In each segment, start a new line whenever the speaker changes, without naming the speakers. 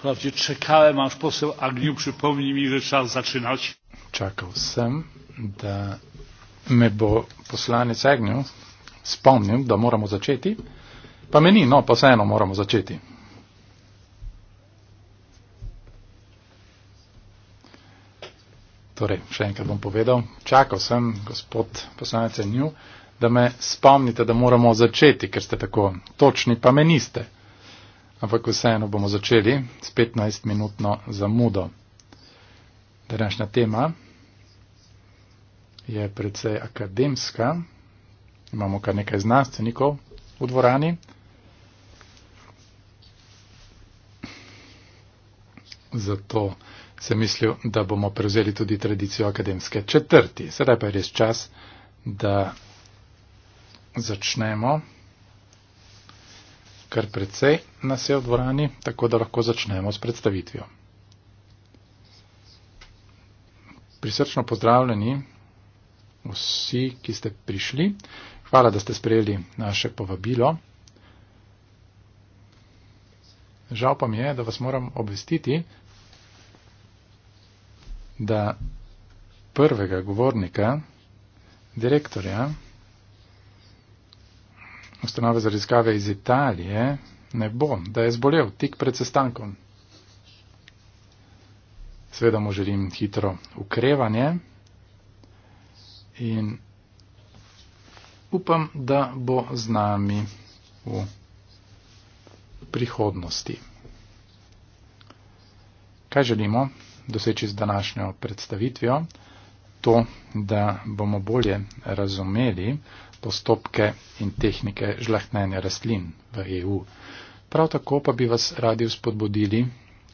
wprawdzie czekałem, aż poseł Agniu przypomni mi, że trzeba zaczynać. Czekał sam, da my, bo poslanec Agniu wspomnił, da moramy zacząć. Pa meni, no, pa sejno moramo začeti. Torej, še enkrat bom povedal, čakal sem, gospod poslanec Nju, da me spomnite, da moramo začeti, ker ste tako točni, pa me niste ampak vseeno bomo začeli s 15-minutno zamudo. Današnja tema je precej akademska. Imamo kar nekaj znanstvenikov v dvorani. Zato sem mislil, da bomo prevzeli tudi tradicijo akademske četrti. Sedaj pa je res čas, da začnemo kar precej nas je v dvorani, tako da lahko začnemo s predstavitvijo. Prisrčno pozdravljeni vsi, ki ste prišli. Hvala, da ste sprejeli naše povabilo. Žal pa mi je, da vas moram obvestiti, da prvega govornika, direktorja, ustanove za raziskave iz Italije, ne bom, da je zbolel tik pred sestankom. Sveda mu želim hitro ukrevanje in upam, da bo z nami v prihodnosti. Kaj želimo doseči z današnjo predstavitvijo? To, da bomo bolje razumeli, postopke in tehnike žlehnenja rastlin v EU. Prav tako pa bi vas radi spodbudili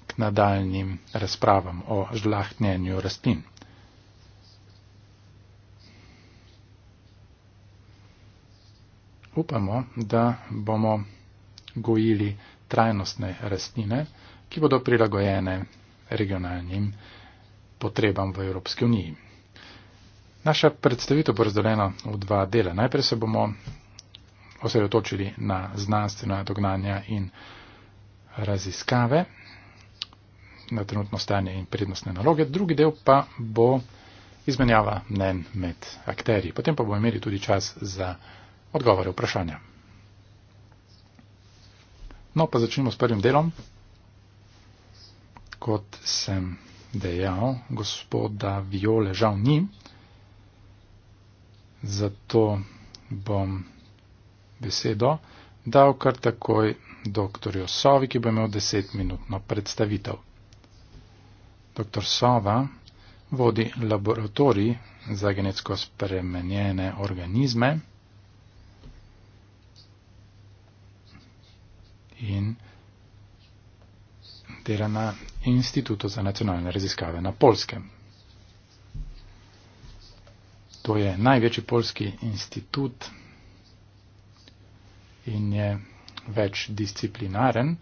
k nadaljnim razpravam o žlehnenju rastlin. Upamo, da bomo gojili trajnostne rastline, ki bodo prilagojene regionalnim potrebam v Evropski uniji. Naša predstavitev bo razdeljena v dva dela. Najprej se bomo osredotočili na znanstvena dognanja in raziskave, na trenutno stanje in prednostne naloge. Drugi del pa bo izmenjava mnen med akteri. Potem pa bomo imeli tudi čas za odgovore vprašanja. No, pa začnimo s prvim delom. Kot sem dejal, gospoda Viole žal ni zato bom besedo dal kar takoj dr. Sovi, ki bo imel desetminutno predstavitev. Dr. Sova vodi laboratorij za genetsko spremenjene organizme in dela na Institutu za nacionalne raziskave na Polskem. To je največji polski institut in je večdisciplinaren.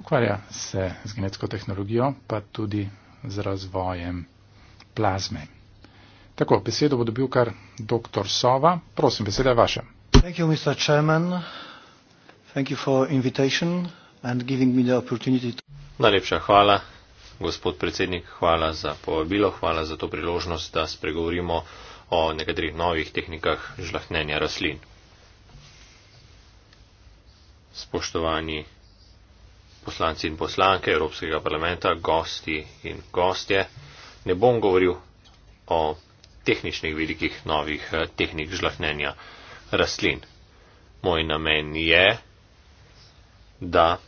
Ukvarja se z genetsko tehnologijo, pa tudi z razvojem plazme. Tako, besedo bo dobil kar dr.
Sova. Prosim, beseda je vaša.
Thank you, Mr. Chairman. Thank you for invitation and giving me the opportunity to...
Najlepša hvala Gospod predsednik, hvala za povabilo, hvala za to priložnost, da spregovorimo o nekaterih novih tehnikah žlahnenja rastlin. Spoštovani poslanci in poslanke Evropskega parlamenta, gosti in gostje, ne bom govoril o tehničnih vidikih novih eh, tehnik žlahnenja rastlin. Moj namen je, da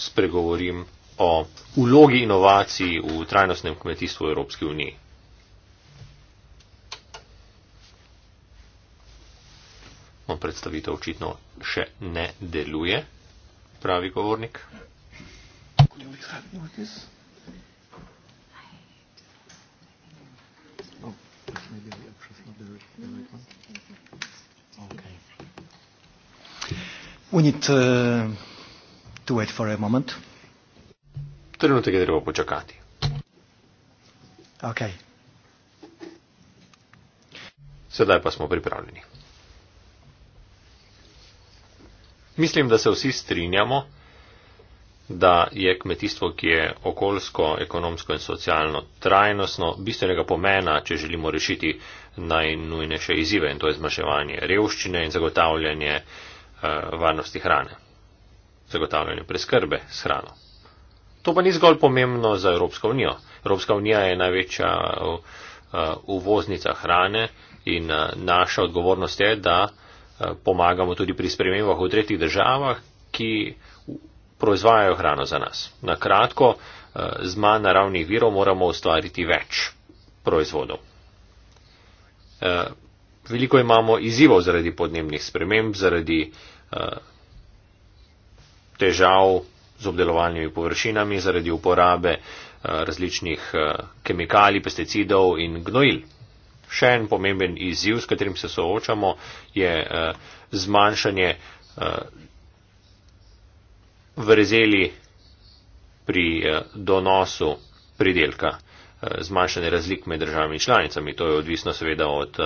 spregovorim o ulogi inovacij v trajnostnem kmetijstvu v Evropski uniji. On no, predstavitev očitno še ne deluje, pravi govornik.
Unit uh, to wait for a moment.
Trenutek je treba počakati. Okay. Sedaj pa smo pripravljeni. Mislim, da se vsi strinjamo, da je kmetijstvo, ki je okoljsko, ekonomsko in socialno trajnostno, bistvenega pomena, če želimo rešiti najnujnejše izzive in to je zmaševanje revščine in zagotavljanje uh, varnosti hrane zagotavljanju preskrbe s hrano. To pa ni zgolj pomembno za Evropsko unijo. Evropska unija je največja uh, uvoznica hrane in uh, naša odgovornost je, da uh, pomagamo tudi pri spremembah v tretjih državah, ki proizvajajo hrano za nas. Na kratko, z manj naravnih virov moramo ustvariti več proizvodov. Veliko imamo izzivov zaradi podnebnih sprememb, zaradi težav z obdelovalnimi površinami zaradi uporabe eh, različnih eh, kemikalij, pesticidov in gnojil. Še en pomemben izziv, s katerim se soočamo, je eh, zmanjšanje vrezeli pri donosu pridelka, zmanjšanje razlik med državami in članicami. To je odvisno seveda od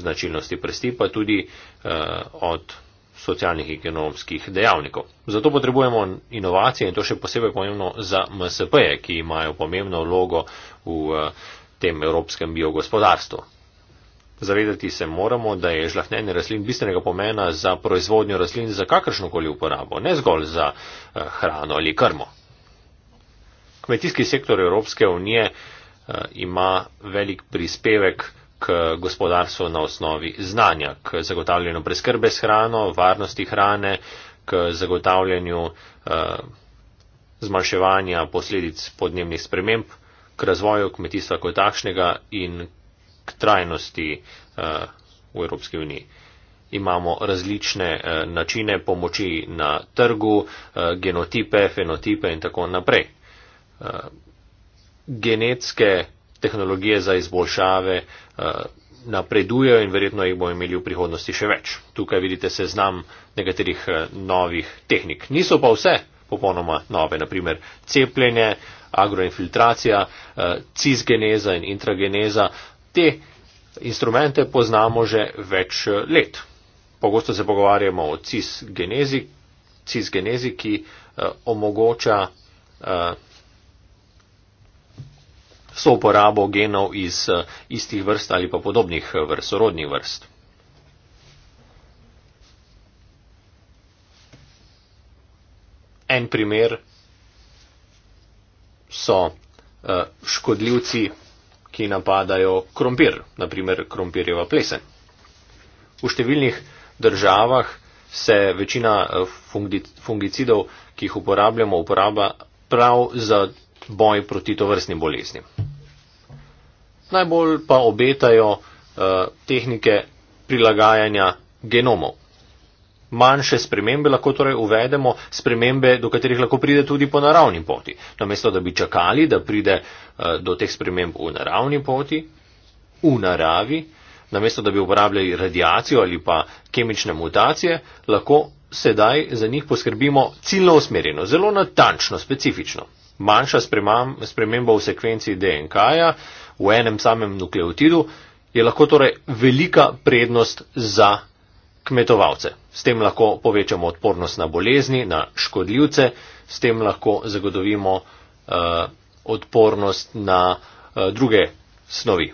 značilnosti prsti, pa tudi od socialnih in ekonomskih dejavnikov. Zato potrebujemo inovacije in to še posebej pomembno za MSP-je, ki imajo pomembno vlogo v eh, tem evropskem biogospodarstvu. Zavedati se moramo, da je žlahnenje rastlin bistvenega pomena za proizvodnjo rastlin za kakršnokoli uporabo, ne zgolj za eh, hrano ali krmo. Kmetijski sektor Evropske unije eh, ima velik prispevek k gospodarstvu na osnovi znanja, k zagotavljanju preskrbe s hrano, varnosti hrane, k zagotavljanju eh, zmanjševanja posledic podnebnih sprememb, k razvoju kmetijstva kot takšnega in k trajnosti eh, v Evropski uniji. Imamo različne eh, načine pomoči na trgu, eh, genotipe, fenotipe in tako naprej. Eh, genetske tehnologije za izboljšave eh, napredujejo in verjetno jih bomo imeli v prihodnosti še več. Tukaj vidite seznam nekaterih eh, novih tehnik. Niso pa vse popolnoma nove, naprimer cepljenje, agroinfiltracija, eh, cisgeneza in intrageneza. Te instrumente poznamo že več let. Pogosto se pogovarjamo o cisgenezi, cisgenezi ki omogoča so uporabo genov iz eh, istih vrst ali pa podobnih eh, vrst, sorodnih vrst. En primer so eh, škodljivci, ki napadajo krompir, naprimer krompirjeva plesen. V številnih državah se večina fungicidov, ki jih uporabljamo, uporablja prav za boj proti tovrstnim boleznim. Najbolj pa obetajo eh, tehnike prilagajanja genomov. Manjše spremembe lahko torej uvedemo, spremembe, do katerih lahko pride tudi po naravni poti. Namesto, da bi čakali, da pride eh, do teh sprememb v naravni poti, v naravi, namesto, da bi uporabljali radiacijo ali pa kemične mutacije, lahko sedaj za njih poskrbimo ciljno usmerjeno, zelo natančno, specifično manjša sprememba v sekvenciji DNK-ja v enem samem nukleotidu je lahko torej velika prednost za kmetovalce. S tem lahko povečamo odpornost na bolezni, na škodljivce, s tem lahko zagotovimo uh, odpornost na uh, druge snovi.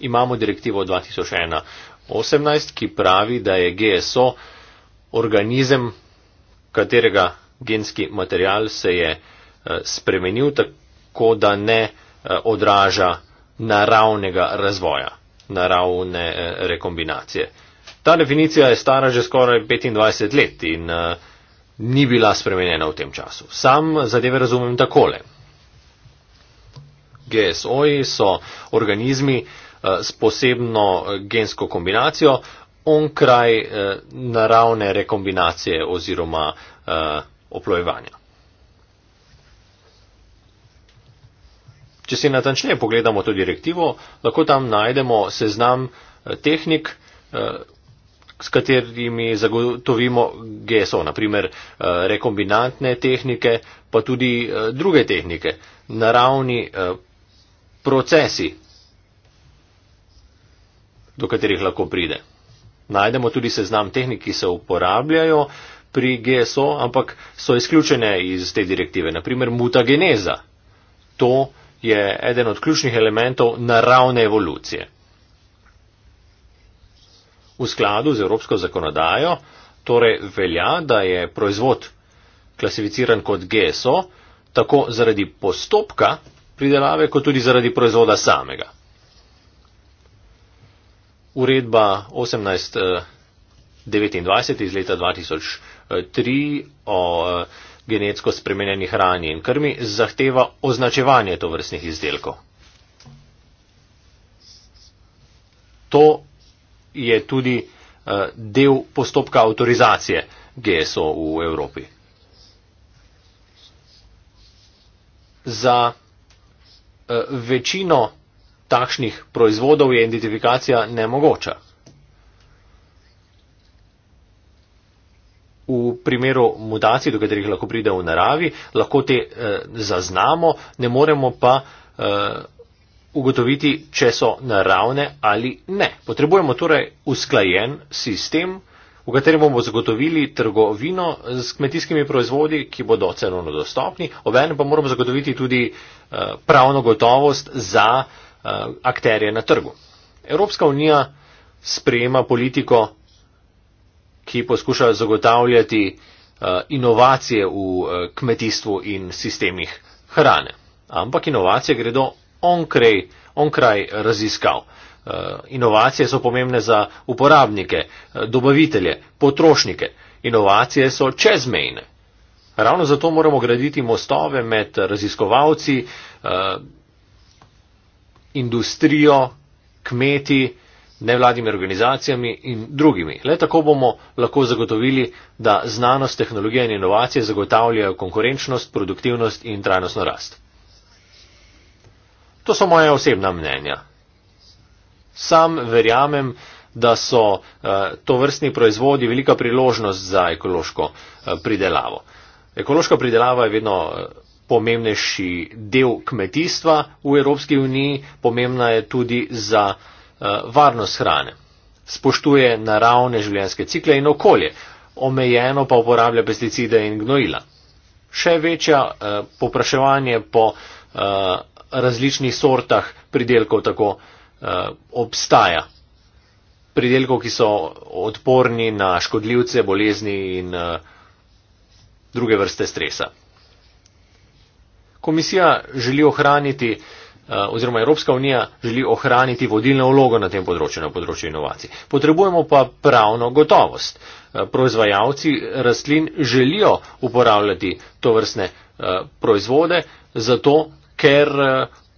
Imamo direktivo 2001-18, ki pravi, da je GSO organizem, katerega genski material se je uh, spremenil tako, da ne eh, odraža naravnega razvoja, naravne eh, rekombinacije. Ta definicija je stara že skoraj 25 let in eh, ni bila spremenjena v tem času. Sam zadeve razumem takole. GSO-ji so organizmi s posebno gensko kombinacijo onkraj naravne rekombinacije oziroma oplojevanja. Če si natančneje pogledamo to direktivo, lahko tam najdemo seznam eh, tehnik, eh, s katerimi zagotovimo GSO, e naprimer eh, rekombinantne tehnike, pa tudi druge tehnike, naravni procesi, do katerih lahko pride. Najdemo tudi seznam tehnik, ki se uporabljajo pri GSO, e ampak so izključene iz te direktive, naprimer mutageneza. To je eden od ključnih elementov naravne evolucije. V skladu z evropsko zakonodajo torej velja, da je proizvod klasificiran kot GSO tako zaradi postopka pridelave, kot tudi zaradi proizvoda samega. Uredba 1829 eh, iz leta 2003 eh, o eh, genetsko spremenjeni hrani in krmi zahteva označevanje tovrstnih izdelkov. To je tudi eh, del postopka avtorizacije GSO v Evropi. Za eh, večino takšnih proizvodov je identifikacija nemogoča. v primeru mutacij, do katerih lahko pride v naravi, lahko te eh, zaznamo, ne moremo pa eh, ugotoviti, če so naravne ali ne. Potrebujemo torej usklajen sistem, v katerem bomo zagotovili trgovino z kmetijskimi proizvodi, ki bodo cenovno dostopni, obenem pa moramo zagotoviti tudi eh, pravno gotovost za eh, akterje na trgu. Evropska unija sprejema politiko ki poskušajo zagotavljati eh, inovacije v eh, kmetijstvu in sistemih hrane. Ampak inovacije gredo onkraj, onkraj raziskav. Eh, inovacije so pomembne za uporabnike, dobavitelje, potrošnike. Inovacije so čezmejne. Ravno zato moramo graditi mostove med raziskovalci, industrijo, kmeti, nevladnimi organizacijami in drugimi. Le tako bomo lahko zagotovili, da znanost, tehnologija in inovacije zagotavljajo konkurenčnost, produktivnost in trajnostno rast. To so moje osebna mnenja. Sam verjamem, da so eh, to vrstni proizvodi velika priložnost za ekološko eh, pridelavo. Ekološka pridelava je vedno eh, pomembnejši del kmetijstva v Evropski uniji, pomembna je tudi za Eh, varnost hrane. Spoštuje naravne življenjske cikle in okolje, omejeno pa uporablja pesticide in gnojila. Še večja eh, popraševanje po eh, različnih sortah pridelkov tako obstaja. Pridelkov, ki so odporni na škodljivce, bolezni in druge vrste stresa. Komisija želi ohraniti uh, Eh, oziroma Evropska unija želi ohraniti vodilno vlogo na tem področju, na področju inovacij. Potrebujemo pa pravno gotovost. Eh, proizvajalci rastlin želijo uporabljati to vrstne eh, proizvode, zato ker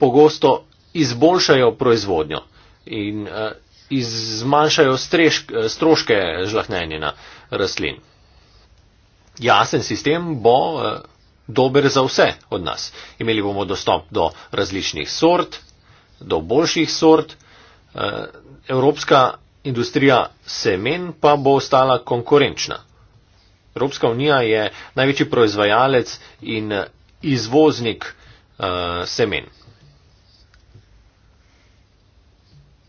pogosto izboljšajo proizvodnjo in zmanjšajo stroške žlahnenja rastlin. Jasen sistem bo dober za vse od nas. Imeli bomo dostop do različnih sort, do boljših sort. Eh, evropska industrija semen pa bo ostala konkurenčna. Evropska unija je največji proizvajalec in izvoznik eh, semen.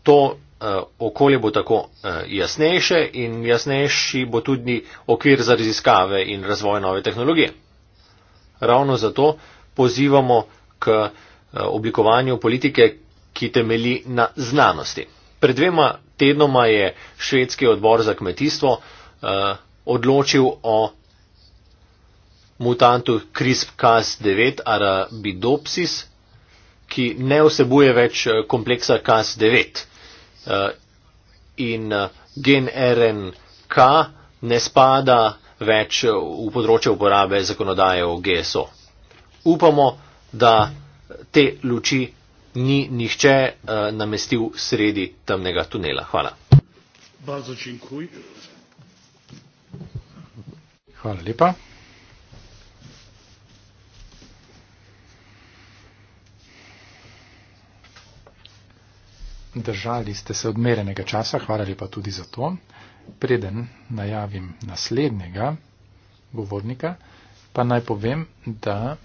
To eh, okolje bo tako jasnejše in jasnejši bo tudi okvir za raziskave in razvoj nove tehnologije ravno zato pozivamo k eh, oblikovanju politike, ki temeli na znanosti. Pred dvema tednoma je švedski odbor za kmetijstvo eh, odločil o mutantu CRISPR-Cas9 arabidopsis, ki ne vsebuje več eh, kompleksa Cas9 in gen RNK ne spada več eh, v področje uporabe zakonodaje o GSO. Upamo, da te luči ni nihče uh, namestil sredi temnega tunela. Hvala.
Hvala lepa. Držali ste se odmerenega časa, hvala lepa tudi za to preden najavim naslednjega govornika, pa naj povem, da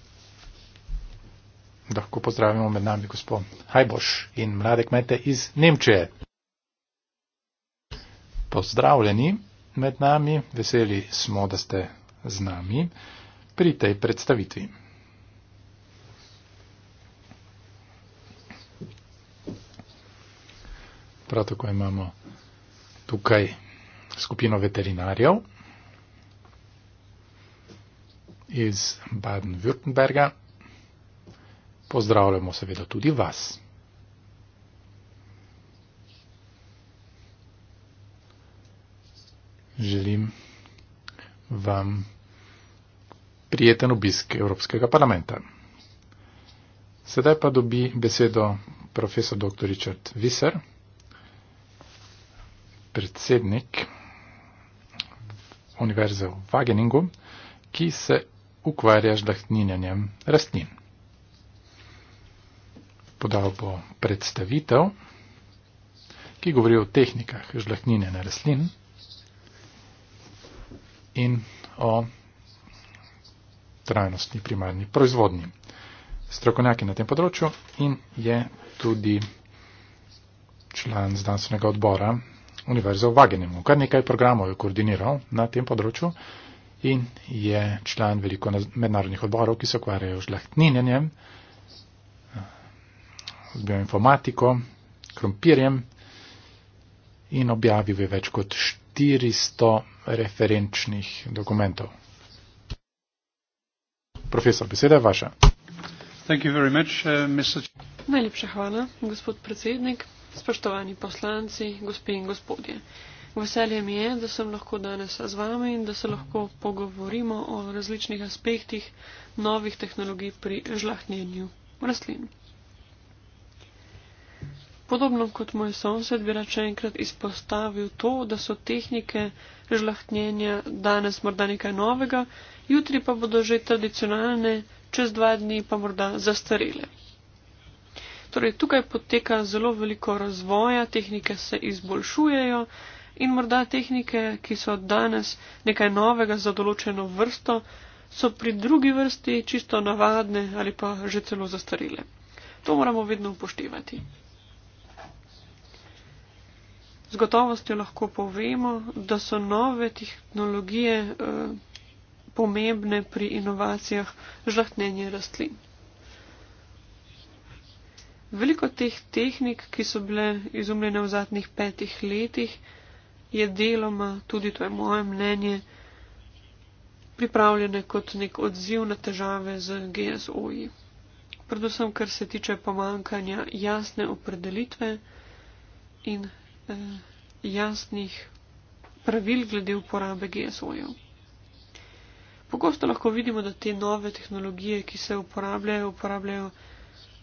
lahko pozdravimo med nami gospod Hajboš in mlade kmete iz Nemčije. Pozdravljeni med nami, veseli smo, da ste z nami pri tej predstavitvi. Prav tako imamo tukaj skupino veterinarjev iz Baden-Württemberga. Pozdravljamo seveda tudi vas. Želim vam prijeten obisk Evropskega parlamenta. Sedaj pa dobi besedo profesor dr. Richard Visser, predsednik univerze v Wageningu, ki se ukvarja z dahninjanjem rastlin. Podal bo predstavitev, ki govori o tehnikah žlahninjene rastlin in o trajnostni primarni proizvodnji. Strokovnjak je na tem področju in je tudi član zdanstvenega odbora Univerze v Wageningu. Kar nekaj programov je koordiniral na tem področju in je član veliko mednarodnih odborov, ki se ukvarjajo z lahtninjenjem, z bioinformatiko, krompirjem in objavil je več kot 400 referenčnih dokumentov. Profesor, beseda je vaša. Uh,
Najlepša hvala, gospod predsednik. Spoštovani poslanci, gospe in gospodje. Veselje mi je, da sem lahko danes z vami in da se lahko pogovorimo o različnih aspektih novih tehnologij pri žlahnjenju rastlin. Podobno kot moj sosed bi rače enkrat izpostavil to, da so tehnike žlahnjenja danes morda nekaj novega, jutri pa bodo že tradicionalne, čez dva dni pa morda zastarele. Torej, tukaj poteka zelo veliko razvoja, tehnike se izboljšujejo in morda tehnike, ki so danes nekaj novega za določeno vrsto, so pri drugi vrsti čisto navadne ali pa že celo zastarile. To moramo vedno upoštevati. Z gotovostjo lahko povemo, da so nove tehnologije eh, pomembne pri inovacijah žlahtnjenja rastlin. Veliko teh tehnik, ki so bile izumljene v zadnjih petih letih, je deloma, tudi to je moje mnenje, pripravljene kot nek odziv na težave z GSO-ji. Predvsem, kar se tiče pomankanja jasne opredelitve in eh, jasnih pravil glede uporabe GSO-jev. Pogosto lahko vidimo, da te nove tehnologije, ki se uporabljajo, uporabljajo. uporabljajo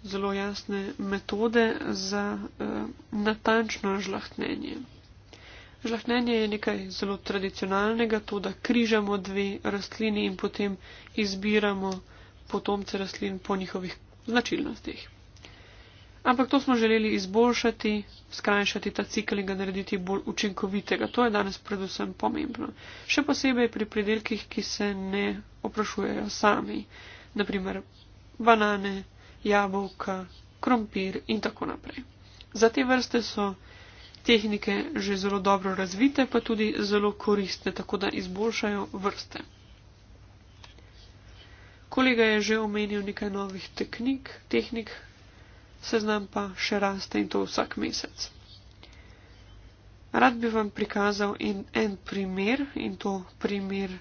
zelo jasne metode za uh, natančno žlahtnenje. Žlahtnenje je nekaj zelo tradicionalnega, to, da križamo dve rastlini in potem izbiramo potomce rastlin po njihovih značilnostih. Ampak to smo želeli izboljšati, skrajšati ta cikl in ga narediti bolj učinkovitega. To je danes predvsem pomembno. Še posebej pri pridelkih, ki se ne oprašujejo sami. Naprimer banane, jabolka, krompir in tako naprej. Za te vrste so tehnike že zelo dobro razvite, pa tudi zelo koristne, tako da izboljšajo vrste. Kolega je že omenil nekaj novih teknik, tehnik, seznam pa še raste in to vsak mesec. Rad bi vam prikazal in en primer in to primer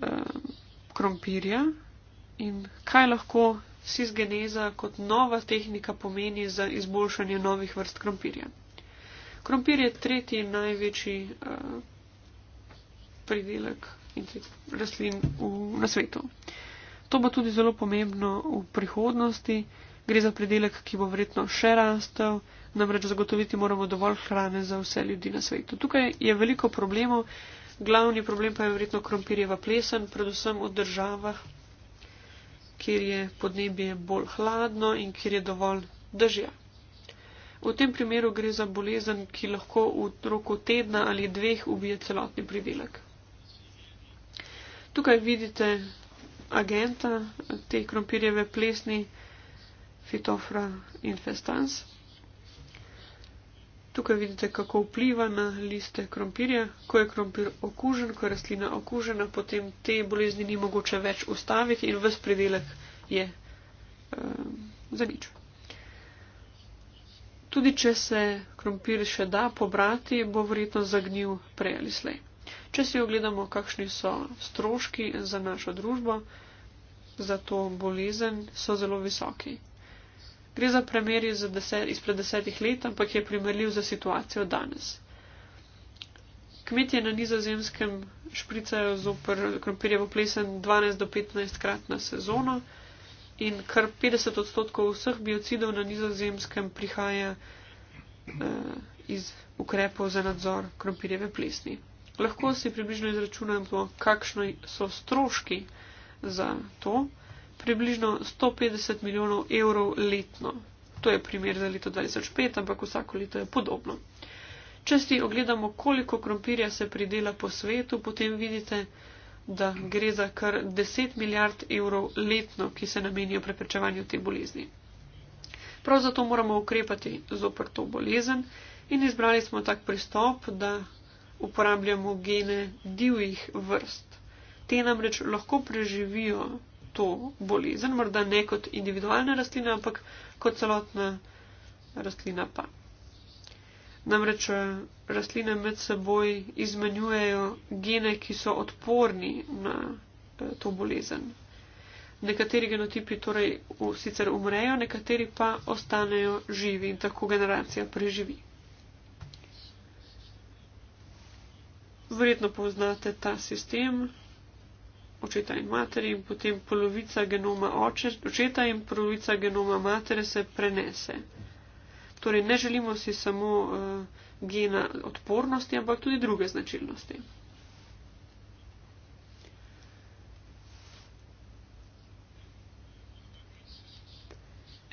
eh, krompirja, in kaj lahko cisgeneza kot nova tehnika pomeni za izboljšanje novih vrst krompirja. Krompir je tretji največji uh, pridelek rastlin v, na svetu. To bo tudi zelo pomembno v prihodnosti. Gre za pridelek, ki bo verjetno še rastel, namreč zagotoviti moramo dovolj hrane za vse ljudi na svetu. Tukaj je veliko problemov, glavni problem pa je verjetno krompirjeva plesen, predvsem v državah, kjer je podnebje bolj hladno in kjer je dovolj dežja. V tem primeru gre za bolezen, ki lahko v roku tedna ali dveh ubije celotni pridelek. Tukaj vidite agenta te krompirjeve plesni Fitofra infestans. Tukaj vidite, kako vpliva na liste krompirja. Ko je krompir okužen, ko je rastlina okužena, potem te bolezni ni mogoče več ustaviti in ves pridelek je um, ehm, za nič. Tudi če se krompir še da pobrati, bo verjetno zagnil prej ali slej. Če si ogledamo, kakšni so stroški za našo družbo, za to bolezen, so zelo visoki. Gre za primer iz deset, izpred desetih let, ampak je primerljiv za situacijo danes. Kmetje na nizozemskem špricajo zoper krompirjevo plesen 12 do 15 krat na sezono in kar 50 odstotkov vseh biocidov na nizozemskem prihaja eh, iz ukrepov za nadzor krompirjeve plesni. Lahko si približno izračunamo, kakšni so stroški za to približno 150 milijonov evrov letno. To je primer za leto 2005, ampak vsako leto je podobno. Če si ogledamo, koliko krompirja se pridela po svetu, potem vidite, da gre za kar 10 milijard evrov letno, ki se namenijo preprečevanju te bolezni. Prav zato moramo ukrepati zopr to bolezen in izbrali smo tak pristop, da uporabljamo gene divjih vrst. Te namreč lahko preživijo to bolezen, morda ne kot individualna rastlina, ampak kot celotna rastlina pa. Namreč eh, rastline med seboj izmenjujejo gene, ki so odporni na eh, to bolezen. Nekateri genotipi torej sicer umrejo, nekateri pa ostanejo živi in tako generacija preživi. Verjetno poznate ta sistem, očeta in materi in potem polovica genoma oče, očeta in polovica genoma matere se prenese. Torej ne želimo si samo uh, gena odpornosti, ampak tudi druge značilnosti.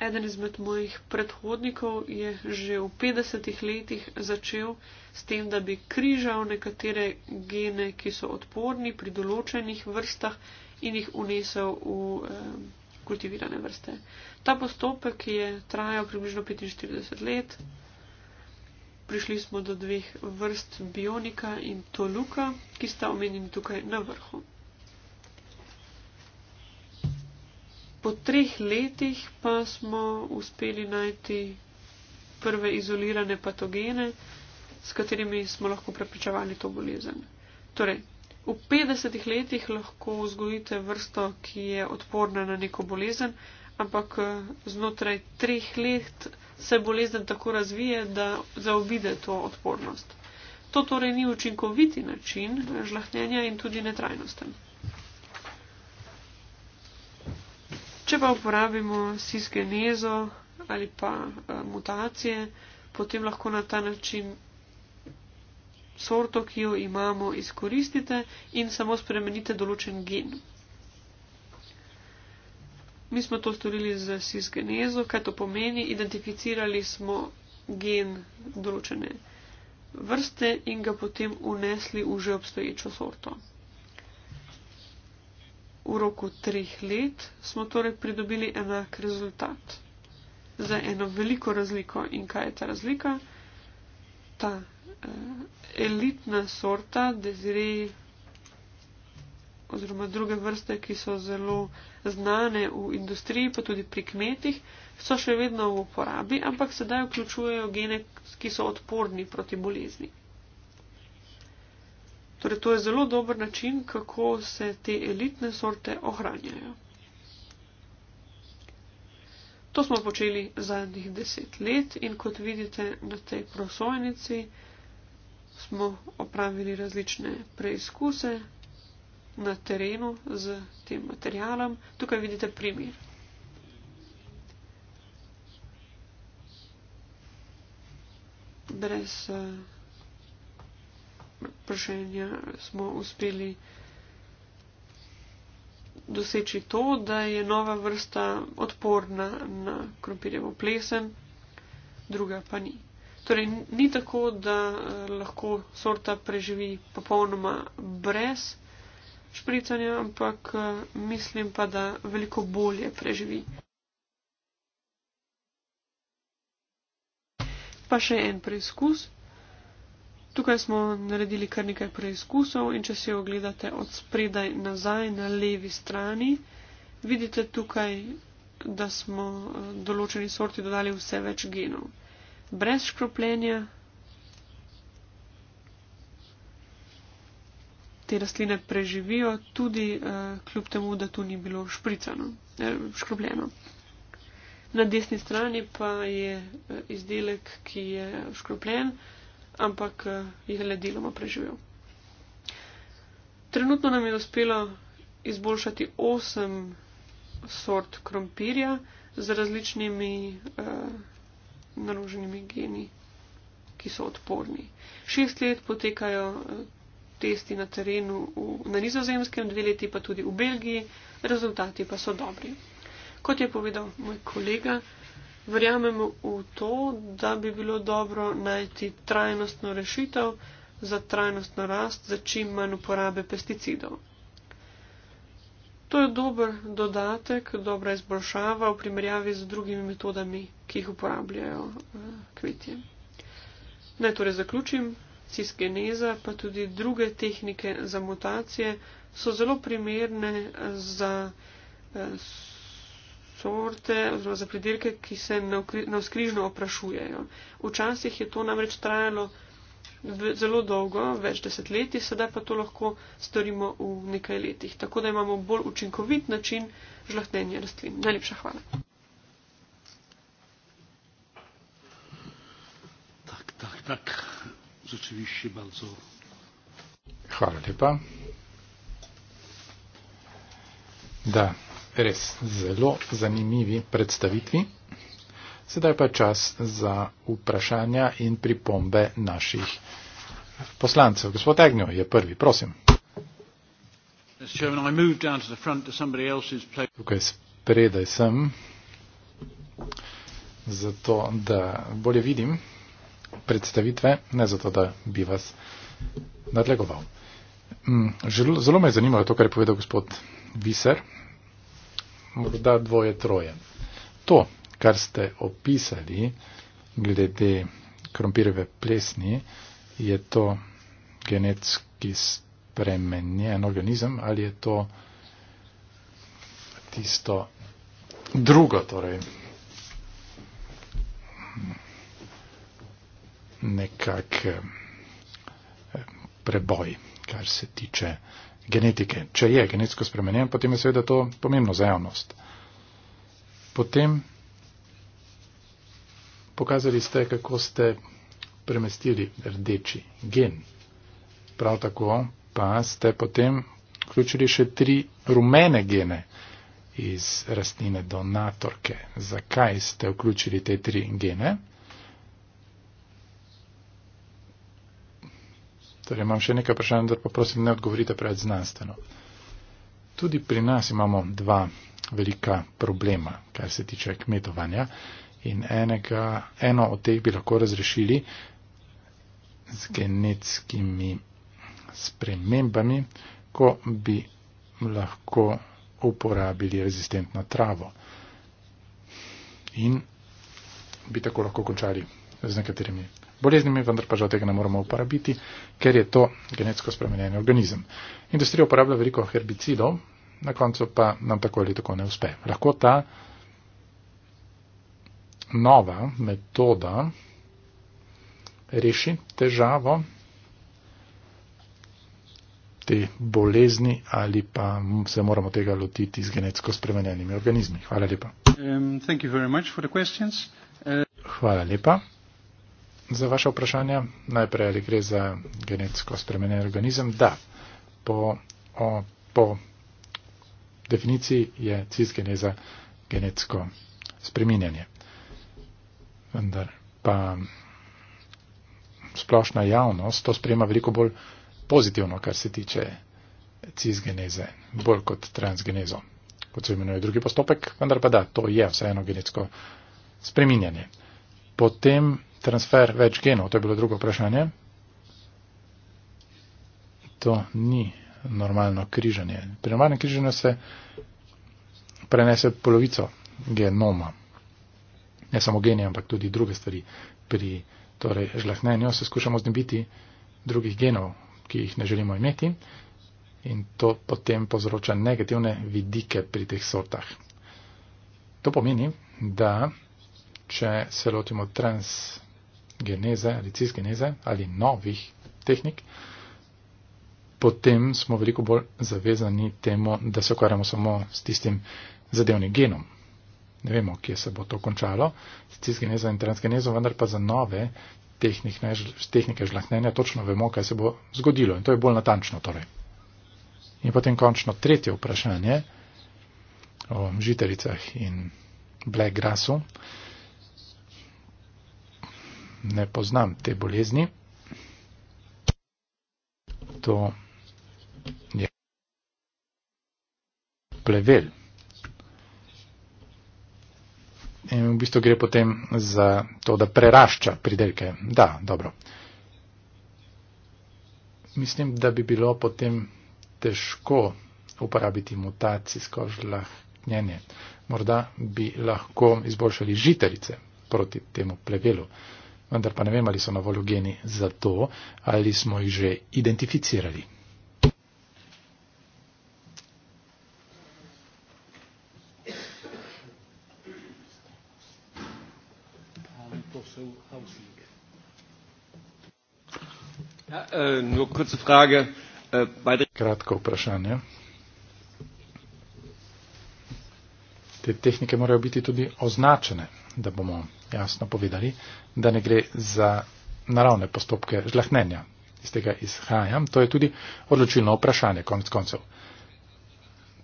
Eden izmed mojih predhodnikov je že v 50-ih letih začel s tem, da bi križal nekatere gene, ki so odporni pri določenih vrstah in jih unesel v eh, kultivirane vrste. Ta postopek je trajal približno 45 let. Prišli smo do dveh vrst Bionika in Toluka, ki sta omenjeni tukaj na vrhu. po treh letih pa smo uspeli najti prve izolirane patogene, s katerimi smo lahko prepričevali to bolezen. Torej, v 50 letih lahko vzgojite vrsto, ki je odporna na neko bolezen, ampak eh, znotraj treh let se bolezen tako razvije, da zaobide to odpornost. To torej ni učinkoviti način žlahnjenja in tudi netrajnosten. Če pa uporabimo sisgenezo ali pa uh, mutacije, potem lahko na ta način sorto, ki jo imamo, izkoristite in samo spremenite določen gen. Mi smo to storili z sisgenezo, kaj to pomeni, identificirali smo gen določene vrste in ga potem unesli v že obstoječo sorto v roku treh let smo torej pridobili enak rezultat. Za eno veliko razliko in kaj je ta razlika? Ta eh, elitna sorta, dezire oziroma druge vrste, ki so zelo znane v industriji, pa tudi pri kmetih, so še vedno v uporabi, ampak sedaj vključujejo gene, ki so odporni proti bolezni. Torej, to je zelo dober način, kako se te elitne sorte ohranjajo. To smo počeli zadnjih deset let in kot vidite na tej prosojnici smo opravili različne preizkuse na terenu z tem materialom. Tukaj vidite primer. Brez eh, vprašanja smo uspeli doseči to, da je nova vrsta odporna na krompirjevo plesen, druga pa ni. Torej, ni tako, da eh, lahko sorta preživi popolnoma brez špricanja, ampak eh, mislim pa, da veliko bolje preživi. Pa še en preizkus. Tukaj smo naredili kar nekaj preizkusov in če si jo gledate od spredaj nazaj na levi strani, vidite tukaj, da smo eh, določeni sorti dodali vse več genov. Brez škropljenja te rastline preživijo tudi eh, kljub temu, da tu ni bilo špricano, eh, škropljeno. Na desni strani pa je eh, izdelek, ki je škropljen ampak eh, jih le deloma preživel. Trenutno nam je uspelo izboljšati osem sort krompirja z različnimi eh, naloženimi geni, ki so odporni. Šest let potekajo eh, testi na terenu v, na nizozemskem, dve leti pa tudi v Belgiji, rezultati pa so dobri. Kot je povedal moj kolega, Verjamem v to, da bi bilo dobro najti trajnostno rešitev za trajnostno rast, za čim manj uporabe pesticidov. To je dober dodatek, dobra izboljšava v primerjavi z drugimi metodami, ki jih uporabljajo eh, kmetje. Naj torej zaključim, cisgeneza pa tudi druge tehnike za mutacije so zelo primerne za. Eh, športe oziroma za pridirke, ki se navskrižno oprašujejo. Včasih je to namreč trajalo zelo dolgo, več desetletij, sedaj pa to lahko storimo v nekaj letih. Tako da imamo bolj učinkovit način žlahtenja rastlin. Najlepša hvala.
Tak, tak, tak. Zočevišči bardzo. Hvala lepa. Da, res zelo zanimivi predstavitvi. Sedaj pa čas za vprašanja in pripombe naših poslancev. Gospod Egnjo je prvi, prosim. Tukaj spredaj sem, zato da bolje vidim predstavitve, ne zato da bi vas nadlegoval. Mm, zelo me je zanimalo to, kar je povedal gospod Viser, morda dvoje, troje. To, kar ste opisali glede krompirjeve plesni, je to genetski spremenjen organizem ali je to tisto drugo, torej nekak eh, preboj, kar se tiče genetike. Če je genetsko spremenjen, potem je seveda to pomembno za javnost. Potem pokazali ste, kako ste premestili rdeči gen. Prav tako pa ste potem vključili še tri rumene gene iz rastline donatorke. Zakaj ste vključili te tri gene? Torej imam še nekaj vprašanj, da pa prosim ne odgovorite pred znanstveno. Tudi pri nas imamo dva velika problema, kar se tiče kmetovanja in enega, eno od teh bi lahko razrešili z genetskimi spremembami, ko bi lahko uporabili rezistentno travo in bi tako lahko končali z nekaterimi boleznimi, vendar pa žal tega ne moramo uporabiti, ker je to genetsko spremenjen organizem. Industrija uporablja veliko herbicidov, na koncu pa nam tako ali tako ne uspe. Lahko ta nova metoda reši težavo te bolezni ali pa se moramo tega lotiti z genetsko spremenjenimi organizmi. Hvala lepa. Um, uh, Hvala lepa za vaše vprašanje. Najprej, ali gre za genetsko spremenjen organizem? Da. Po, o, po definiciji je cizgeneza genetsko spremenjanje. Vendar pa splošna javnost to sprema veliko bolj pozitivno, kar se tiče cizgeneze, bolj kot transgenezo, kot se imenuje drugi postopek, vendar pa da, to je vseeno genetsko spremenjanje. Potem transfer več genov? To je bilo drugo vprašanje. To ni normalno križanje. Pri normalnem križanju se prenese polovico genoma. Ne samo geni, ampak tudi druge stvari. Pri torej, žlahnenju se skušamo znebiti drugih genov, ki jih ne želimo imeti in to potem povzroča negativne vidike pri teh sortah. To pomeni, da če se lotimo transfer, geneze ali cisgeneze ali novih tehnik, potem smo veliko bolj zavezani temu, da se ukvarjamo samo s tistim zadevnim genom. Ne vemo, kje se bo to končalo, cisgeneza in transgeneza, vendar pa za nove tehnikne, tehnike žlahnenja točno vemo, kaj se bo zgodilo. In to je bolj natančno. Torej. In potem končno tretje vprašanje o žitaricah in black grassu. Uh, ne poznam te bolezni. To je plevel. In v bistvu gre potem za to, da prerašča pridelke. Da, dobro. Mislim, da bi bilo potem težko uporabiti mutacijsko žlahnjenje. Morda bi lahko izboljšali žitarice proti temu plevelu vendar pa ne vem, ali so na voljo geni za to, ali smo jih že identificirali. Ja, eh, eh, Kratko vprašanje. Te tehnike morajo biti tudi označene, da bomo jasno povedali, da ne gre za naravne postopke žlahnenja. Iz tega izhajam, to je tudi odločilno vprašanje konec koncev.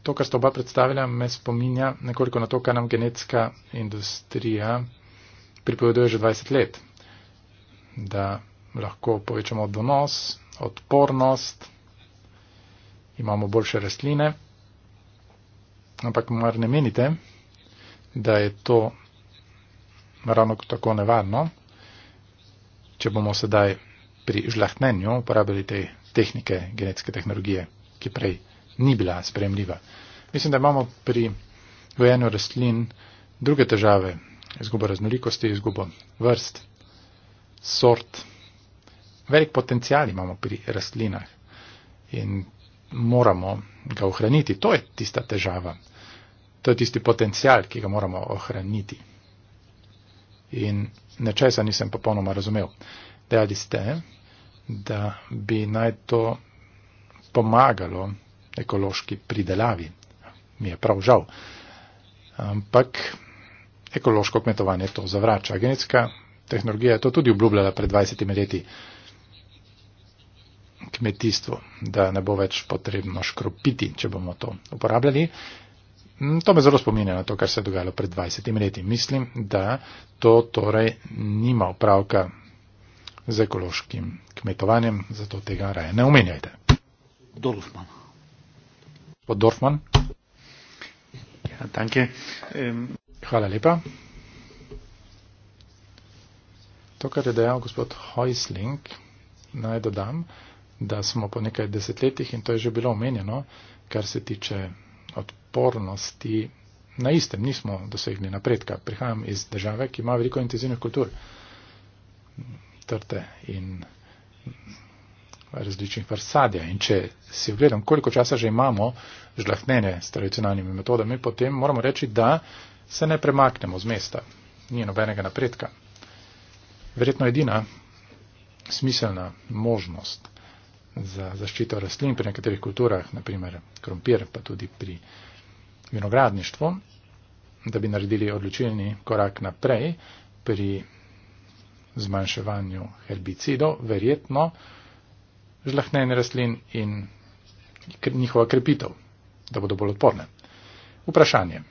To, kar sta oba predstavila, me spominja nekoliko na to, kar nam genetska industrija pripoveduje že 20 let. Da lahko povečamo donos, odpornost, imamo boljše rastline. Ampak mar ne menite, da je to ravno tako nevarno, če bomo sedaj pri žlahtnenju uporabili te tehnike genetske tehnologije, ki prej ni bila sprejemljiva. Mislim, da imamo pri gojenju rastlin druge težave, izgubo raznolikosti, izgubo vrst, sort. Velik potencial imamo pri rastlinah in moramo ga ohraniti. To je tista težava. To je tisti potencial, ki ga moramo ohraniti in nečesa nisem popolnoma razumel. Dejali ste, da bi naj to pomagalo ekološki pridelavi. Mi je prav žal. Ampak ekološko kmetovanje to zavrača. Genetska tehnologija je to tudi obljubljala pred 20 leti kmetijstvo, da ne bo več potrebno škropiti, če bomo to uporabljali. Mm, to me zelo spominja na to, kar se je dogajalo pred 20 leti. Mislim, da to torej nima opravka z ekološkim kmetovanjem, zato tega raje ne omenjajte. Dorfman. Pod Dorfman. Ja, danke. Hvala lepa. To, kar je dejal gospod Hoisling, naj dodam, da smo po nekaj desetletjih, in to je že bilo omenjeno, kar se tiče odpornosti na istem, nismo dosegli napredka. Prihajam iz države, ki ima veliko intenzivnih kultur, trte in različnih vrsadja. In če si ogledam, koliko časa že imamo žlahnene s tradicionalnimi metodami, potem moramo reči, da se ne premaknemo z mesta. Ni nobenega napredka. Verjetno edina smiselna možnost za zaščito rastlin pri nekaterih kulturah, naprimer krompir, pa tudi pri vinogradništvu, da bi naredili odločilni korak naprej pri zmanjševanju herbicidov, verjetno žlahnenih rastlin in njihova krepitev, da bodo bolj odporne. Vprašanje.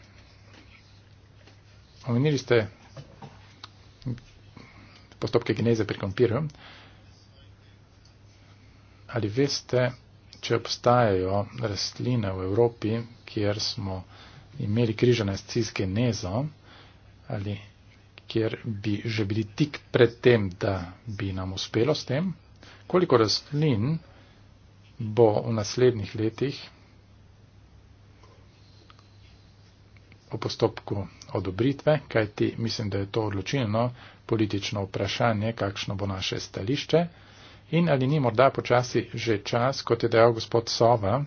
Omenili ste postopke geneze pri krompirju ali veste, če obstajajo rastline v Evropi, kjer smo imeli križane s ciske nezo, ali kjer bi že bili tik pred tem, da bi nam uspelo s tem, koliko rastlin bo v naslednjih letih o postopku odobritve, kajti mislim, da je to odločilno politično vprašanje, kakšno bo naše stališče. In ali ni morda počasi že čas, kot je dejal gospod Sova,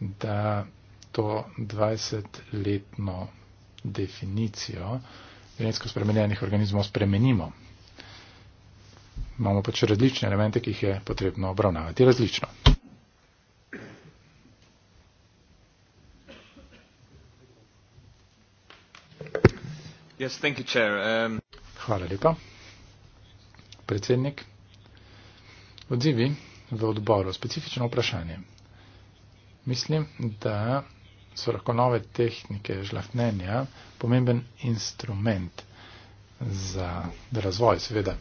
da to 20-letno definicijo genetsko spremenjenih organizmov spremenimo? Imamo pač različne elemente, ki jih je potrebno obravnavati različno.
Yes, thank you, chair. Um...
Hvala lepa. Predsednik. Odzivi v odboru, specifično vprašanje. Mislim, da so lahko nove tehnike žlahtnenja pomemben instrument za razvoj. Seveda,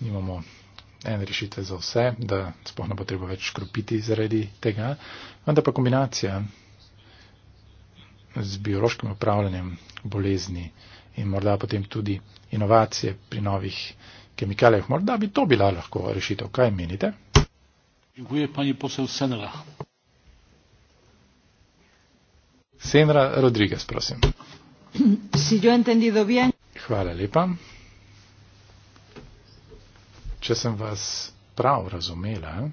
nimamo en rešitve za vse, da spohno bo treba več škropiti zaradi tega, vendar pa kombinacija z biološkim upravljanjem bolezni in morda potem tudi inovacije pri novih kemikalijah morda bi to bila lahko rešitev. Kaj menite? Dziękuję pani poseł Senra. Senra Rodriguez, prosim. Si yo entendido bien. Hvala lepa. Če sem vas prav razumela,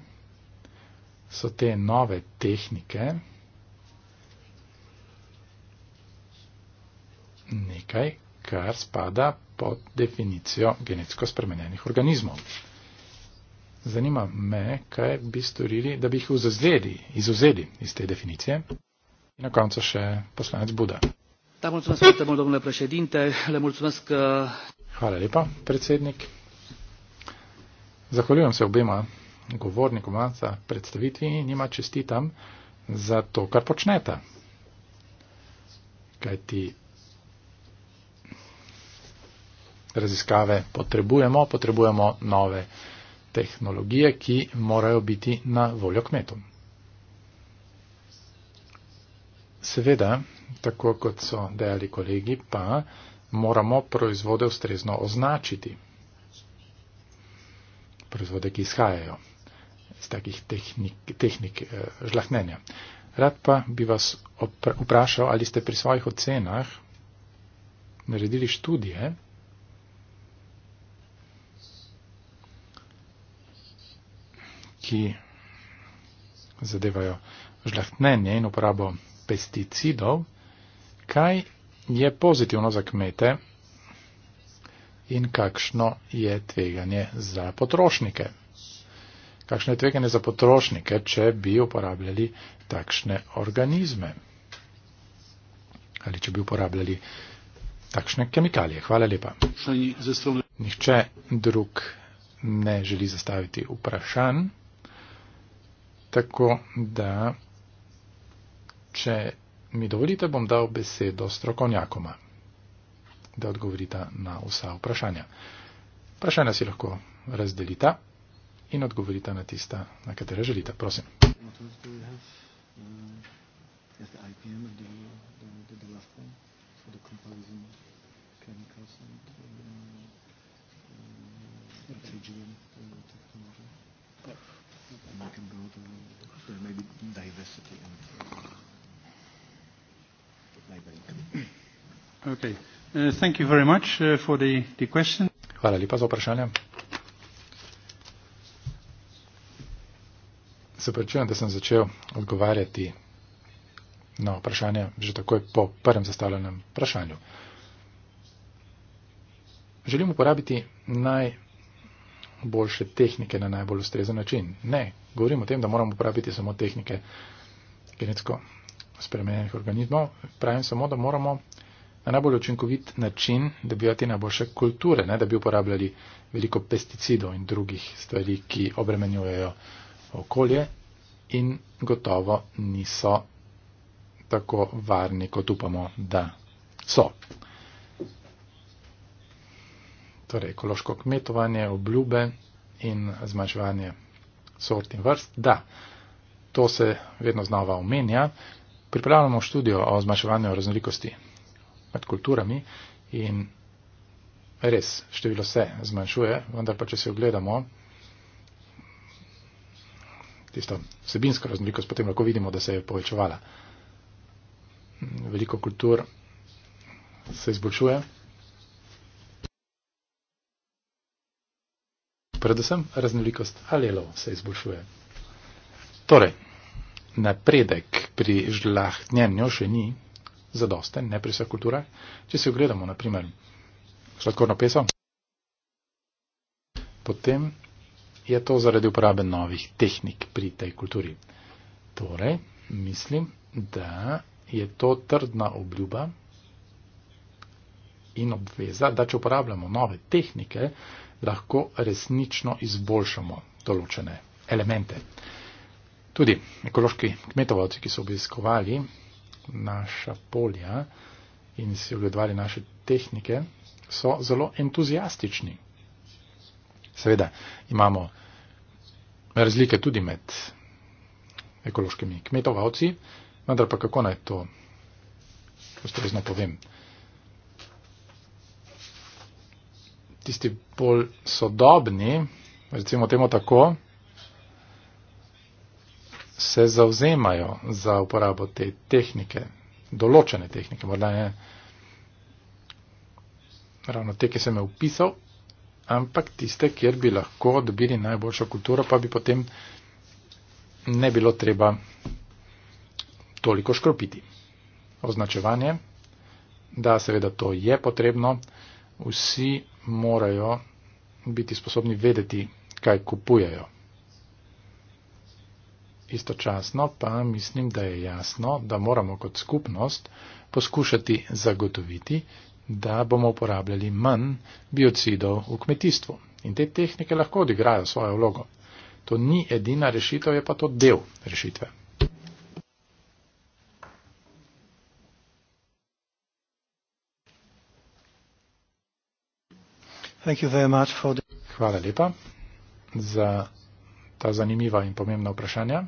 so te nove tehnike nekaj, kar spada pod definicijo genetsko spremenjenih organizmov. Zanima me, kaj bi storili, da bi jih vzazledi, izuzeli iz te definicije. In na koncu še poslanec Buda. Hvala lepa, predsednik. Zahvaljujem se obema govornikoma za predstavitvi in njima čestitam za to, kar počnete. Kaj ti raziskave potrebujemo, potrebujemo nove tehnologije, ki morajo biti na voljo kmetom. Seveda, tako kot so dejali kolegi, pa moramo proizvode ustrezno označiti. Proizvode, ki izhajajo iz takih tehnik, tehnik eh, žlahnenja. Rad pa bi vas vprašal, ali ste pri svojih ocenah naredili študije, ki zadevajo žlehtnenje in uporabo pesticidov, kaj je pozitivno za kmete in kakšno je tveganje za potrošnike. Kakšno je tveganje za potrošnike, če bi uporabljali takšne organizme ali če bi uporabljali takšne kemikalije. Hvala lepa. Nihče drug ne želi zastaviti vprašanj. Tako da, če mi dovolite, bom dal besedo strokovnjakoma, da odgovorita na vsa vprašanja. Vprašanja si lahko razdelita in odgovorita na tista, na katera želite. Prosim. Uh, and we can build a sort of maybe diversity and labeling. Okay. Uh, thank you very much uh, for the, the question. Hvala lepa za vprašanje. Se pričujem, da sem začel odgovarjati na vprašanje že takoj po prvem zastavljenem vprašanju. Želim uporabiti naj, boljše tehnike na najbolj ustrezen način. Ne, govorimo o tem, da moramo uporabiti samo tehnike genetsko spremenjenih organizmov. Pravim samo, da moramo na najbolj učinkovit način dobivati najboljše kulture, ne, da bi uporabljali veliko pesticidov in drugih stvari, ki obremenjujejo okolje in gotovo niso tako varni, kot upamo, da so torej ekološko kmetovanje, obljube in zmanjševanje sort in vrst. Da, to se vedno znova omenja. Pripravljamo študijo o zmanjševanju raznolikosti med kulturami in res število se zmanjšuje, vendar pa če se ogledamo tisto vsebinsko raznolikost, potem lahko vidimo, da se je povečevala. Veliko kultur se izboljšuje. predvsem raznolikost alelov se izboljšuje. Torej, napredek pri žlahtnjenju še ni zadosten, ne pri vseh kulturah. Če si ogledamo, naprimer, sladkorno peso, potem je to zaradi uporabe novih tehnik pri tej kulturi. Torej, mislim, da je to trdna obljuba in obveza, da če uporabljamo nove tehnike, lahko resnično izboljšamo določene elemente. Tudi ekološki kmetovalci, ki so obiskovali naša polja in si ogledovali naše tehnike, so zelo entuzijastični. Seveda imamo razlike tudi med ekološkimi kmetovalci, vendar pa kako naj to ustrezno povem. tisti bolj sodobni, recimo temu tako, se zauzemajo za uporabo te tehnike, določene tehnike, morda ne ravno te, ki sem jo upisal, ampak tiste, kjer bi lahko dobili najboljšo kulturo, pa bi potem ne bilo treba toliko škropiti. Označevanje, da seveda to je potrebno, vsi morajo biti sposobni vedeti, kaj kupujejo. Istočasno pa mislim, da je jasno, da moramo kot skupnost poskušati zagotoviti, da bomo uporabljali manj biocidov v kmetijstvu. In te tehnike lahko odigrajo svojo vlogo. To ni edina rešitev, je pa to del rešitve. Hvala lepa za ta zanimiva in pomembna vprašanja.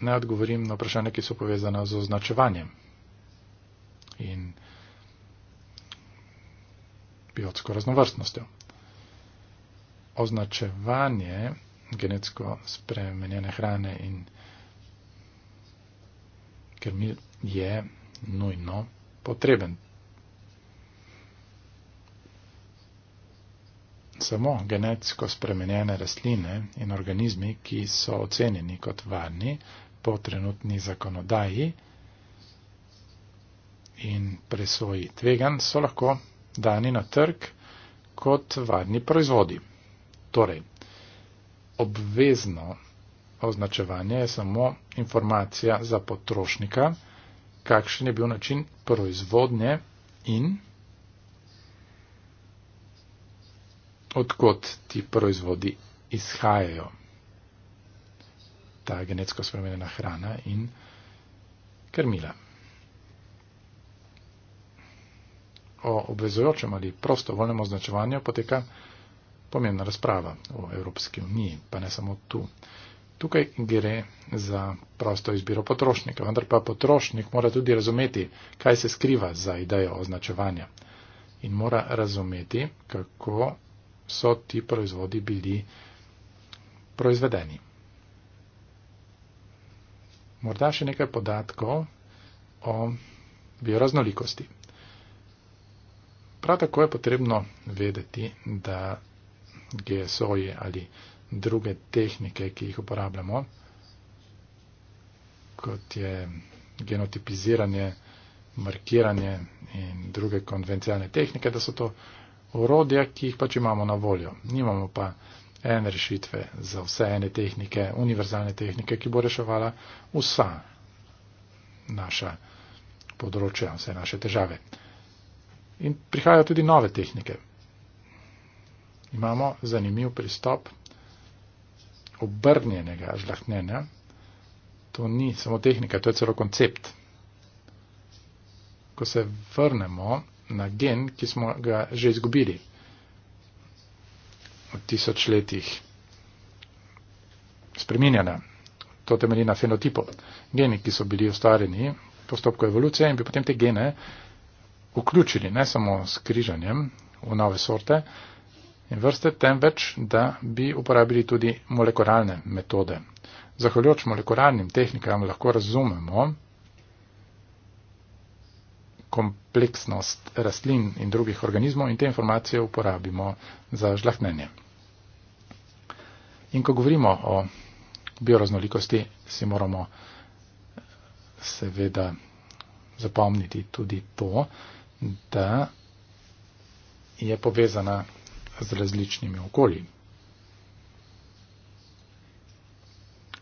Naj odgovorim na vprašanja, ki so povezana z označevanjem. In biotsko raznovrstnostjo. Označevanje genetsko spremenjene hrane in krmil je nujno potreben samo genetsko spremenjene rastline in organizmi, ki so ocenjeni kot varni po trenutni zakonodaji in presoji tvegan, so lahko dani na trg kot varni proizvodi. Torej, obvezno označevanje je samo informacija za potrošnika, kakšen je bil način proizvodnje in odkot ti proizvodi izhajajo. Ta genetsko spremenjena hrana in krmila. O obvezujočem ali prostovoljnem označevanju poteka pomembna razprava v Evropski uniji, pa ne samo tu. Tukaj gre za prosto izbiro potrošnika, vendar pa potrošnik mora tudi razumeti, kaj se skriva za idejo označevanja in mora razumeti, kako so ti proizvodi bili proizvedeni. Morda še nekaj podatkov o bioraznolikosti. Prav tako je potrebno vedeti, da GSO-ji ali druge tehnike, ki jih uporabljamo, kot je genotipiziranje, markiranje in druge konvencionalne tehnike, da so to orodja, ki jih pač imamo na voljo. Nimamo pa ene rešitve za vse ene tehnike, univerzalne tehnike, ki bo reševala vsa naša področja, vse naše težave. In prihajajo tudi nove tehnike. Imamo zanimiv pristop obrnjenega žlahtnjenja. To ni samo tehnika, to je celo koncept. Ko se vrnemo na gen, ki smo ga že izgubili v tisočletjih spreminjanja. To temelji na fenotipu. Geni, ki so bili ustvarjeni v postopku evolucije in bi potem te gene vključili ne samo s križanjem v nove sorte in vrste, temveč, da bi uporabili tudi molekularne metode. Zahvaljujoč molekularnim tehnikam lahko razumemo, kompleksnost rastlin in drugih organizmov in te informacije uporabimo za žlahnenje. In ko govorimo o bioraznolikosti, si moramo seveda zapomniti tudi to, da je povezana z različnimi okolji.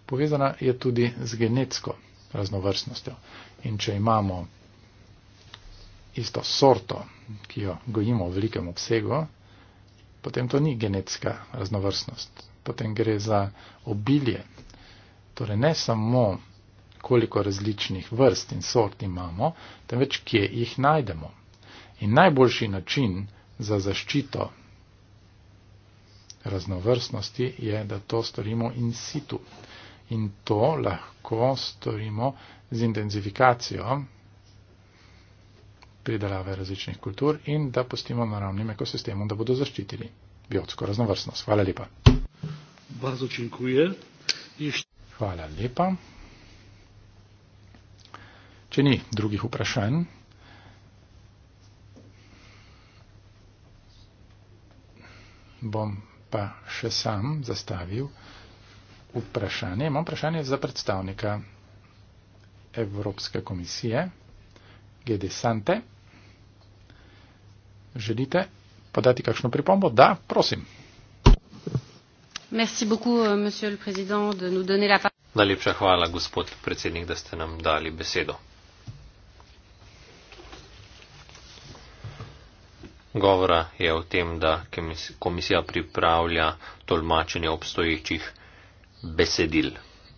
Povezana je tudi z genetsko raznovrstnostjo. In če imamo isto sorto, ki jo gojimo v velikem obsegu, potem to ni genetska raznovrstnost. Potem gre za obilje. Torej ne samo, koliko različnih vrst in sort imamo, temveč kje jih najdemo. In najboljši način za zaščito raznovrstnosti je, da to storimo in situ. In to lahko storimo z intenzifikacijo pridelave različnih kultur in da pustimo naravnim ekosistemom, da bodo zaščitili biotsko raznovrstnost. Hvala lepa. Bardzo dziękuję. Hvala lepa. Če ni drugih vprašanj. Bom pa še sam zastavil vprašanje. Imam vprašanje za predstavnika Evropske komisije, Gede Sante. Želite podati kakšno pripombo? Da, prosim.
Euh,
Najlepša hvala, gospod predsednik, da ste nam dali besedo. Govora je o tem, da komisija pripravlja tolmačenje obstoječih besedil.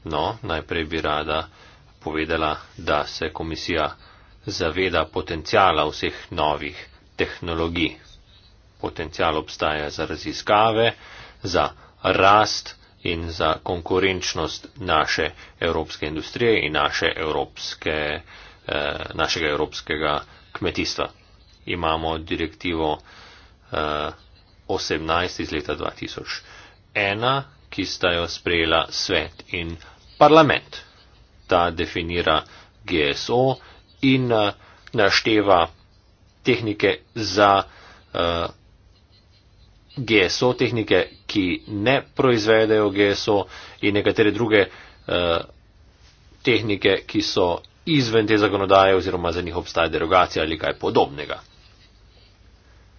No, najprej bi rada povedala, da se komisija zaveda potencijala vseh novih besedil tehnologij. Potencial obstaja za raziskave, za rast in za konkurenčnost naše evropske industrije in naše evropske, eh, našega evropskega kmetijstva. Imamo direktivo eh, 18 iz leta 2001, ki sta jo sprejela svet in parlament. Ta definira GSO in eh, našteva tehnike za uh, eh, GSO, tehnike, ki ne proizvedejo GSO in nekatere druge uh, tehnike, ki so izven te zakonodaje oziroma za njih obstaja derogacija ali kaj podobnega.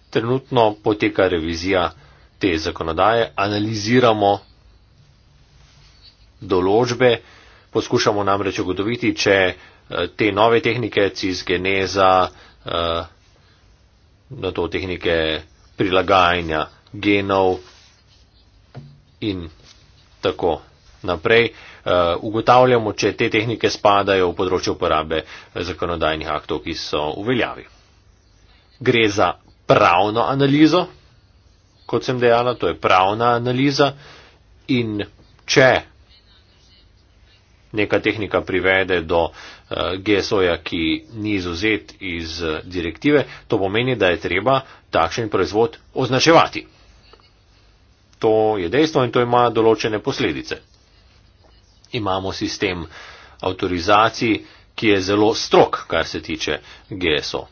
Trenutno poteka revizija te zakonodaje, analiziramo določbe, poskušamo namreč ugotoviti, če eh, te nove tehnike, cizgeneza, na to tehnike prilagajanja genov in tako naprej. Eh, ugotavljamo, če te tehnike spadajo v področje uporabe eh, zakonodajnih aktov, ki so v veljavi. Gre za pravno analizo, kot sem dejala, to je pravna analiza in če neka tehnika privede do eh, GSO-ja, ki ni izuzet iz eh, direktive, to pomeni, da je treba takšen proizvod označevati. To je dejstvo in to ima določene posledice. Imamo sistem avtorizacij, ki je zelo strok, kar se tiče GSO.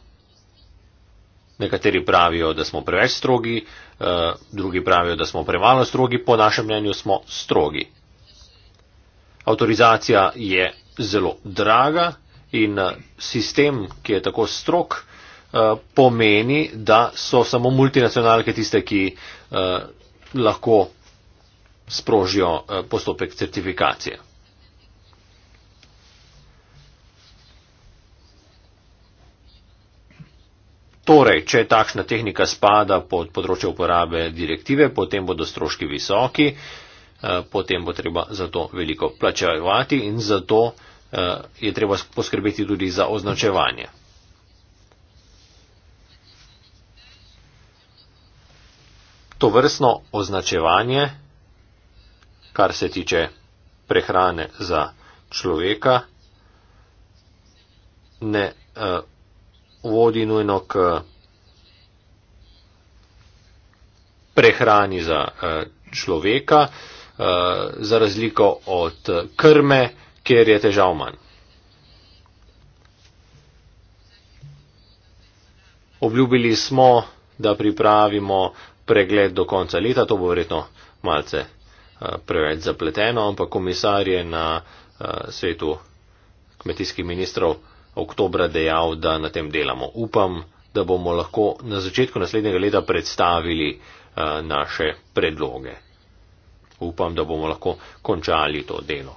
Nekateri pravijo, da smo preveč strogi, eh, drugi pravijo, da smo premalo strogi, po našem mnenju smo strogi. Avtorizacija je zelo draga in eh, sistem, ki je tako strok, eh, pomeni, da so samo multinacionalke tiste, ki eh, lahko sprožijo postopek certifikacije. Torej, če takšna tehnika spada pod področje uporabe direktive, potem bodo stroški visoki, uh, Eh, potem bo treba za to veliko plačevati in zato eh, je treba poskrbeti tudi za označevanje. To vrstno označevanje, kar se tiče prehrane za človeka, ne uh, vodi nujno k prehrani za uh, človeka, uh, Eh, za razliko od krme, kjer je težav manj. Obljubili smo, da pripravimo pregled do konca leta, to bo verjetno malce eh, preveč zapleteno, ampak komisar je na eh, svetu kmetijskih ministrov oktobra dejal, da na tem delamo. Upam, da bomo lahko na začetku naslednjega leta predstavili naše predloge. Upam, da bomo lahko končali to delo.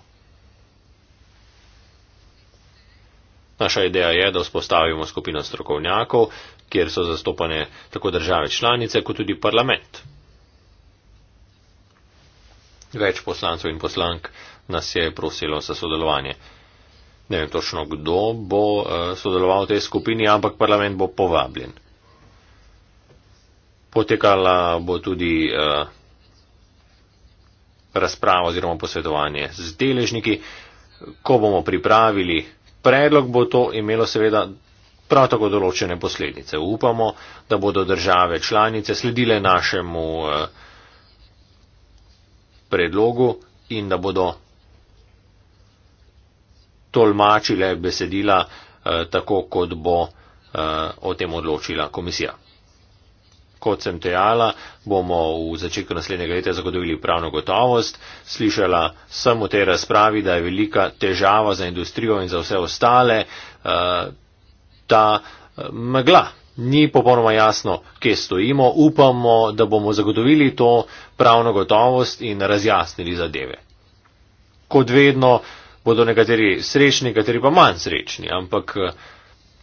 Naša ideja je, da vzpostavimo skupino strokovnjakov, kjer so zastopane tako države članice, kot tudi parlament. Več poslancov in poslank nas je prosilo za sodelovanje. Ne vem točno, kdo bo eh, sodeloval v tej skupini, ampak parlament bo povabljen. Potekala bo tudi. Uh, razpravo oziroma posvetovanje z deležniki. Ko bomo pripravili predlog, bo to imelo seveda prav tako določene posledice. Upamo, da bodo države članice sledile našemu eh, predlogu in da bodo tolmačile besedila eh, tako, kot bo eh, o tem odločila komisija kot sem dejala, bomo v začetku naslednjega leta zagotovili pravno gotovost. Slišala sem v tej razpravi, da je velika težava za industrijo in za vse ostale uh, ta eh, megla. Ni popolnoma jasno, kje stojimo. Upamo, da bomo zagotovili to pravno gotovost in razjasnili zadeve. Kot vedno bodo nekateri srečni, nekateri pa manj srečni, ampak uh,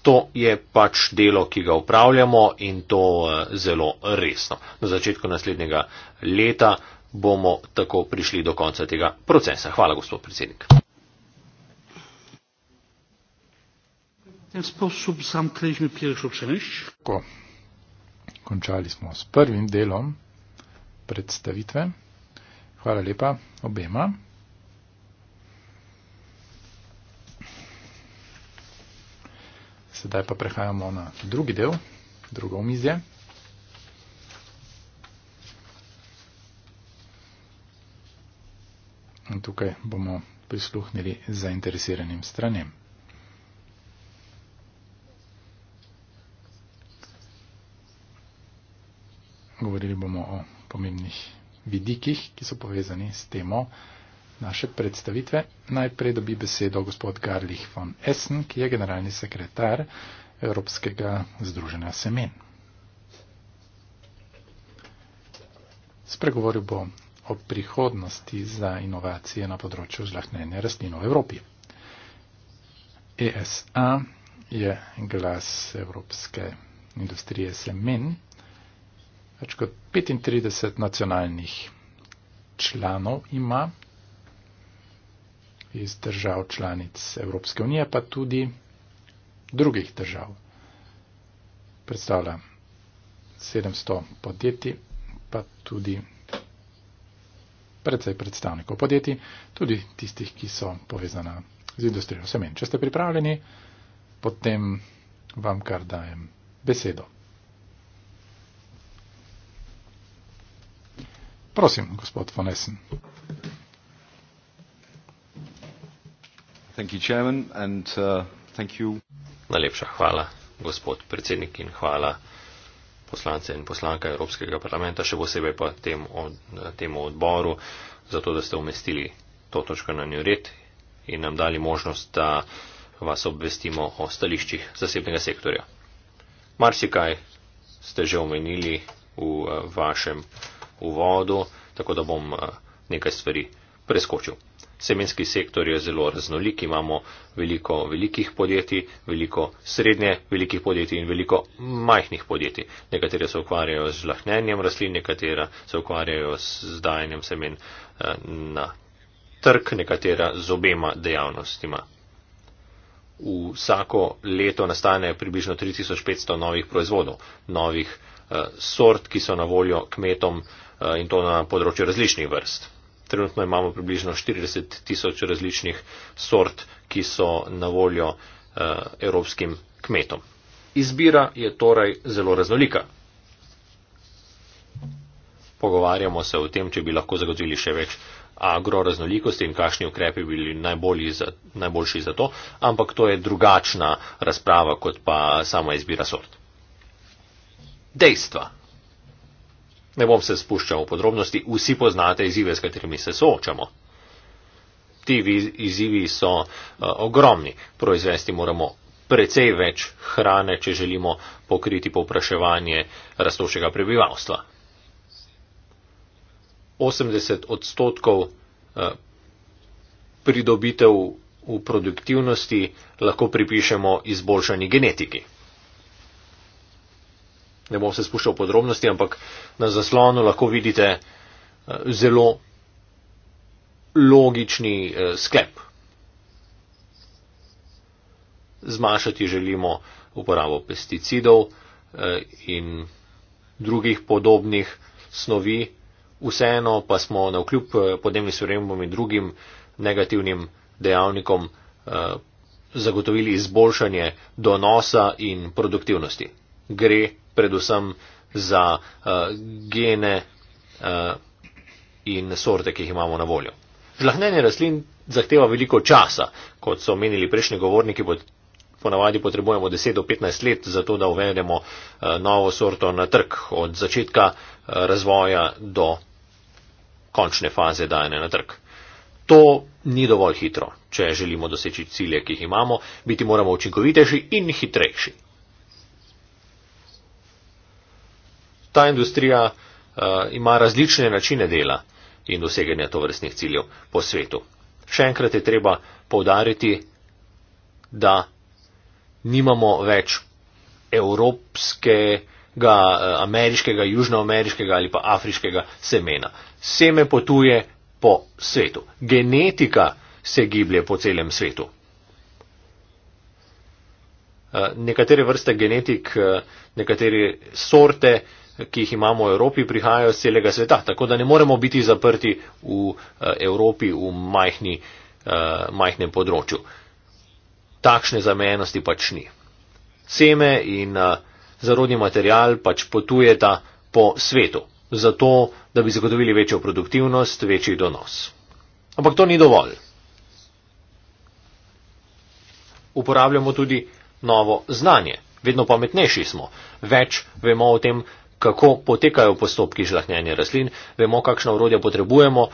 To je pač delo, ki ga upravljamo in to eh, zelo resno. Na začetku naslednjega leta bomo tako prišli do konca tega procesa. Hvala, gospod predsednik. Sposob, ko,
končali smo s prvim delom predstavitve. Hvala lepa obema. Sedaj pa prehajamo na drugi del, drugo omizje. In tukaj bomo prisluhnili zainteresiranim stranem. Govorili bomo o pomembnih vidikih, ki so povezani s temo, naše predstavitve. Najprej dobi besedo gospod Garlich von Essen, ki je generalni sekretar Evropskega združenja semen. Spregovoril bo o prihodnosti za inovacije na področju žlahnenja rastlin v Evropi. ESA je glas Evropske industrije semen. Več kot 35 nacionalnih članov ima, iz držav članic Evropske unije, pa tudi drugih držav. Predstavlja 700 podjetij, pa tudi predvsej predstavnikov podjetij, tudi tistih, ki so povezana z industrijo semen. Če ste pripravljeni, potem vam kar dajem besedo. Prosim, gospod Fonesen.
Uh, Najlepša hvala, gospod predsednik, in hvala poslance in poslanka Evropskega parlamenta, še posebej pa tem od, temu odboru, za to, da ste umestili to točko na njo red in nam dali možnost, da vas obvestimo o stališčih zasebnega sektorja. Marsikaj ste že omenili v vašem uvodu, tako da bom eh, nekaj stvari preskočil. Semenski sektor je zelo raznolik, imamo veliko velikih podjetij, veliko srednje velikih podjetij in veliko majhnih podjetij. Nekatere se ukvarjajo z žlahnenjem rastlin, nekatere se ukvarjajo z dajanjem semen eh, na trg, nekatere z obema dejavnostima. Vsako leto nastane približno 3500 novih proizvodov, novih eh, sort, ki so na voljo kmetom eh, in to na področju različnih vrst trenutno imamo približno 40 tisoč različnih sort, ki so na voljo eh, evropskim kmetom. Izbira je torej zelo raznolika. Pogovarjamo se o tem, če bi lahko zagotovili še več agroraznolikosti in kakšni ukrepi bi bili za, najboljši za to, ampak to je drugačna razprava kot pa sama izbira sort. Dejstva. Ne bom se spuščal v podrobnosti, vsi poznate izzive, s katerimi se soočamo. Ti izzivi so uh, ogromni. Proizvesti moramo precej več hrane, če želimo pokriti povpraševanje rastočega prebivalstva. 80 odstotkov uh, pridobitev v produktivnosti lahko pripišemo izboljšani genetiki ne bom se spuščal v podrobnosti, ampak na zaslonu lahko vidite eh, zelo logični eh, sklep. Zmašati želimo uporabo pesticidov eh, in drugih podobnih snovi, vseeno pa smo na vkljub podnebnim spremembam in drugim negativnim dejavnikom zagotovili izboljšanje donosa in produktivnosti gre predvsem za uh, gene uh, in sorte, ki jih imamo na voljo. Žlahnenje rastlin zahteva veliko časa, kot so omenili prejšnji govorniki, ponavadi potrebujemo 10 do 15 let za to, da uvedemo uh, novo sorto na trg od začetka uh, razvoja do končne faze dajanja na trg. To ni dovolj hitro, če želimo doseči cilje, ki jih imamo, biti moramo učinkovitejši in hitrejši. ta industrija uh, ima različne načine dela in doseganja to vrstnih ciljev po svetu. Še enkrat je treba povdariti, da nimamo več evropskega, eh, ameriškega, južnoameriškega ali pa afriškega semena. Seme potuje po svetu. Genetika se giblje po celem svetu. Eh, nekatere vrste genetik, nekatere sorte ki jih imamo v Evropi, prihajajo z celega sveta, tako da ne moremo biti zaprti v eh, Evropi v majhni, eh, majhnem področju. Takšne zamenjosti pač ni. Seme in eh, zarodni material pač potujeta po svetu, zato da bi zagotovili večjo produktivnost, večji donos. Ampak to ni dovolj. Uporabljamo tudi novo znanje. Vedno pametnejši smo. Več vemo o tem, kako potekajo postopki žlahnjenja rastlin, vemo, kakšna urodja potrebujemo,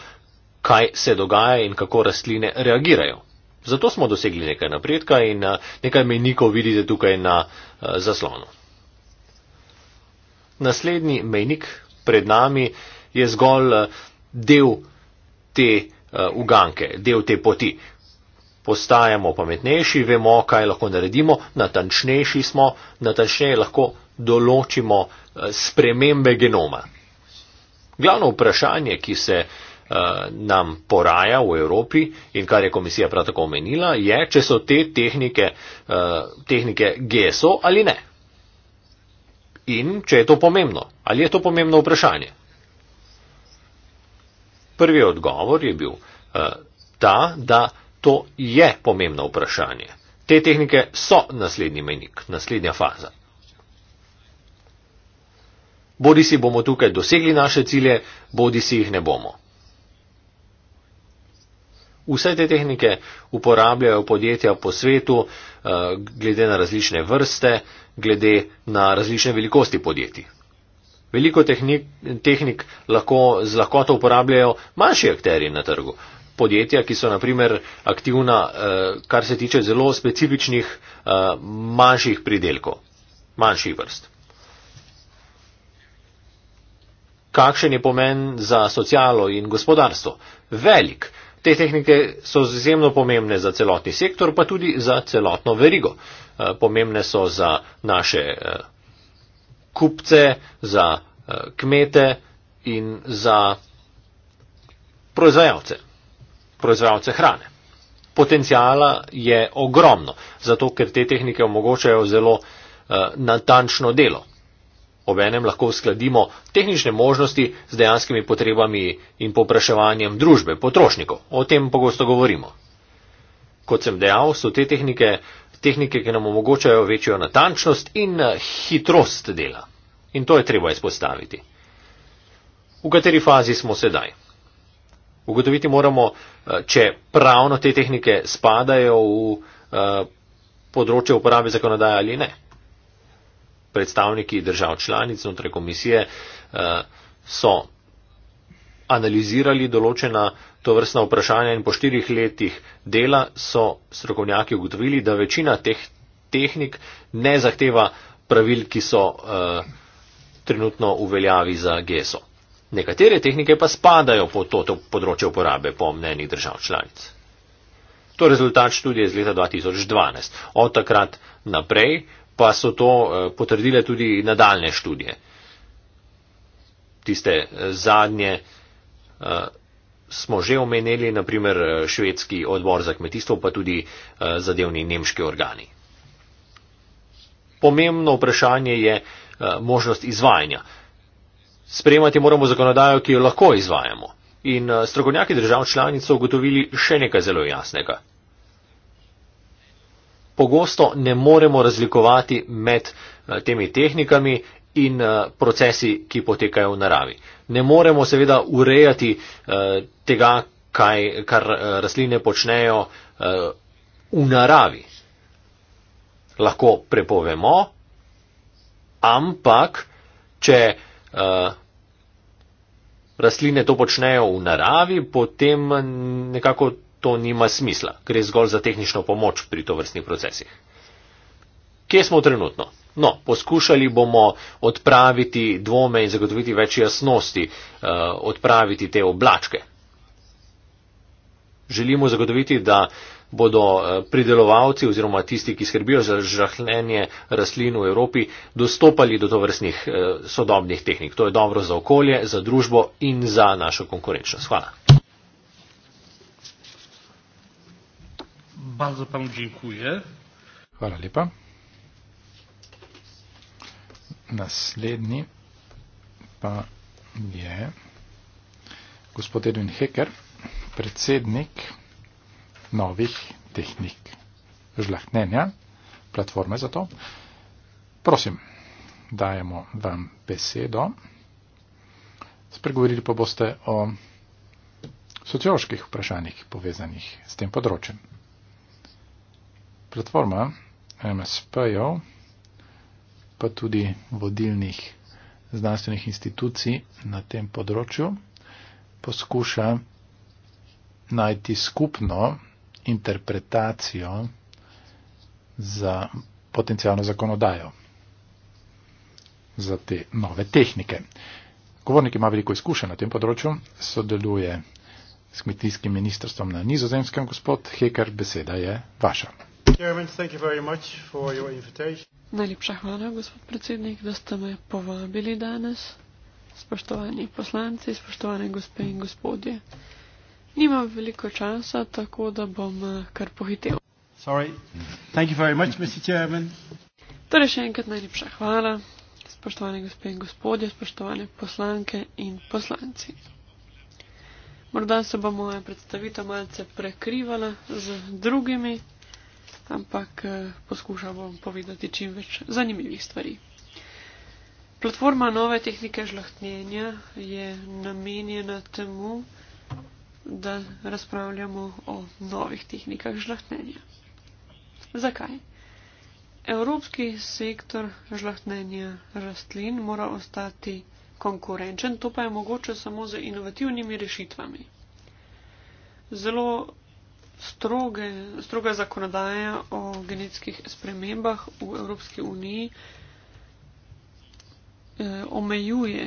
kaj se dogaja in kako rastline reagirajo. Zato smo dosegli nekaj napredka in eh, nekaj mejnikov vidite tukaj na eh, zaslonu. Naslednji mejnik pred nami je zgolj eh, del te uganke, del te poti postajamo pametnejši, vemo, kaj lahko naredimo, natančnejši smo, natančneje lahko določimo eh, spremembe genoma. Glavno vprašanje, ki se eh, nam poraja v Evropi in kar je komisija prav tako omenila, je, če so te tehnike, eh, tehnike GSO ali ne. In če je to pomembno, ali je to pomembno vprašanje. Prvi odgovor je bil ta, da To je pomembno vprašanje. Te tehnike so naslednji menik, naslednja faza. Bodi si bomo tukaj dosegli naše cilje, bodi si jih ne bomo. Vse te tehnike uporabljajo podjetja po svetu, eh, glede na različne vrste, glede na različne velikosti podjetij. Veliko tehnik, tehnik lahko z lahkoto uporabljajo manjši akteri na trgu, podjetja, ki so naprimer aktivna, eh, kar se tiče zelo specifičnih eh, manjših pridelkov, manjših vrst. Kakšen je pomen za socialo in gospodarstvo? Velik. Te tehnike so izjemno pomembne za celotni sektor, pa tudi za celotno verigo. Eh, pomembne so za naše kupce, za kmete in za proizvajalce proizvajalce hrane. Potencijala je ogromno, zato ker te tehnike omogočajo zelo uh, natančno delo. Obenem lahko uskladimo tehnične možnosti z dejanskimi potrebami in popraševanjem družbe, potrošnikov. O tem pogosto govorimo. Kot sem dejal, so te tehnike tehnike, ki nam omogočajo večjo natančnost in eh, hitrost dela. In to je treba izpostaviti. V kateri fazi smo sedaj? Ugotoviti moramo, eh, če pravno te tehnike spadajo v eh, področje uporabe zakonodaje ali ne. Predstavniki držav članic znotraj komisije eh, so analizirali določena to vrstna vprašanja in po štirih letih dela so strokovnjaki ugotovili, da večina teh tehnik ne zahteva pravil, ki so uh, trenutno uveljavi za GESO nekatere tehnike pa spadajo pod to, to področje uporabe po mnenjih držav članic. To je rezultat študije iz leta 2012. Od takrat naprej pa so to eh, potrdile tudi nadaljne študije. Tiste eh, zadnje eh, smo že omenili, naprimer švedski odbor za kmetijstvo, pa tudi zadevni nemški organi. Pomembno vprašanje je možnost izvajanja. Sprejemati moramo zakonodajo, ki jo lahko izvajamo. In eh, strokovnjaki držav članic so ugotovili še nekaj zelo jasnega. Pogosto ne moremo razlikovati med eh, temi tehnikami in eh, procesi, ki potekajo v naravi. Ne moremo seveda urejati tega, kaj, kar rastline počnejo v naravi. Lahko prepovemo, ampak če rastline to počnejo v naravi, potem nekako to nima smisla. Gre zgolj za tehnično pomoč pri to vrstnih procesih. Kje smo trenutno? No, poskušali bomo odpraviti dvome in zagotoviti več jasnosti, eh, odpraviti te oblačke. Želimo zagotoviti, da bodo eh, pridelovalci oziroma tisti, ki skrbijo za žahljenje rastlin v Evropi, dostopali do tovrstnih eh, sodobnih tehnik. To je dobro za okolje, za družbo in za našo konkurenčnost. Hvala.
Bardzo panu dziękuję. Hvala lepa. Naslednji pa je gospod Edwin Hecker, predsednik novih tehnik žlahnenja, platforme za to. Prosim, dajemo vam besedo. Spregovorili pa boste o socioloških vprašanjih povezanih s tem področjem. Platforma MSP-jev, pa tudi vodilnih znanstvenih institucij na tem področju, poskuša najti skupno interpretacijo za potencijalno zakonodajo za te nove tehnike. Govornik ima veliko izkušenj na tem področju, sodeluje s kmetijskim ministrstvom na nizozemskem, gospod Heker, beseda je vaša.
Najlepša hvala, gospod predsednik, da ste me povabili danes. Spoštovani poslanci, spoštovane gospe in gospodje. Nimam veliko časa, tako da bom eh, kar pohitel. Torej še enkrat najlepša hvala, spoštovane gospe in gospodje, spoštovane poslanke in poslanci. Morda se bo moja predstavitev malce prekrivala z drugimi, ampak eh, poskušal bom povedati čim več zanimivih stvari. Platforma nove tehnike žlahtnjenja je namenjena temu, da razpravljamo o novih tehnikah žlahtnenja. Zakaj? Evropski sektor žlahtnenja rastlin mora ostati konkurenčen, to pa je mogoče samo z inovativnimi rešitvami. Zelo stroge, stroga zakonodaja o genetskih spremembah v Evropski uniji eh, omejuje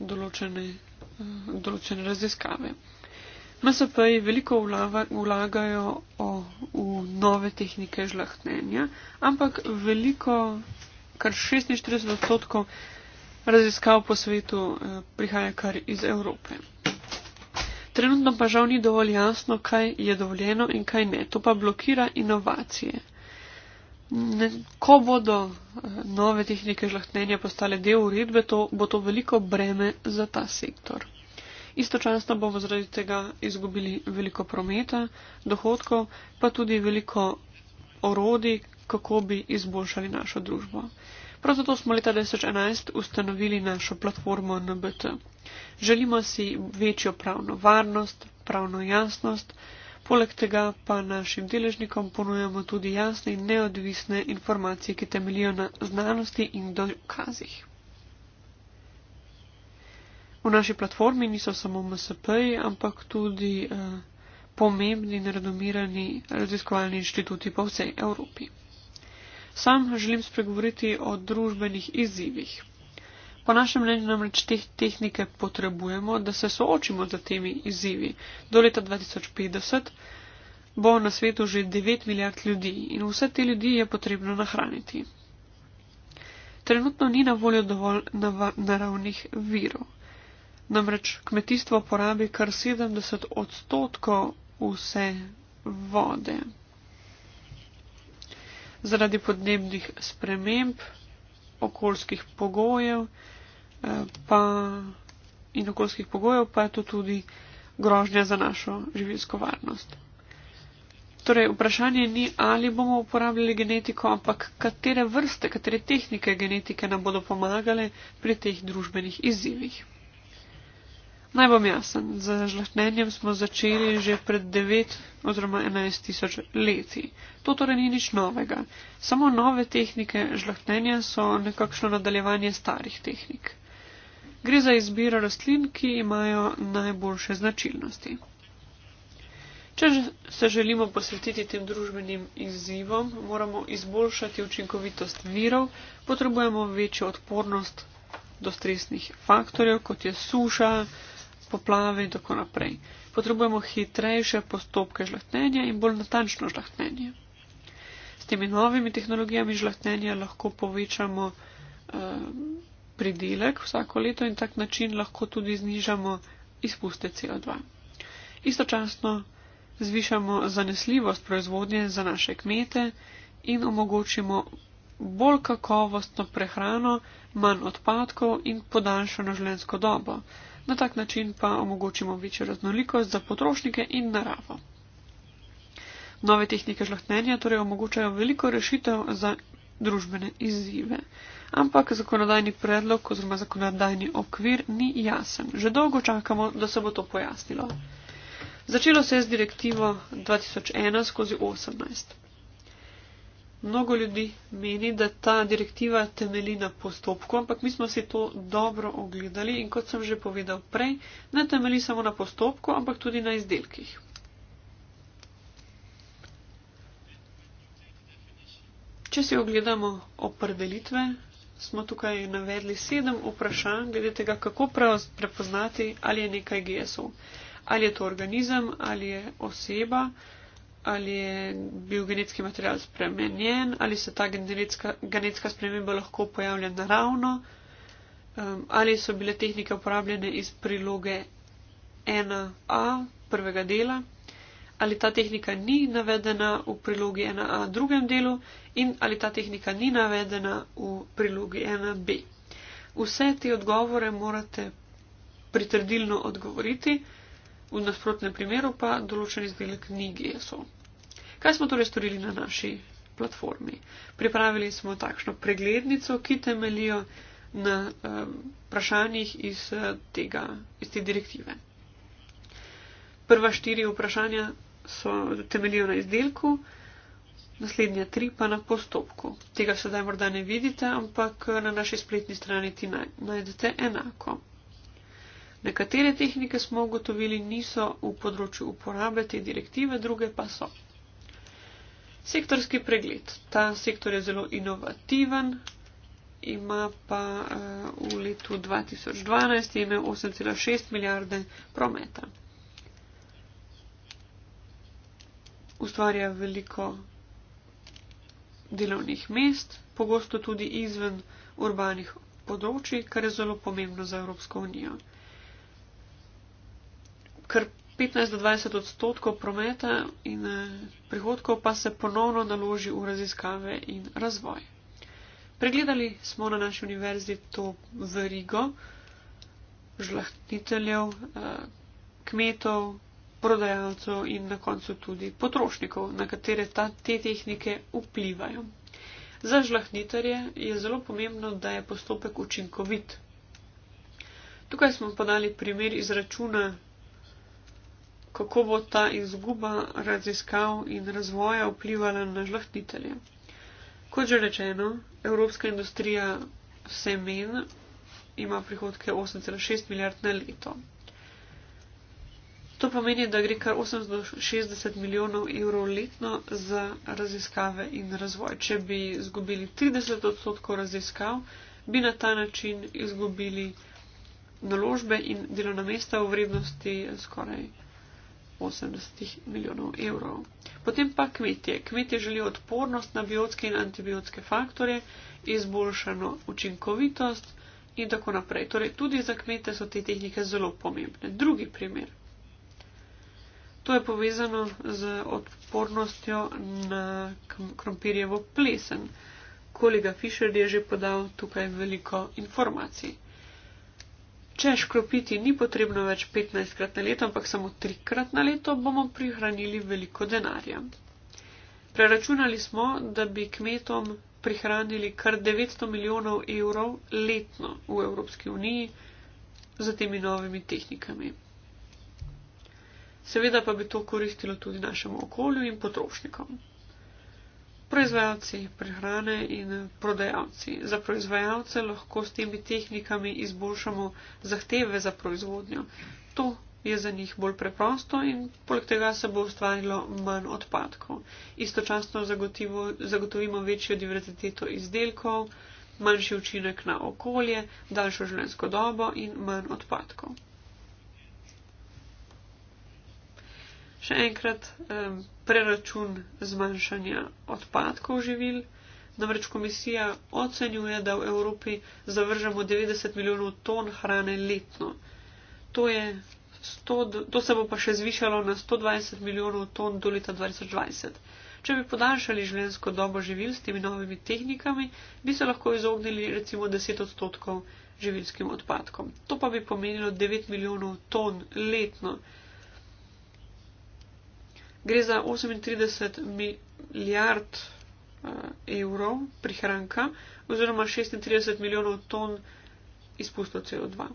določene, eh, določene raziskave. MSP-ji veliko vlava, vlagajo o, v nove tehnike žlahtnenja, ampak veliko, kar 46 odstotkov raziskav po svetu eh, prihaja kar iz Evrope. Trenutno pa žal ni dovolj jasno, kaj je dovoljeno in kaj ne. To pa blokira inovacije. Ne, ko bodo eh, nove tehnike žlahtnenja postale del uredbe, to bo to veliko breme za ta sektor istočasno bomo zaradi tega izgubili veliko prometa, dohodkov, pa tudi veliko orodi, kako bi izboljšali našo družbo. Prav zato smo leta 2011 ustanovili našo platformo NBT. Želimo si večjo pravno varnost, pravno jasnost, poleg tega pa našim deležnikom ponujamo tudi jasne in neodvisne informacije, ki temelijo na znanosti in dokazih v naši platformi niso samo MSP-ji, ampak tudi eh, pomembni in redomirani raziskovalni inštituti po vsej Evropi. Sam želim spregovoriti o družbenih izzivih. Po našem mnenju namreč te tehnike potrebujemo, da se soočimo z temi izzivi. Do leta 2050 bo na svetu že 9 milijard ljudi in vse te ljudi je potrebno nahraniti. Trenutno ni na voljo dovolj nav naravnih virov. Namreč kmetijstvo porabi kar 70 odstotkov vse vode. Zaradi podnebnih sprememb, okoljskih pogojev eh, pa, in okoljskih pogojev pa je to tudi grožnja za našo življsko varnost. Torej, vprašanje ni, ali bomo uporabljali genetiko, ampak katere vrste, katere tehnike genetike nam bodo pomagale pri teh družbenih izzivih. Naj bom jasen, z žlahtnenjem smo začeli že pred 9 oziroma 11 tisoč leti. To torej ni nič novega. Samo nove tehnike žlahtnenja so nekakšno nadaljevanje starih tehnik. Gre za izbiro rastlin, ki imajo najboljše značilnosti. Če se želimo posvetiti tem družbenim izzivom, moramo izboljšati učinkovitost virov, potrebujemo večjo odpornost do stresnih faktorjev, kot je suša, poplave in tako naprej. Potrebujemo hitrejše postopke žlahtnenja in bolj natančno žlahtnenje. S temi novimi tehnologijami žlahtnenja lahko povečamo eh, pridelek vsako leto in tak način lahko tudi znižamo izpuste CO2. Istočasno zvišamo zanesljivost proizvodnje za naše kmete in omogočimo bolj kakovostno prehrano, manj odpadkov in podaljšano življenjsko dobo na tak način pa omogočimo večjo raznolikost za potrošnike in naravo. Nove tehnike žlahtnenja torej omogočajo veliko rešitev za družbene izzive. Ampak zakonodajni predlog oziroma zakonodajni okvir ni jasen. Že dolgo čakamo, da se bo to pojasnilo. Začelo se je z direktivo 2001 skozi 18 mnogo ljudi meni, da ta direktiva temeli na postopku, ampak mi smo si to dobro ogledali in kot sem že povedal prej, ne temeli samo na postopku, ampak tudi na izdelkih. Če si ogledamo opredelitve, smo tukaj navedli sedem vprašanj glede tega, kako prav prepoznati, ali je nekaj GSO. Ali je to organizem, ali je oseba ali je bil genetski material spremenjen, ali se ta genetska, genetska sprememba lahko pojavlja naravno, um, ali so bile tehnike uporabljene iz priloge 1a prvega dela, ali ta tehnika ni navedena v prilogi 1a drugem delu in ali ta tehnika ni navedena v prilogi 1b. Vse te odgovore morate pritrdilno odgovoriti v nasprotnem primeru pa določen izdelek ni GSO. Kaj smo torej storili na naši platformi? Pripravili smo takšno preglednico, ki temelijo na ehm, vprašanjih um, iz, eh, iz te direktive. Prva štiri vprašanja so temeljijo na izdelku, naslednja tri pa na postopku. Tega sedaj morda ne vidite, ampak eh, na naši spletni strani ti najdete enako. Nekatere tehnike smo ugotovili niso v področju uporabe te direktive, druge pa so. Sektorski pregled. Ta sektor je zelo inovativen, ima pa uh, v letu 2012 imel 8,6 milijarde prometa. Ustvarja veliko delovnih mest, pogosto tudi izven urbanih področji, kar je zelo pomembno za Evropsko unijo kar 15 do 20 odstotkov prometa in eh, prihodkov pa se ponovno naloži v raziskave in razvoj. Pregledali smo na naši univerzi to verigo žlahtniteljev, eh, kmetov, prodajalcev in na koncu tudi potrošnikov, na katere ta, te tehnike vplivajo. Za žlahtnitelje je zelo pomembno, da je postopek učinkovit. Tukaj smo podali primer izračuna kako bo ta izguba raziskav in razvoja vplivala na žlahtnitelje. Kot že rečeno, evropska industrija semen ima prihodke 8,6 milijard na leto. To pomeni, da gre kar 860 milijonov evrov letno za raziskave in razvoj. Če bi izgubili 30 odstotkov raziskav, bi na ta način izgubili naložbe in delovna mesta v vrednosti skoraj 80 milijonov evrov. Potem pa kmetje. Kmetje želijo odpornost na biotske in antibiotske faktore, izboljšano učinkovitost in tako naprej. Torej, tudi za kmete so te tehnike zelo pomembne. Drugi primer. To je povezano z odpornostjo na krompirjevo plesen. Kolega Fischer je že podal tukaj veliko informacij. Če šklopiti ni potrebno več 15krat na leto, ampak samo 3krat na leto, bomo prihranili veliko denarja. Preračunali smo, da bi kmetom prihranili kar 900 milijonov evrov letno v Evropski uniji z temi novimi tehnikami. Seveda pa bi to koristilo tudi našemu okolju in potrošnikom proizvajalci prehrane in prodajalci. Za proizvajalce lahko s temi tehnikami izboljšamo zahteve za proizvodnjo. To je za njih bolj preprosto in poleg tega se bo ustvarilo manj odpadkov. Istočasno zagotivo, zagotovimo večjo diverziteto izdelkov, manjši učinek na okolje, daljšo življenjsko dobo in manj odpadkov. Še enkrat, um, preračun zmanjšanja odpadkov živil. Namreč komisija ocenjuje, da v Evropi zavržemo 90 milijonov ton hrane letno. To, je 100, to se bo pa še zvišalo na 120 milijonov ton do leta 2020. Če bi podaljšali življenjsko dobo živil s temi novimi tehnikami, bi se lahko izognili recimo 10 odstotkov živilskim odpadkom. To pa bi pomenilo 9 milijonov ton letno gre za 38 milijard eh, evrov prihranka oziroma 36 milijonov ton izpustov CO2.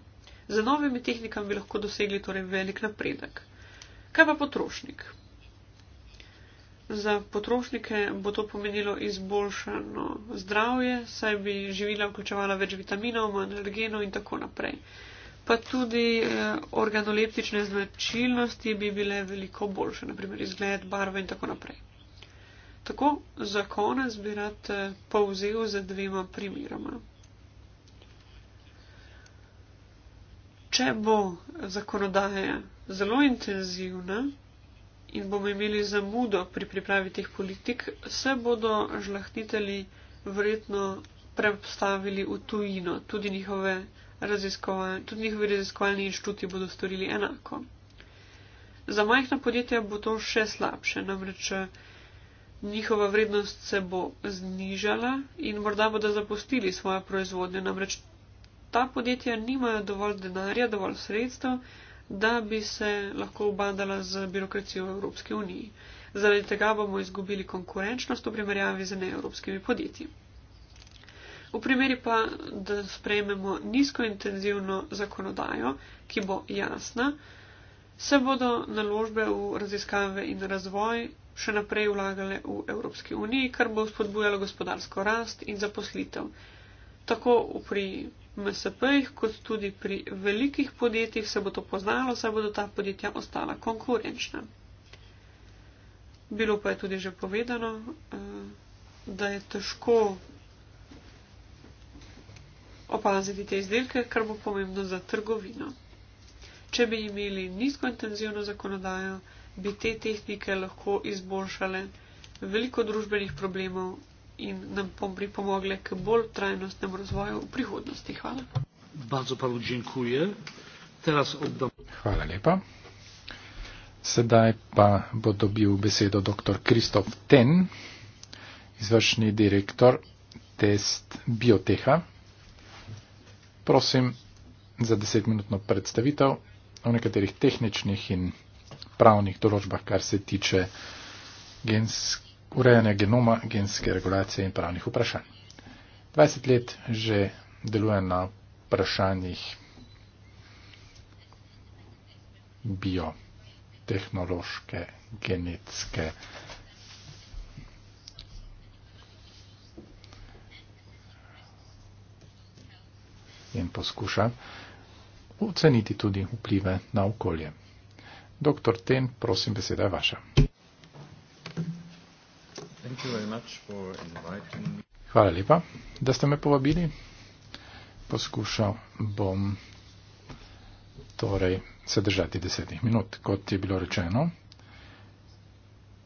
Za novimi tehnikami bi lahko dosegli torej velik napredek. Kaj pa potrošnik? Za potrošnike bo to pomenilo izboljšano zdravje, saj bi živila vključevala več vitaminov, manj alergenov in tako naprej. Uh, pa tudi eh, organoleptične značilnosti bi bile veliko boljše, naprimer izgled, barve in tako naprej. Tako, za konec bi rad eh, povzel z dvema primeroma. Če bo zakonodaja zelo intenzivna in bomo imeli zamudo pri pripravi teh politik, se bodo žlahtitelji verjetno prepostavili v tujino, tudi njihove raziskovalni, tudi njihovi raziskovalni inštituti bodo storili enako. Za majhna podjetja bo to še slabše, namreč eh, njihova vrednost se bo znižala in morda bodo zapustili svojo proizvodnjo, namreč ta podjetja nimajo dovolj denarja, dovolj sredstev, da bi se lahko obadala z birokracijo Evropske unije. Zaradi tega bomo izgubili konkurenčnost v primerjavi z neevropskimi podjetji. V primeri pa, da sprejmemo nizkointenzivno zakonodajo, ki bo jasna, se bodo naložbe v raziskave in razvoj še naprej vlagale v Evropski uniji, kar bo spodbujalo gospodarsko rast in zaposlitev. Tako pri MSP-jih, kot tudi pri velikih podjetjih se bo to poznalo, saj bodo ta podjetja ostala konkurenčna. Bilo pa je tudi že povedano, eh, da je težko opaziti te izdelke, kar bo pomembno za trgovino. Če bi imeli nizkointenzivno zakonodajo, bi te tehnike lahko izboljšale veliko družbenih problemov in nam pripomogle k bolj trajnostnemu razvoju v prihodnosti. Hvala.
Hvala lepa. Sedaj pa bo dobil besedo dr. Kristof Ten, izvršni direktor test bioteha prosim za desetminutno predstavitev o nekaterih tehničnih in pravnih določbah, kar se tiče gensk, urejanja genoma, genske regulacije in pravnih vprašanj. 20 let že deluje na vprašanjih biotehnološke, genetske. in poskuša oceniti tudi vplive na okolje. Doktor Ten, prosim, beseda je vaša. Hvala lepa, da ste me povabili. Poskušal bom torej se držati desetih minut, kot je bilo rečeno.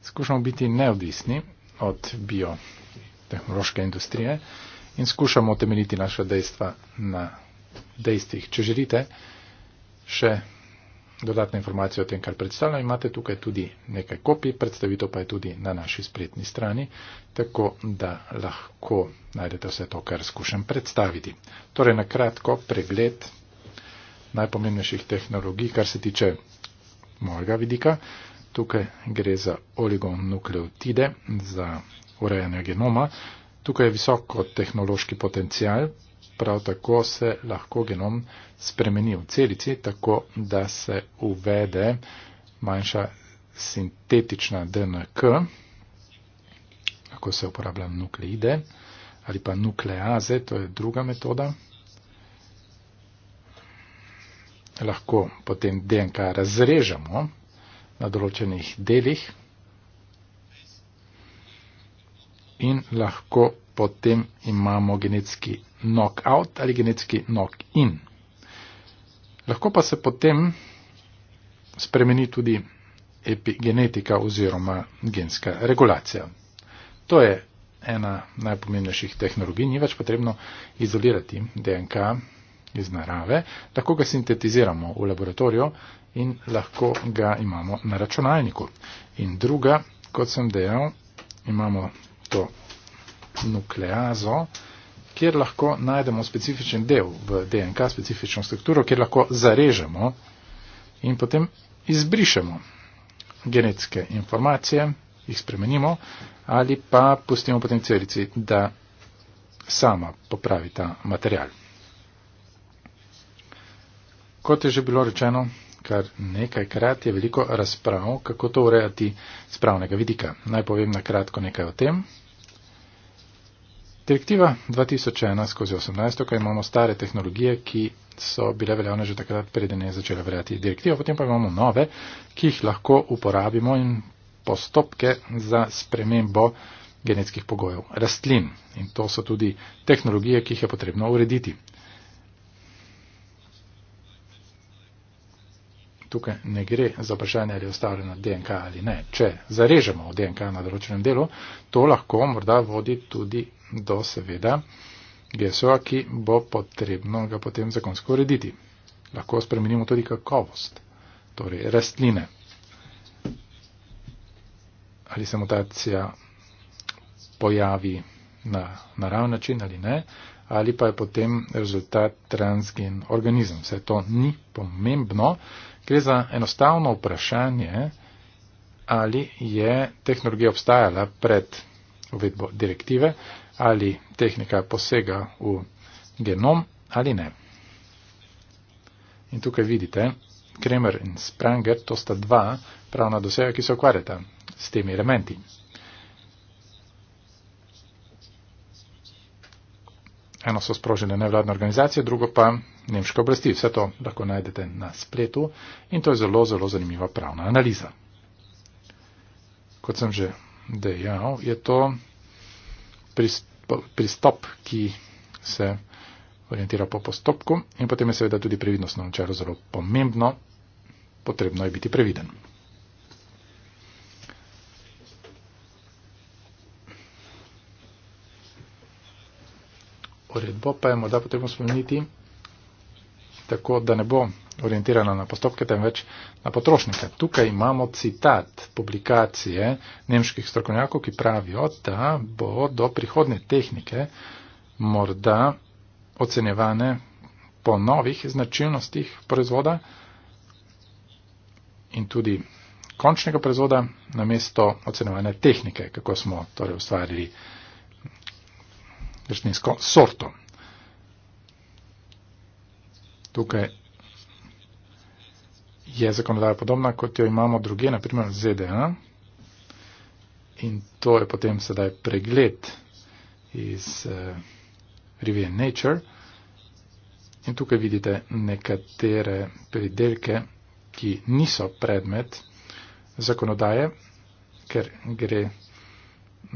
Skušamo biti neodvisni od biotehnološke industrije in skušamo temeljiti naše dejstva na dejstvih. Če želite še dodatne informacije o tem, kar predstavljam, imate tukaj tudi nekaj kopij, predstavitev pa je tudi na naši spletni strani, tako da lahko najdete vse to, kar skušam predstaviti. Torej, na kratko pregled najpomembnejših tehnologij, kar se tiče mojega vidika. Tukaj gre za oligonukleotide, za urejanje genoma. Tukaj je visoko tehnološki potencial, prav tako se lahko genom spremeni v celici, tako da se uvede manjša sintetična DNK, lahko se uporablja nukleide ali pa nukleaze, to je druga metoda. Lahko potem DNK razrežemo na določenih delih in lahko potem imamo genetski knockout ali genetski knock-in. Lahko pa se potem spremeni tudi epigenetika oziroma genska regulacija. To je ena najpomembnejših tehnologij, ni več potrebno izolirati DNK iz narave, lahko ga sintetiziramo v laboratoriju in lahko ga imamo na računalniku. In druga, kot sem dejal, imamo to nukleazo, kjer lahko najdemo specifičen del v DNK, specifično strukturo, kjer lahko zarežemo in potem izbrišemo genetske informacije, jih spremenimo ali pa pustimo potem celici, da sama popravi ta material. Kot je že bilo rečeno, kar nekaj krat je veliko razprav, kako to urejati z pravnega vidika. Naj povem na kratko nekaj o tem. Direktiva 2001-18, ko imamo stare tehnologije, ki so bile veljavne že takrat, preden je začela veljati direktiva, potem pa imamo nove, ki jih lahko uporabimo in postopke za spremembo genetskih pogojev rastlin. In to so tudi tehnologije, ki jih je potrebno urediti. tukaj ne gre za vprašanje, ali je ustavljena DNK ali ne. Če zarežemo DNK na določenem delu, to lahko morda vodi tudi do seveda GSO-a, ki bo potrebno ga potem zakonsko urediti. Lahko spremenimo tudi kakovost, torej rastline. Ali se mutacija pojavi na naravni način ali ne, ali pa je potem rezultat transgen organizem. Vse to ni pomembno. Gre za enostavno vprašanje, ali je tehnologija obstajala pred uvedbo direktive, ali tehnika posega v genom ali ne. In tukaj vidite, Kremer in Spranger, to sta dva pravna dosega, ki se ukvarjata s temi elementi. Eno so sprožene nevladne organizacije, drugo pa nemške oblasti. Vse to lahko najdete na spletu in to je zelo, zelo zanimiva pravna analiza. Kot sem že dejal, je to pristop, ki se orientira po postopku in potem je seveda tudi previdnostno načelo zelo pomembno. Potrebno je biti previden. uredbo, pa je morda potrebno spomniti tako, da ne bo orientirana na postopke, temveč na potrošnike. Tukaj imamo citat publikacije nemških strokovnjakov, ki pravijo, da bo do prihodne tehnike morda ocenjevane po novih značilnostih proizvoda in tudi končnega proizvoda namesto ocenjevanja tehnike, kako smo torej ustvarili vrstninsko sorto. Tukaj je zakonodaja podobna, kot jo imamo druge, naprimer ZDA. In to je potem sedaj pregled iz uh, revije Nature. In tukaj vidite nekatere pridelke, ki niso predmet zakonodaje, ker gre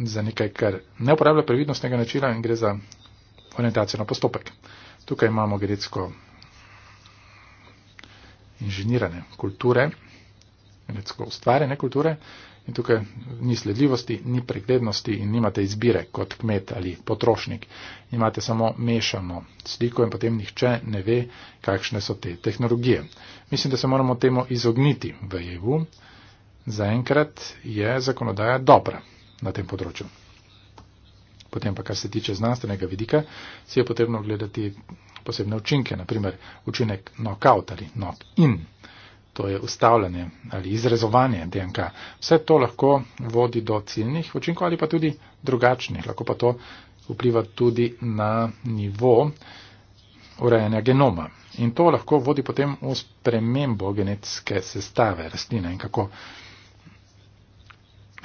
za nekaj, kar ne uporablja previdnostnega načela in gre za orientacijo na postopek. Tukaj imamo genetsko inženirane kulture, genetsko ustvarjene kulture in tukaj ni sledljivosti, ni preglednosti in nimate izbire kot kmet ali potrošnik. Imate samo mešano sliko in potem nihče ne ve, kakšne so te tehnologije. Mislim, da se moramo temu izogniti v EU. Zaenkrat je zakonodaja dobra na tem področju. Potem pa, kar se tiče znanstvenega vidika, si je potrebno gledati posebne učinke, naprimer učinek knockout ali knock-in, to je ustavljanje ali izrezovanje DNK. Vse to lahko vodi do ciljnih učinkov ali pa tudi drugačnih. Lahko pa to vpliva tudi na nivo urejanja genoma. In to lahko vodi potem v spremembo genetske sestave rastline in kako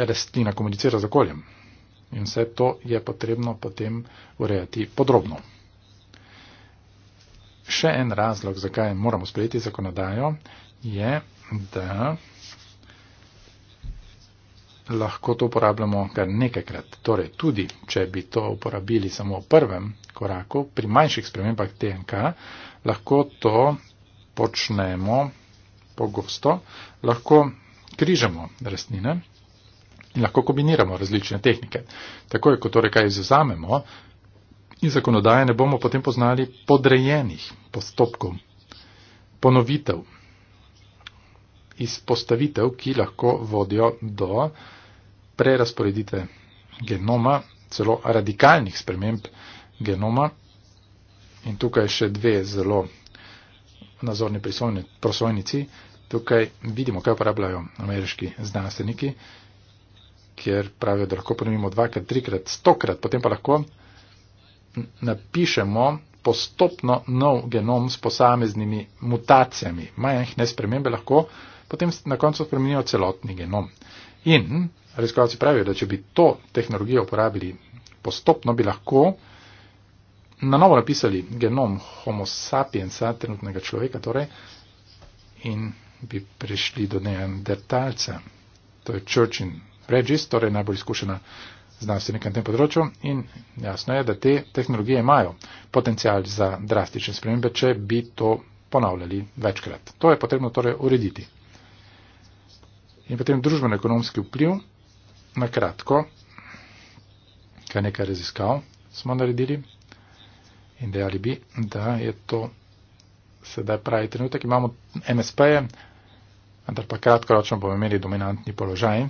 rastlina komunicira z okoljem. In vse to je potrebno potem urejati podrobno. Še en razlog, zakaj moramo sprejeti zakonodajo, je, da lahko to uporabljamo kar nekajkrat. Torej, tudi če bi to uporabili samo v prvem koraku, pri manjših spremembah TNK, lahko to počnemo pogosto, lahko križamo rastline in lahko kombiniramo različne tehnike. Tako je, ko torej kaj izuzamemo in zakonodaje ne bomo potem poznali podrejenih postopkov, ponovitev, izpostavitev, ki lahko vodijo do prerasporedite genoma, celo radikalnih sprememb genoma. In tukaj še dve zelo nazorni prosojnici. Tukaj vidimo, kaj uporabljajo ameriški znanstveniki kjer pravijo, da lahko ponovimo dvakrat, trikrat, stokrat, potem pa lahko napišemo postopno nov genom s posameznimi mutacijami. Majhne spremembe lahko potem na koncu spremenijo celotni genom. In raziskovalci pravijo, da če bi to tehnologijo uporabili postopno, bi lahko na novo napisali genom homo sapiensa, trenutnega človeka, torej, in bi prišli do neandertalca. To je Churchill Regis, torej najbolj izkušena znanstvenika na tem področju in jasno je, da te tehnologije imajo potencial za drastične spremembe, če bi to ponavljali večkrat. To je potrebno torej urediti. In potem družbeno-ekonomski vpliv, na kratko, kaj nekaj raziskav smo naredili in dejali bi, da je to sedaj pravi trenutek. Imamo MSP-je, vendar pa kratkoročno bomo imeli dominantni položaj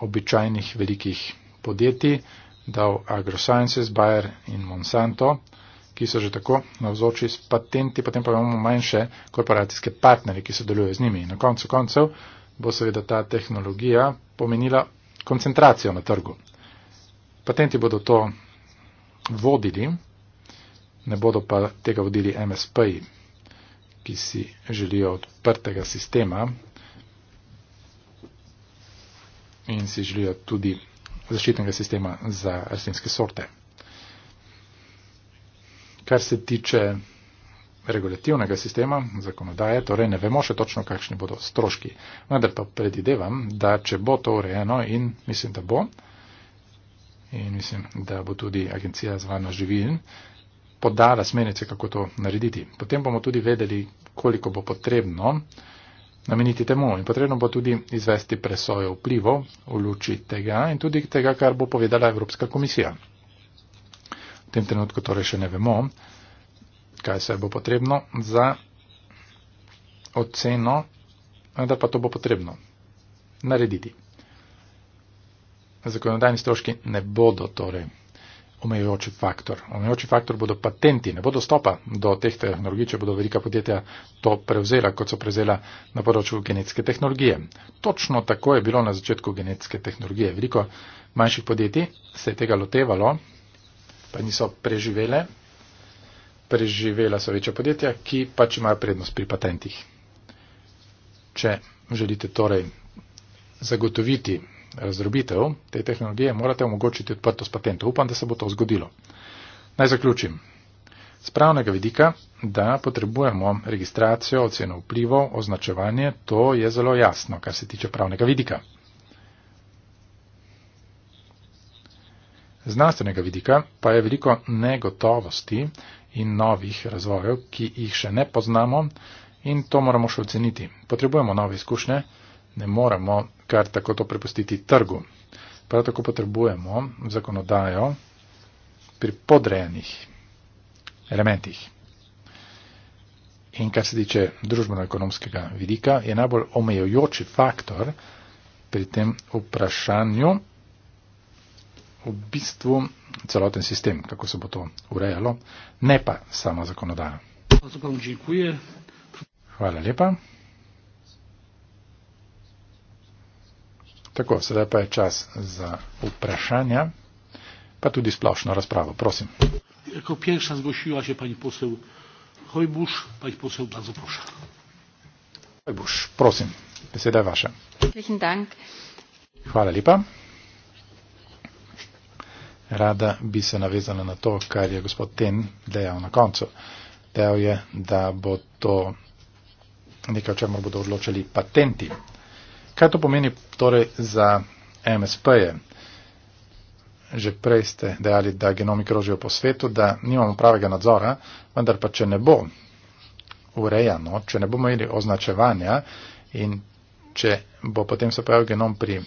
običajnih velikih podjetij, dal AgroSciences, Bayer in Monsanto, ki so že tako navzoči s patenti, potem pa imamo manjše korporacijske partnerje, ki sodelujejo z njimi. Na koncu koncev bo seveda ta tehnologija pomenila koncentracijo na trgu. Patenti bodo to vodili, ne bodo pa tega vodili MSP-ji, ki si želijo odprtega sistema, in si želijo tudi zaščitnega sistema za rastlinske sorte. Kar se tiče regulativnega sistema, zakonodaje, torej ne vemo še točno, kakšni bodo stroški. Vendar pa predidevam, da če bo to urejeno in mislim, da bo, in mislim, da bo tudi agencija za varnost živil podala smernice, kako to narediti. Potem bomo tudi vedeli, koliko bo potrebno uh, nameniti temu. In potrebno bo tudi izvesti presojo vplivov v luči tega in tudi tega, kar bo povedala Evropska komisija. V tem trenutku torej še ne vemo, kaj se bo potrebno za oceno, da pa to bo potrebno narediti. Zakonodajni stroški ne bodo torej omejujoči faktor. Omejujoči faktor bodo patenti, ne bo dostopa do teh tehnologij, če bodo velika podjetja to prevzela, kot so prevzela na področju genetske tehnologije. Točno tako je bilo na začetku genetske tehnologije. Veliko manjših podjetij se je tega lotevalo, pa niso preživele. Preživela so večja podjetja, ki pač imajo prednost pri patentih. Če želite torej zagotoviti razdrobitev te tehnologije, morate omogočiti odprtost patentov. Upam, da se bo to zgodilo. Naj zaključim. Z pravnega vidika, da potrebujemo registracijo, oceno vplivov, označevanje, to je zelo jasno, kar se tiče pravnega vidika. Z znanstvenega vidika pa je veliko negotovosti in novih razvojev, ki jih še ne poznamo in to moramo še oceniti. Potrebujemo nove izkušnje ne moremo kar tako to prepustiti trgu. Prav tako potrebujemo zakonodajo pri podrejenih elementih. In kar se tiče družbeno-ekonomskega vidika, je najbolj omejujoči faktor pri tem vprašanju v bistvu celoten sistem, kako se bo to urejalo, ne pa sama zakonodaja. Hvala lepa. Tako, sedaj pa je čas za vprašanja, pa tudi splošno razpravo. Prosim. Jako pierwsza zgłosiła się pani poseł Hojbusz, pani poseł bardzo proszę. Hojbusz, prosim, beseda wasza. Herzlichen Dank. Hvala lepa. Rada bi se navezala na to, kar je gospod Ten dejal na koncu. Dejal je, da bo to nekaj, o čemer bodo odločali patenti. Kaj to pomeni torej za MSP-je? Že prej ste dejali, da genomi krožijo po svetu, da nimamo pravega nadzora, vendar pa če ne bo urejano, če ne bomo imeli označevanja in če bo potem se pojavil genom pri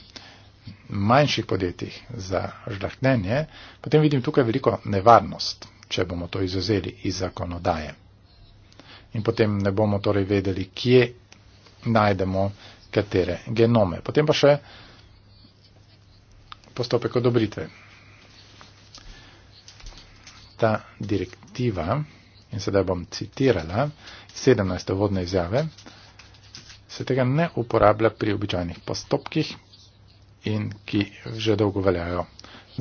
manjših podjetjih za žlahnenje, potem vidim tukaj veliko nevarnost, če bomo to izuzeli iz zakonodaje. In potem ne bomo torej vedeli, kje najdemo katere genome. Potem pa še postopek odobritve. Ta direktiva, in sedaj bom citirala 17. vodne izjave, se tega ne uporablja pri običajnih postopkih in ki že dolgo veljajo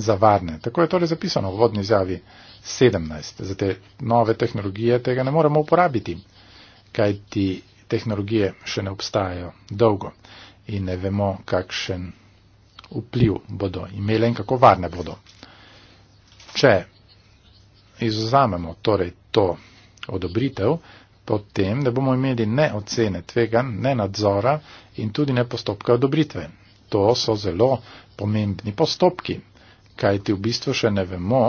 za varne. Tako je torej zapisano v vodni izjavi 17. Za te nove tehnologije tega ne moremo uporabiti, kaj ti tehnologije še ne obstajajo dolgo in ne vemo, kakšen vpliv bodo imele in kako varne bodo. Če izuzamemo torej to odobritev, potem ne bomo imeli ne ocene tvega, ne nadzora in tudi ne postopka odobritve. To so zelo pomembni postopki, kajti v bistvu še ne vemo,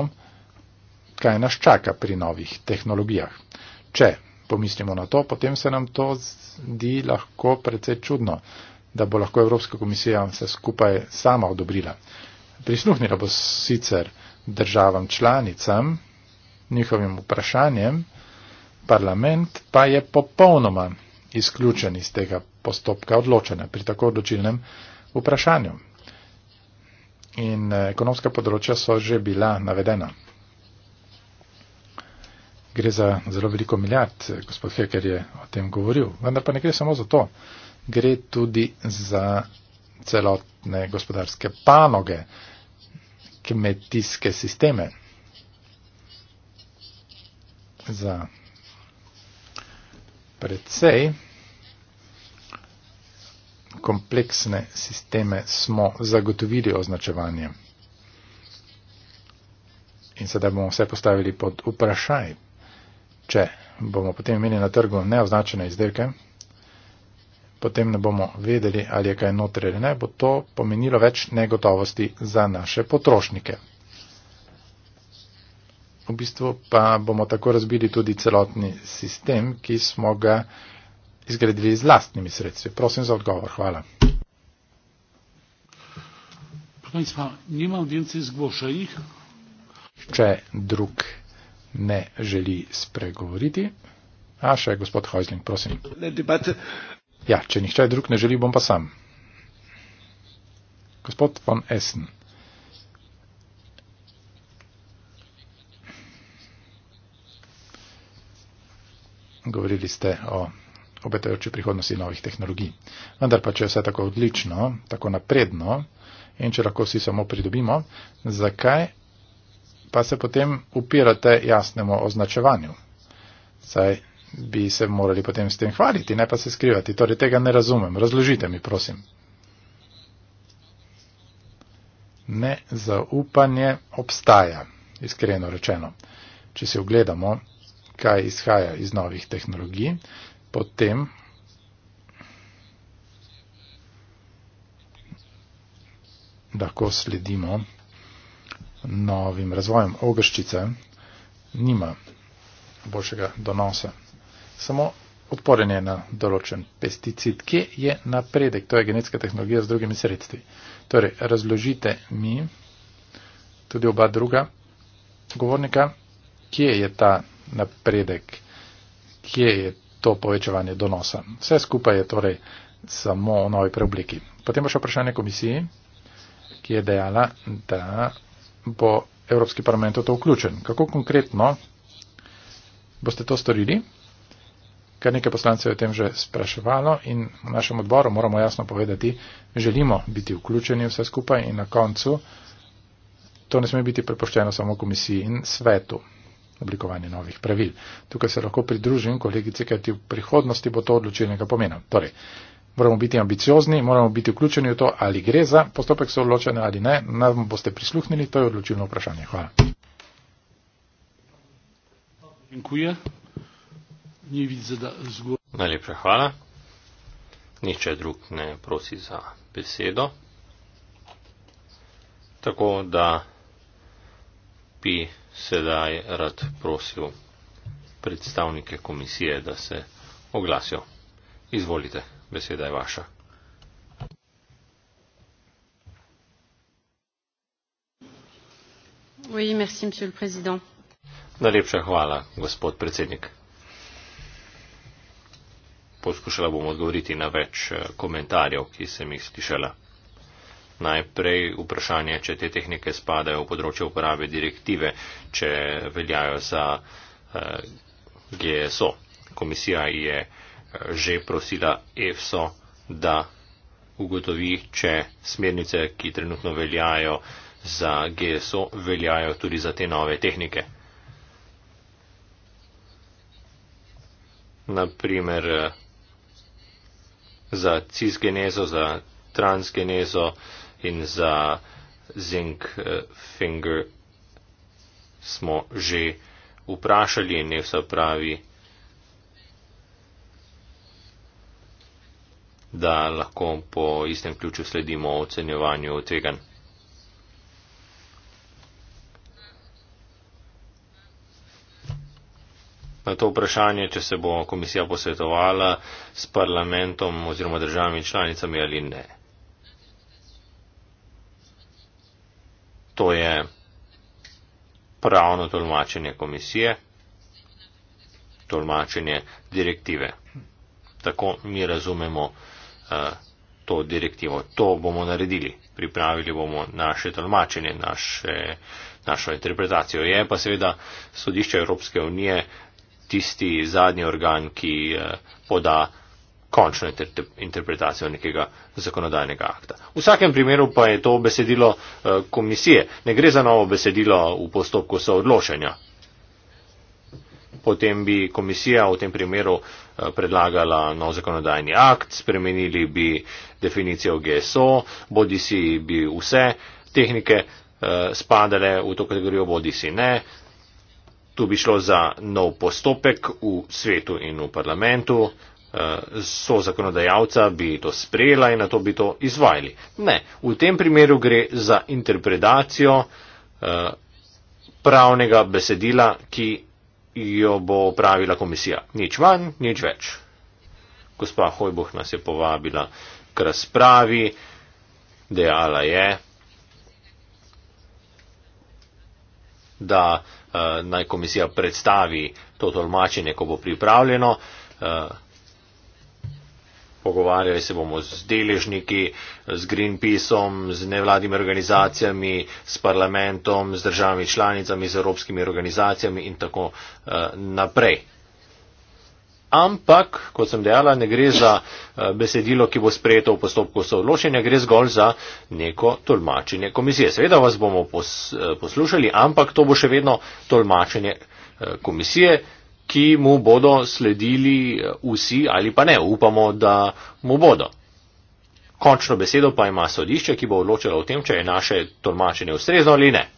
kaj nas čaka pri novih tehnologijah. Če pomislimo na to, potem se nam to zdi lahko precej čudno, da bo lahko Evropska komisija vse skupaj sama odobrila. Prisluhnila bo sicer državam članicam, njihovim vprašanjem, parlament pa je popolnoma izključen iz tega postopka odločanja pri tako odločilnem vprašanju. In eh, ekonomska področja so že bila navedena gre za zelo veliko milijard, eh, gospod Heker je o tem govoril, vendar pa ne gre samo za to, gre tudi za celotne gospodarske panoge, kmetijske sisteme, za predvsej kompleksne sisteme smo zagotovili označevanje. In sedaj bomo vse postavili pod vprašaj, če bomo potem imeli na trgu neoznačene izdelke, potem ne bomo vedeli, ali je kaj noter ali ne, bo to pomenilo več negotovosti za naše potrošnike. V bistvu pa bomo tako razbili tudi celotni sistem, ki smo ga izgradili z lastnimi sredstvi. Prosim za odgovor. Hvala. Proč pa nima v dinci zgvošajih? Če drug ne želi spregovoriti. A še gospod Hojzling, prosim. Ja, če nihče drug ne želi, bom pa sam. Gospod von Essen. Govorili ste o obetajoči prihodnosti novih tehnologij. Vendar pa, če je vse tako odlično, tako napredno in če lahko vsi samo pridobimo, zakaj pa se potem upirate jasnemu označevanju. Saj bi se morali potem s tem hvaliti, ne pa se skrivati. Torej tega ne razumem. Razložite mi, prosim. Nezaupanje obstaja, iskreno rečeno. Če se ogledamo, kaj izhaja iz novih tehnologij, potem lahko sledimo novim razvojem ogrščice nima boljšega donosa. Samo odporen je na določen pesticid, ki je napredek, to je genetska tehnologija z drugimi sredstvi. Torej, razložite mi, tudi oba druga govornika, kje je ta napredek, kje je to povečevanje donosa. Vse skupaj je torej samo o novi preobliki. Potem bo še vprašanje komisiji, ki je dejala, da bo Evropski parlament v to vključen. Kako konkretno boste to storili? Kar nekaj poslancev je o tem že spraševalo in v našem odboru moramo jasno povedati, želimo biti vključeni vse skupaj in na koncu to ne sme biti prepoščeno samo komisiji in svetu oblikovanje novih pravil. Tukaj se lahko pridružim kolegici, kajti v prihodnosti bo to odločilnega pomena. Torej, moramo biti ambiciozni, moramo biti vključeni v to, ali gre za postopek soodločanja ali ne. Nam boste prisluhnili, to je odločilno vprašanje. Hvala.
Najlepša hvala. Nihče drug ne prosi za besedo. Tako da bi sedaj rad prosil predstavnike komisije, da se oglasijo. Izvolite beseda je vaša.
Oui, merci, monsieur le président.
Najlepša hvala, gospod predsednik. Poskušala bom odgovoriti na več eh, komentarjev, ki sem jih slišala. Najprej vprašanje, če te tehnike spadajo v področje uporabe direktive, če veljajo za uh, eh, GSO. Komisija je uh, že prosila EFSO, da ugotovi, če smernice, ki trenutno veljajo za GSO, veljajo tudi za te nove tehnike. Naprimer za cisgenezo, za transgenezo in za zinc eh, finger smo že vprašali in EFSA pravi, da lahko po istem ključu sledimo ocenjevanju tvegan. Na to vprašanje, če se bo komisija posvetovala s parlamentom oziroma državami članicami ali ne. To je pravno tolmačenje komisije, tolmačenje direktive. Tako mi razumemo Eh, to direktivo. To bomo naredili, pripravili bomo naše tolmačenje, naše, našo interpretacijo. Je pa seveda sodišče Evropske unije tisti zadnji organ, ki eh, poda končno interpretacijo nekega zakonodajnega akta. V vsakem primeru pa je to besedilo eh, komisije. Ne gre za novo besedilo v postopku soodločanja potem bi komisija v tem primeru eh, predlagala nov zakonodajni akt, spremenili bi definicijo GSO, bodi si bi vse tehnike eh, spadale v to kategorijo, bodi si ne. Tu bi šlo za nov postopek v svetu in v parlamentu. Eh, so zakonodajalca bi to sprejela in na to bi to izvajali. Ne, v tem primeru gre za interpretacijo pravnega besedila, ki jo bo pravila komisija. Nič manj, nič več. Gospa Hojboh nas je povabila k razpravi, dejala je, da uh, naj komisija predstavi to tolmačenje, ko bo pripravljeno. Uh, pogovarjali se bomo z deležniki, z Greenpeaceom, z nevladimi organizacijami, s parlamentom, z državami članicami, z evropskimi organizacijami in tako eh, naprej. Ampak, kot sem dejala, ne gre za eh, besedilo, ki bo sprejeto v postopku soodločenja, gre zgolj za neko tolmačenje komisije. Seveda vas bomo eh, poslušali, ampak to bo še vedno tolmačenje komisije ki mu bodo sledili eh, vsi ali pa ne. Upamo, da mu bodo. Končno besedo pa ima sodišče, ki bo odločilo o tem, če je naše tolmačenje ustrezno ali ne.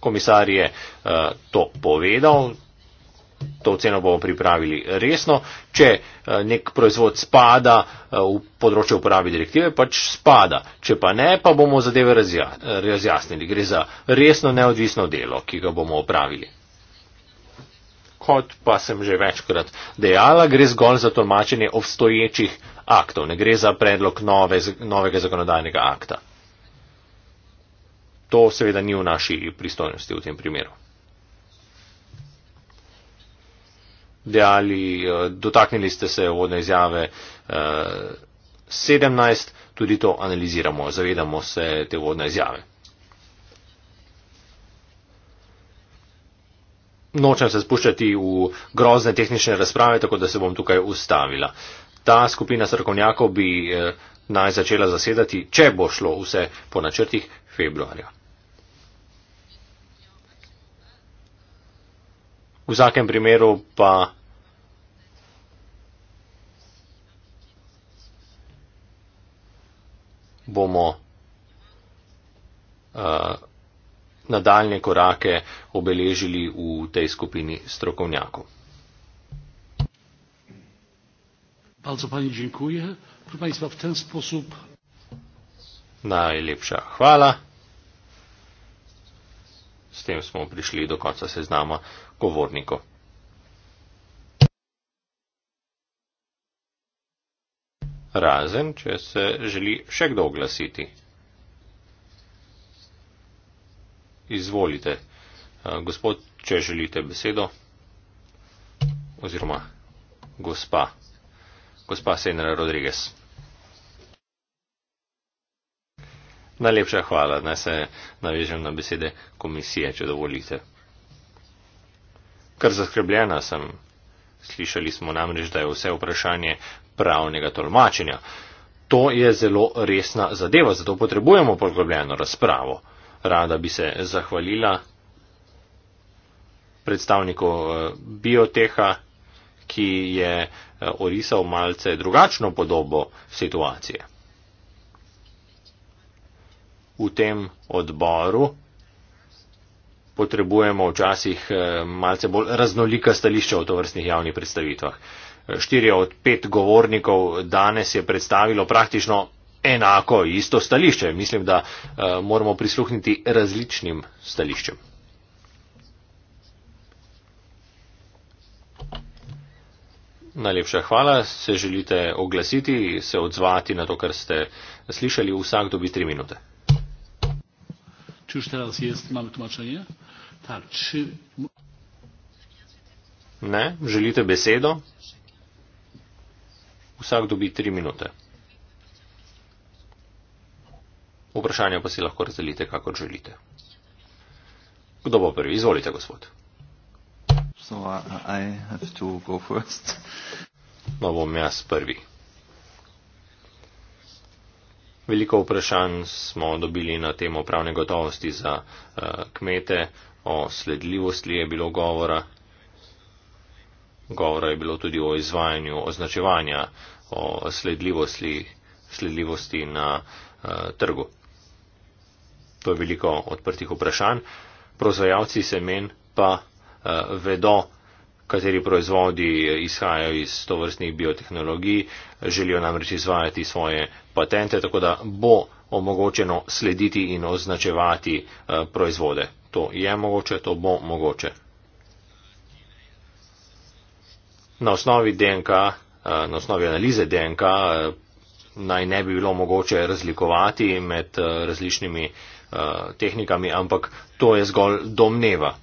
Komisar je uh, to povedal, to ceno bomo pripravili resno. Če uh, nek proizvod spada uh, v področje uporabe direktive, pač spada. Če pa ne, pa bomo zadeve razja razjasnili. Gre za resno neodvisno delo, ki ga bomo opravili kot pa sem že večkrat dejala, gre zgolj za tolmačenje obstoječih aktov, ne gre za predlog nove, novega zakonodajnega akta. To seveda ni v naši pristojnosti v tem primeru. Dejali, eh, dotaknili ste se vodne izjave eh, 17, tudi to analiziramo, zavedamo se te vodne izjave. nočem se spuščati v grozne tehnične razprave, tako da se bom tukaj ustavila. Ta skupina srkovnjakov bi eh, naj začela zasedati, če bo šlo vse po načrtih februarja. V vsakem primeru pa bomo uh, nadaljne korake obeležili v tej skupini strokovnjakov.
Bardzo pani dziękuję. Proszę Państwa, w ten sposób.
Najlepsza chwała. Z tym smo przyszli do końca seznama govorniku. Razem, czy se želi še kdo oglasiti? Izvolite. Eh, gospod, če želite besedo. Oziroma, gospa. Gospa Senra Rodriguez. Najlepša hvala, naj se navežem na besede komisije, če dovolite. Kar zaskrbljena sem. Slišali smo namreč, da je vse vprašanje pravnega tolmačenja. To je zelo resna zadeva, zato potrebujemo poglobljeno razpravo rada bi se zahvalila predstavniku eh, bioteha, ki je eh, orisal malce drugačno podobo situacije. V tem odboru potrebujemo včasih eh, malce bolj raznolika stališča o tovrstnih javnih predstavitvah. Štirje od pet govornikov danes je predstavilo praktično enako, isto stališče. Mislim, da uh, moramo prisluhniti različnim stališčem. Najlepša hvala. Se želite oglasiti, se odzvati na to, kar ste slišali. Vsak dobi tri minute. Ne, želite besedo? Vsak dobi tri minute. Vprašanje pa si lahko razdelite, kako želite. Kdo bo prvi? Izvolite, gospod. So, uh, no, bom jaz prvi. Veliko vprašanj smo dobili na temo pravne gotovosti za uh, kmete, o sledljivosti je bilo govora. Govora je bilo tudi o izvajanju označevanja, o sledljivosti, sledljivosti na uh, trgu to je veliko odprtih vprašanj. Proizvajalci semen pa uh, vedo, kateri proizvodi izhajajo iz tovrstnih biotehnologij, želijo namreč izvajati svoje patente, tako da bo omogočeno slediti in označevati uh, proizvode. To je mogoče, to bo mogoče. Na osnovi DNK, eh, na osnovi analize DNK naj ne bi bilo mogoče razlikovati med različnimi uh, Eh, tehnikami, ampak to je zgolj domneva.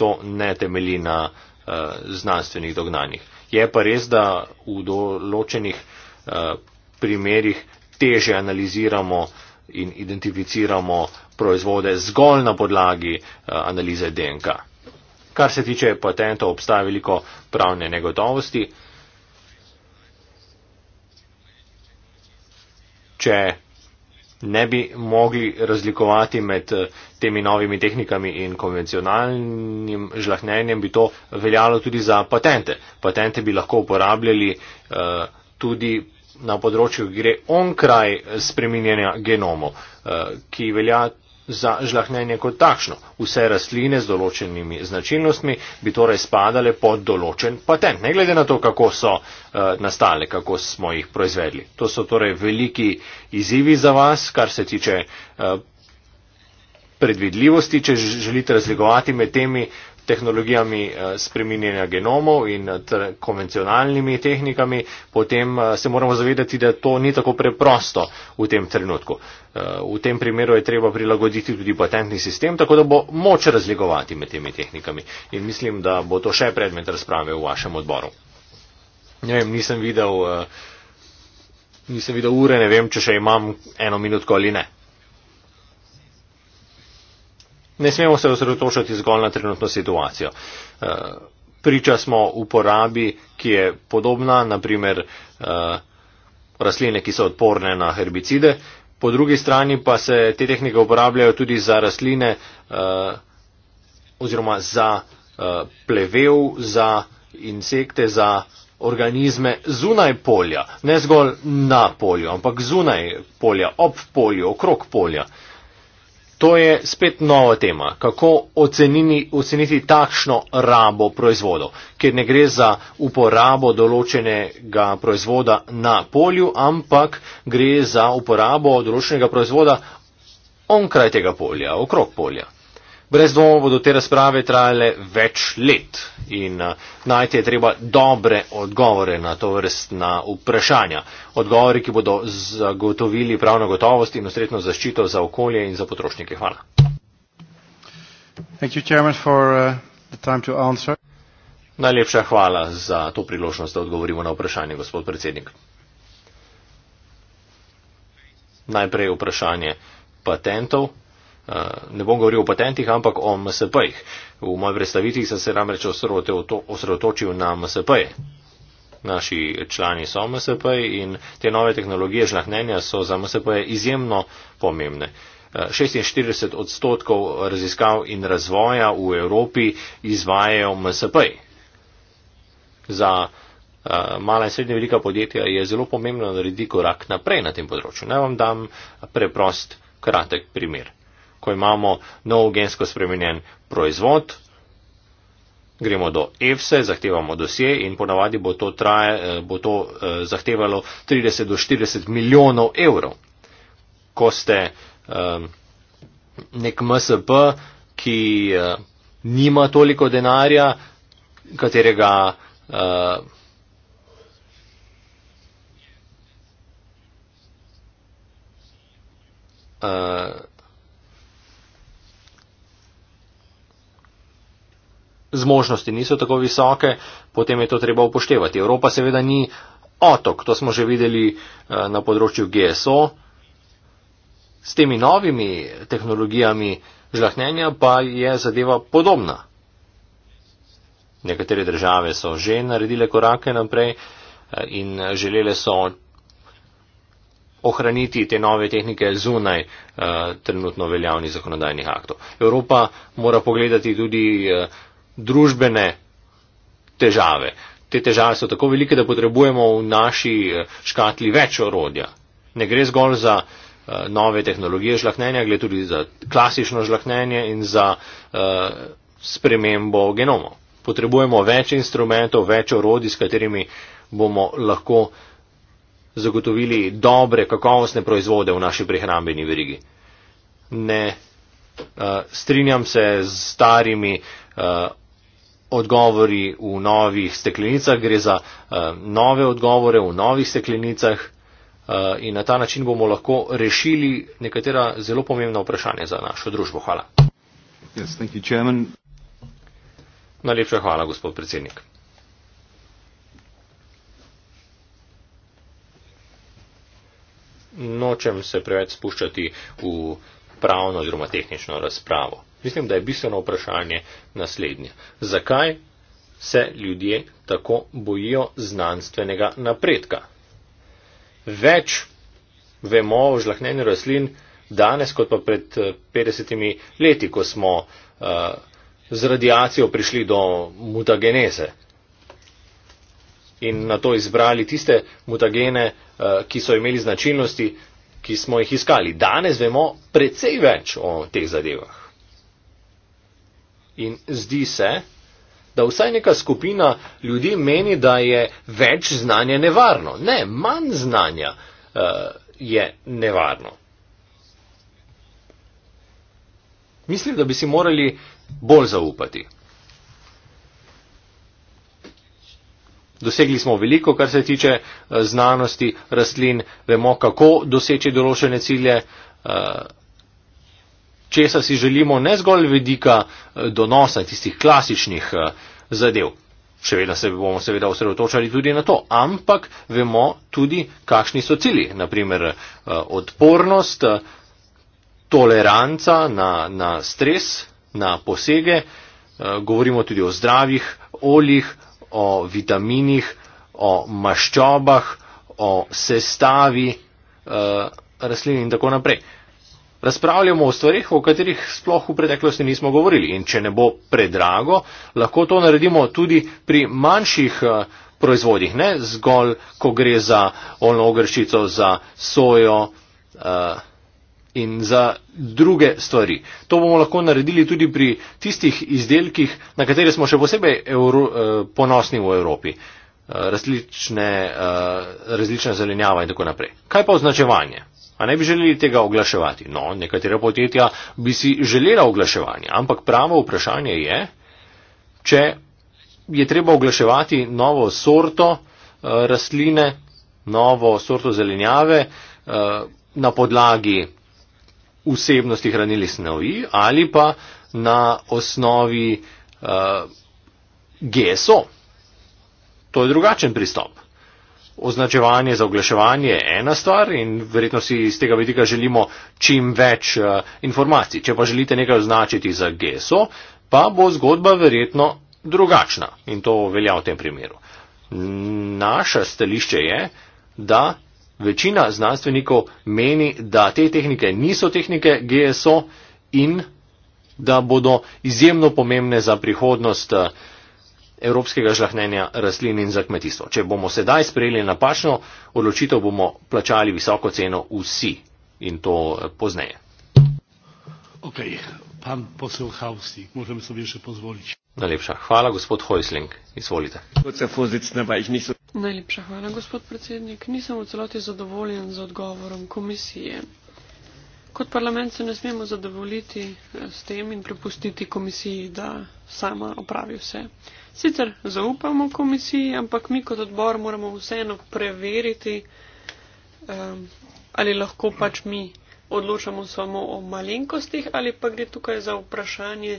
To ne temeli na uh, znanstvenih dognanjih. Je pa res, da v določenih uh, eh, primerjih teže analiziramo in identificiramo proizvode zgolj na podlagi uh, analize DNK. Kar se tiče patentov, obstaja veliko pravne negotovosti. Uh, če ne bi mogli razlikovati med eh, temi novimi tehnikami in konvencionalnim žlahnenjem, bi to veljalo tudi za patente. Patente bi lahko uporabljali eh, tudi na področju, ki gre onkraj spreminjanja genomov, eh, ki velja za žlahnjenje kot takšno. Vse rastline z določenimi značilnostmi bi torej spadale pod določen patent, ne glede na to, kako so uh, nastale, kako smo jih proizvedli. To so torej veliki izzivi za vas, kar se tiče uh, predvidljivosti, če želite razlikovati med temi tehnologijami eh, spreminjanja genomov in eh, konvencionalnimi tehnikami, potem eh, se moramo zavedati, da to ni tako preprosto v tem trenutku. V tem primeru je treba prilagoditi tudi patentni sistem, tako da bo moč razlikovati med temi tehnikami. In mislim, da bo to še predmet razprave v vašem odboru. Ne vem, nisem videl, nisem videl ure, ne vem, če še imam eno minutko ali ne. Ne smemo se osredotočiti zgolj na trenutno situacijo. Eh, priča smo uporabi, ki je podobna, naprimer eh, rastline, ki so odporne na herbicide, po drugi strani pa se te tehnike uporabljajo tudi za rastline eh, oziroma za plevel, za insekte, za organizme zunaj polja, ne zgolj na polju, ampak zunaj polja, ob polju, okrog polja. To je spet nova tema, kako ocenini, oceniti takšno rabo proizvodov, ker ne gre za uporabo določenega proizvoda na polju, ampak gre za uporabo določenega proizvoda onkraj tega polja, okrog polja. Brez dvoma bodo te razprave trajale več let in eh, najti je treba dobre odgovore na to vrstna vprašanja. Odgovori, ki bodo zagotovili pravno gotovost in ustretno zaščito za okolje in za potrošnike. Hvala. Eh, Najlepša hvala za to priložnost, da odgovorimo na vprašanje, gospod predsednik. Najprej vprašanje patentov ne bom govoril o patentih, ampak o MSP-jih. V moji predstavitvi sem se namreč osredotočil na MSP-je. Naši člani so MSP in te nove tehnologije žlahnenja so za MSP izjemno pomembne. 46 odstotkov raziskav in razvoja v Evropi izvajajo MSP. Za eh, mala in srednje velika podjetja je zelo pomembno narediti korak naprej na tem področju. Naj vam dam preprost, kratek primer ko imamo nov gensko spremenjen proizvod. Gremo do EFSE, zahtevamo dosje in ponavadi bo to, traje, eh, bo to eh, zahtevalo 30 do 40 milijonov evrov. Ko ste eh, nek MSP, ki eh, nima toliko denarja, katerega. Eh, Uh... zmožnosti niso tako visoke, potem je to treba upoštevati. Evropa seveda ni otok, to smo že videli eh, na področju GSO. S temi novimi tehnologijami žlahnenja pa je zadeva podobna. Nekatere države so že naredile korake naprej eh, in želele so ohraniti te nove tehnike zunaj uh, trenutno veljavnih zakonodajnih aktov. Evropa mora pogledati tudi uh, družbene težave. Te težave so tako velike, da potrebujemo v naši eh, škatli več orodja. Ne gre zgolj za eh, nove tehnologije žlahnenja, gre tudi za klasično žlahnenje in za eh, spremembo genomov. Potrebujemo več instrumentov, več orodij, s katerimi bomo lahko zagotovili dobre, kakovostne proizvode v naši prehrambeni verigi. Ne uh, strinjam se z starimi uh, odgovori v novih steklenicah, gre za uh, nove odgovore v novih steklenicah uh, in na ta način bomo lahko rešili nekatera zelo pomembna vprašanja za našo družbo. Hvala. Yes, you, Najlepša hvala, gospod predsednik. Nočem se preveč spuščati v pravno oziroma tehnično razpravo. Mislim, da je bistveno vprašanje naslednje. Zakaj se ljudje tako bojijo znanstvenega napredka? Več vemo o žlahnenju rastlin danes, kot pa pred 50 eh, leti, ko smo uh, z radiacijo prišli do mutageneze in na to izbrali tiste mutagene, uh, ki so imeli značilnosti, ki smo jih iskali. Danes vemo precej več o teh zadevah. In zdi se, da vsaj neka skupina ljudi meni, da je več znanja nevarno. Ne, manj znanja uh, je nevarno. Mislim, da bi si morali bolj zaupati. Dosegli smo veliko, kar se tiče eh, znanosti, rastlin, vemo, kako doseči določene cilje. Uh, česa si želimo ne zgolj vedika eh, donosa tistih klasičnih eh, zadev. Še vedno se bomo seveda osredotočali tudi na to, ampak vemo tudi, kakšni so cili. Naprimer eh, odpornost, toleranca na, na stres, na posege, govorimo tudi o zdravih oljih, o vitaminih, o maščobah, o sestavi rastlin in tako naprej razpravljamo o stvarih, o katerih sploh v preteklosti nismo govorili. In če ne bo predrago, lahko to naredimo tudi pri manjših eh, proizvodih, ne zgolj, ko gre za olno ogrščico, za sojo eh, in za druge stvari. To bomo lahko naredili tudi pri tistih izdelkih, na katere smo še posebej Euro, eh, ponosni v Evropi. Različne, različne zelenjava in tako naprej. Kaj pa označevanje? A ne bi želeli tega oglaševati? No, nekatera podjetja bi si želela oglaševanje, ampak pravo vprašanje je, če je treba oglaševati novo sorto eh, rastline, novo sorto zelenjave eh, na podlagi vsebnosti hranilnih snovi ali pa na osnovi eh, GSO. To je drugačen pristop označevanje za oglaševanje ena stvar in verjetno si iz tega vidika želimo čim več uh, informacij. Če pa želite nekaj označiti za geso, pa bo zgodba verjetno drugačna in to velja v tem primeru. Naše stališče je, da večina znanstvenikov meni, da te tehnike niso tehnike GSO in da bodo izjemno pomembne za prihodnost uh, evropskega žlahnenja rastlin in za kmetijstvo. Če bomo sedaj sprejeli napačno odločitev, bomo plačali visoko ceno vsi in to eh, pozneje.
Ok, pan posel Hausi, moram se še pozvoliti.
Najlepša hvala, gospod Hojsling, izvolite.
Najlepša hvala, gospod predsednik. Nisem v celoti zadovoljen z odgovorom komisije. Kot parlament se ne smemo zadovoljiti eh, s tem in prepustiti komisiji, da sama opravi vse. Sicer zaupamo komisiji, ampak mi kot odbor moramo vseeno preveriti, um, ali lahko pač mi odločamo samo o malenkostih ali pa gre tukaj za vprašanje,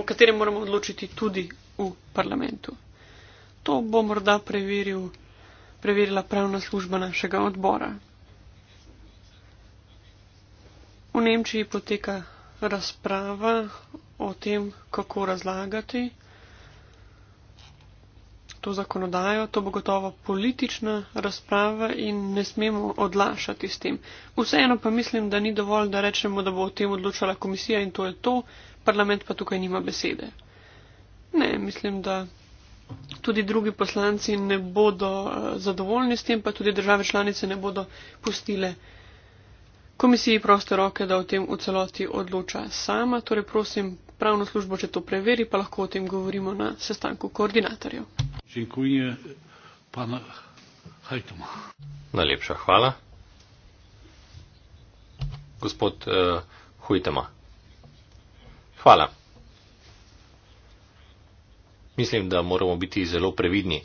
o katerem moramo odločiti tudi v parlamentu. To bo morda preveril, preverila pravna služba našega odbora. V Nemčiji poteka razprava o tem, kako razlagati to zakonodajo, to bo gotovo politična razprava in ne smemo odlašati s tem. Vseeno pa mislim, da ni dovolj, da rečemo, da bo o tem odločala komisija in to je to, parlament pa tukaj nima besede. Ne, mislim, da tudi drugi poslanci ne bodo eh, zadovoljni s tem, pa tudi države članice ne bodo pustile komisiji proste roke, da o tem v celoti odloča sama. Torej, prosim, pravno službo, če to preveri, pa lahko o tem govorimo na sestanku koordinatorjev.
Žinkunje, pa na Hajtuma.
Najlepša hvala. Gospod uh, e, Hujtama. Hvala. Mislim, da moramo biti zelo previdni,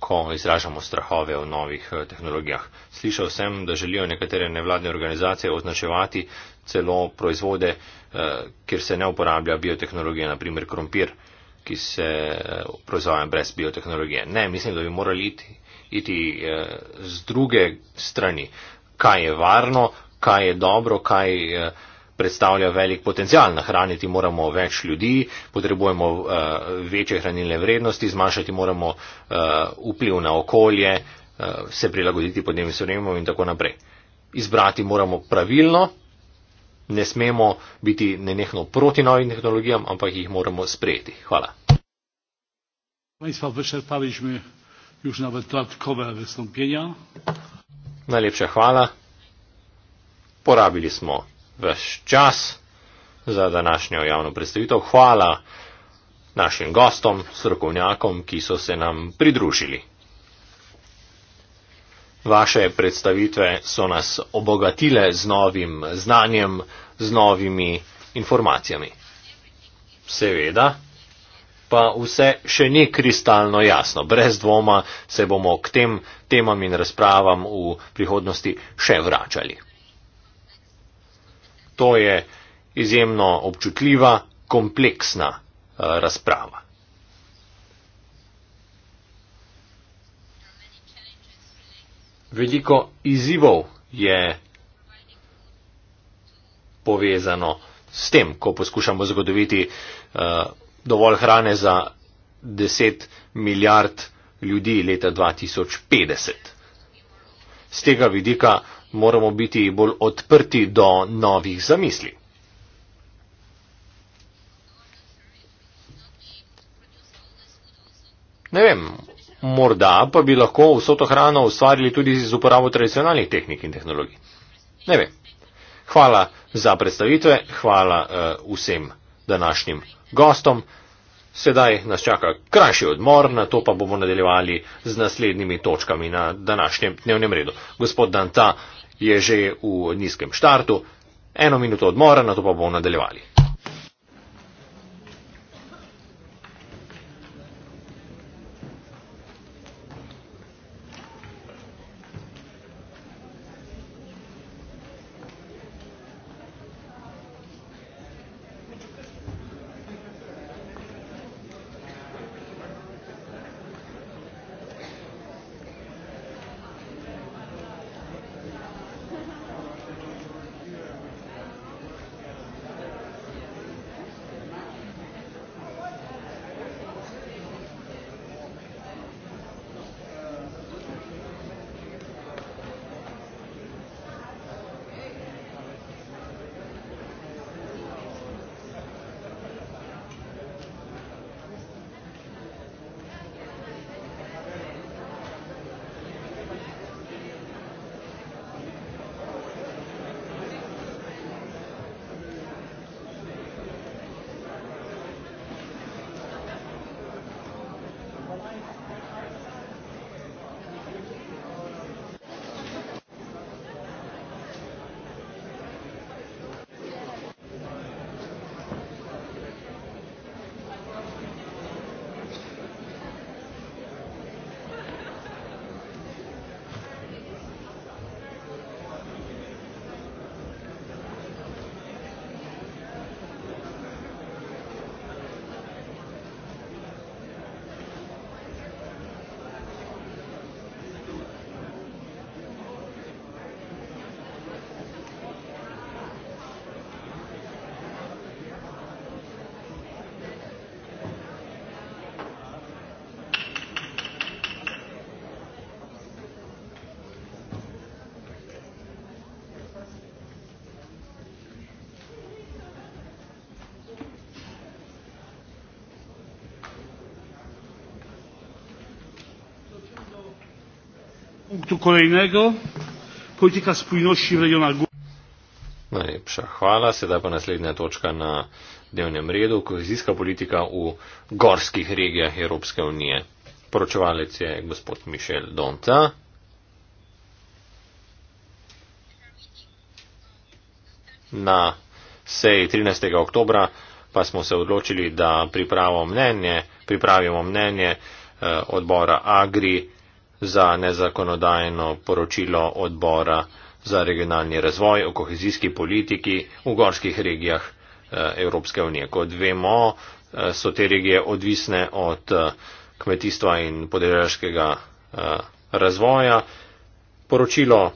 ko izražamo strahove o novih e, tehnologijah. Slišal sem, da želijo nekatere nevladne organizacije označevati celo proizvode, e, kjer se ne uporablja biotehnologija, naprimer krompir ki se eh, proizvajajo brez biotehnologije. Ne, mislim, da bi morali iti, iti eh, z druge strani, kaj je varno, kaj je dobro, kaj eh, predstavlja velik potencial. Nahraniti moramo več ljudi, potrebujemo večje hranilne vrednosti, zmanjšati moramo vpliv na okolje, se prilagoditi podnebnim spremembam in tako naprej. Izbrati moramo pravilno, ne smemo biti nenehno proti novim tehnologijam, ampak jih moramo sprejeti. Hvala. Najlepša hvala. Porabili smo vaš čas za današnjo javno predstavitev. Hvala našim gostom, strokovnjakom, ki so se nam pridružili. Vaše predstavitve so nas obogatile z novim znanjem, z novimi informacijami. Seveda, pa vse še ni kristalno jasno. Brez dvoma se bomo k tem temam in razpravam v prihodnosti še vračali. To je izjemno občutljiva, kompleksna eh, razprava. veliko izzivov je povezano s tem, ko poskušamo zagotoviti uh, dovolj hrane za 10 milijard ljudi leta 2050. Z tega vidika moramo biti bolj odprti do novih zamisli. Ne vem, morda pa bi lahko vso to hrano ustvarili tudi z uporabo tradicionalnih tehnik in tehnologij. Ne vem. Hvala za predstavitve, hvala uh, vsem današnjim gostom. Sedaj nas čaka krajši odmor, na to pa bomo nadaljevali z naslednjimi točkami na današnjem dnevnem redu. Gospod Danta je že v nizkem štartu, eno minuto odmora, na to pa bomo nadaljevali.
kolejnego polityka spójności w regionach
Najlepsza chwala. Sedaj pa naslednja točka na dnevnem redu. Kohezijska politika v gorskih regijah Evropske unije. Poročevalec je gospod Mišel Donta. Na seji 13. oktober pa smo se odločili, da pripravimo mnenje, pripravimo mnenje eh, odbora Agri za nezakonodajno poročilo odbora za regionalni razvoj o kohezijski politiki v gorskih regijah eh, Evropske unije. Kot vemo, eh, so te regije odvisne od eh, kmetijstva in podeljarskega razvoja. Poročilo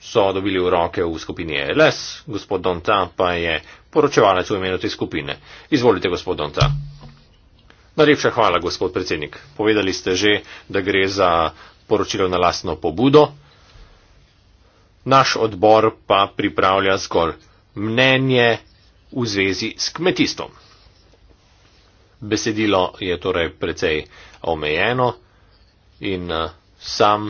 so dobili v roke v skupini ELS, gospod Donta pa je poročevalec v imenu te skupine. Izvolite, gospod Donta. Najlepša hvala, gospod predsednik. Povedali ste že, da gre za poročilo na lastno pobudo. Naš odbor pa pripravlja zgolj mnenje v zvezi s kmetijstvom. Besedilo je torej precej omejeno in eh, sam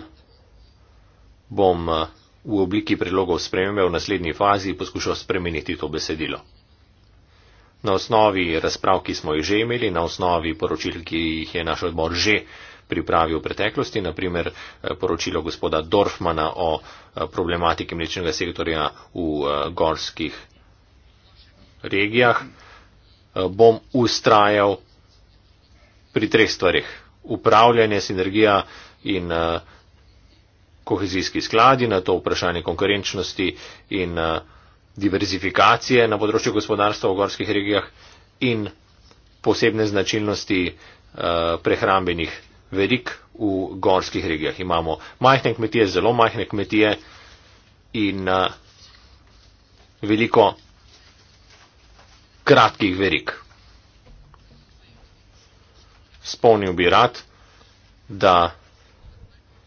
bom eh, v obliki predlogov spremembe v naslednji fazi poskušal spremeniti to besedilo. Na osnovi razprav, ki smo jih že imeli, na osnovi poročil, ki jih je naš odbor že pripravil v preteklosti, naprimer eh, poročilo gospoda Dorfmana o eh, problematiki mlečnega sektorja v eh, gorskih regijah, bom ustrajal pri treh stvarih. Upravljanje, sinergija in kohezijski skladi, na to vprašanje konkurenčnosti in. Uh, diverzifikacije na področju gospodarstva v gorskih regijah in posebne značilnosti eh, prehrambenih verik v gorskih regijah. Imamo majhne kmetije, zelo majhne kmetije in eh, veliko kratkih verik. Spomnil bi rad, da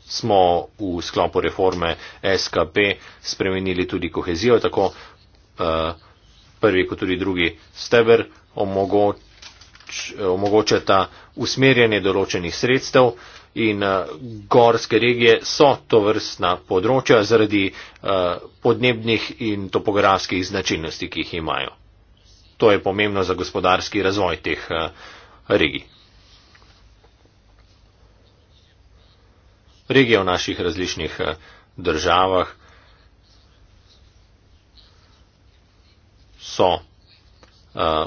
smo v sklopu reforme SKP spremenili tudi kohezijo, tako Eh, prvi kot tudi drugi steber omogoč, omogočata usmerjanje določenih sredstev in eh, gorske regije so to vrstna področja zaradi eh, podnebnih in topografskih značilnosti, ki jih imajo. To je pomembno za gospodarski razvoj teh regij. Regije v naših različnih državah. so uh,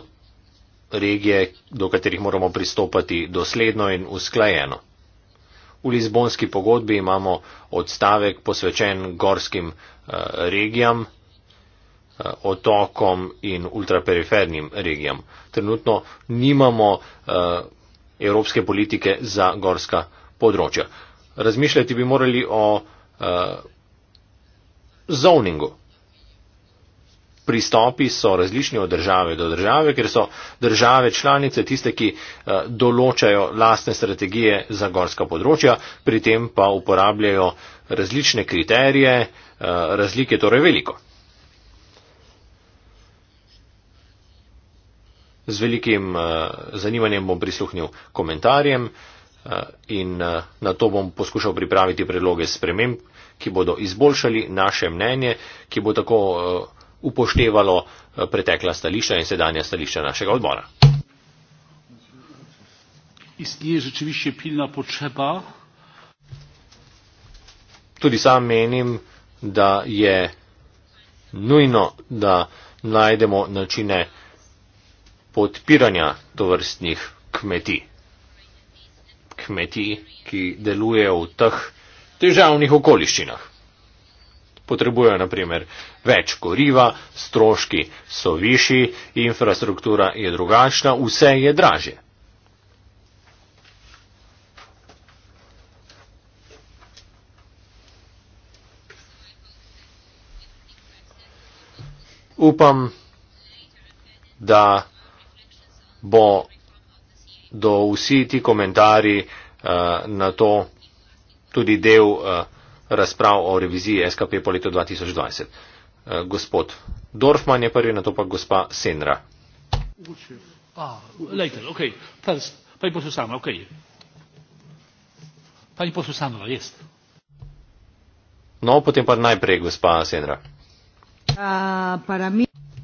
regije, do katerih moramo pristopati dosledno in usklajeno. V Lizbonski pogodbi imamo odstavek posvečen gorskim uh, regijam, uh, otokom in ultraperifernim regijam. Trenutno nimamo uh, evropske politike za gorska področja. Razmišljati bi morali o uh, zoningu pristopi so različni od države do države, ker so države članice tiste, ki eh, določajo lastne strategije za gorska področja, pri tem pa uporabljajo različne kriterije, eh, razlike torej veliko. Z velikim eh, zanimanjem bom prisluhnil komentarjem in na to bom poskušal pripraviti predloge sprememb, ki bodo izboljšali naše mnenje, ki bo tako upoštevalo eh, pretekla stališča in sedanja stališča našega odbora. Tudi sam menim, da je nujno, da najdemo načine podpiranja tovrstnih kmetij. Kmetij, ki delujejo v teh težavnih okoliščinah potrebujejo naprimer več goriva, stroški so višji, infrastruktura je drugačna, vse je draže. Upam, da bo do vsi ti komentari uh, eh, na to tudi del uh, razprav o reviziji SKP po letu 2020. Eh, gospod Dorfman je prvi, na to pa gospa Senra. No, potem pa najprej gospa Senra.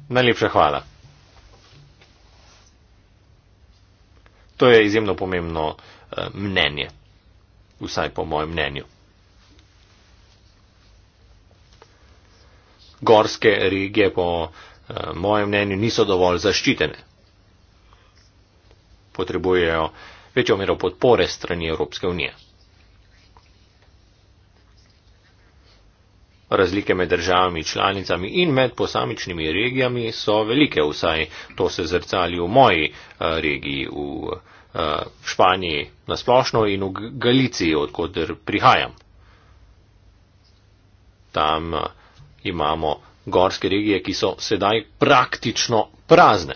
Najlepša hvala. To je izjemno pomembno eh, mnenje, vsaj po mojem mnenju. gorske regije po eh, mojem mnenju niso dovolj zaščitene. Potrebujejo večjo mero podpore strani Evropske unije. Razlike med državami članicami in med posamičnimi regijami so velike, vsaj to se zrcali v moji eh, regiji, v eh, Španiji nasplošno in v Galiciji, odkud prihajam. Tam imamo gorske regije, ki so sedaj praktično prazne.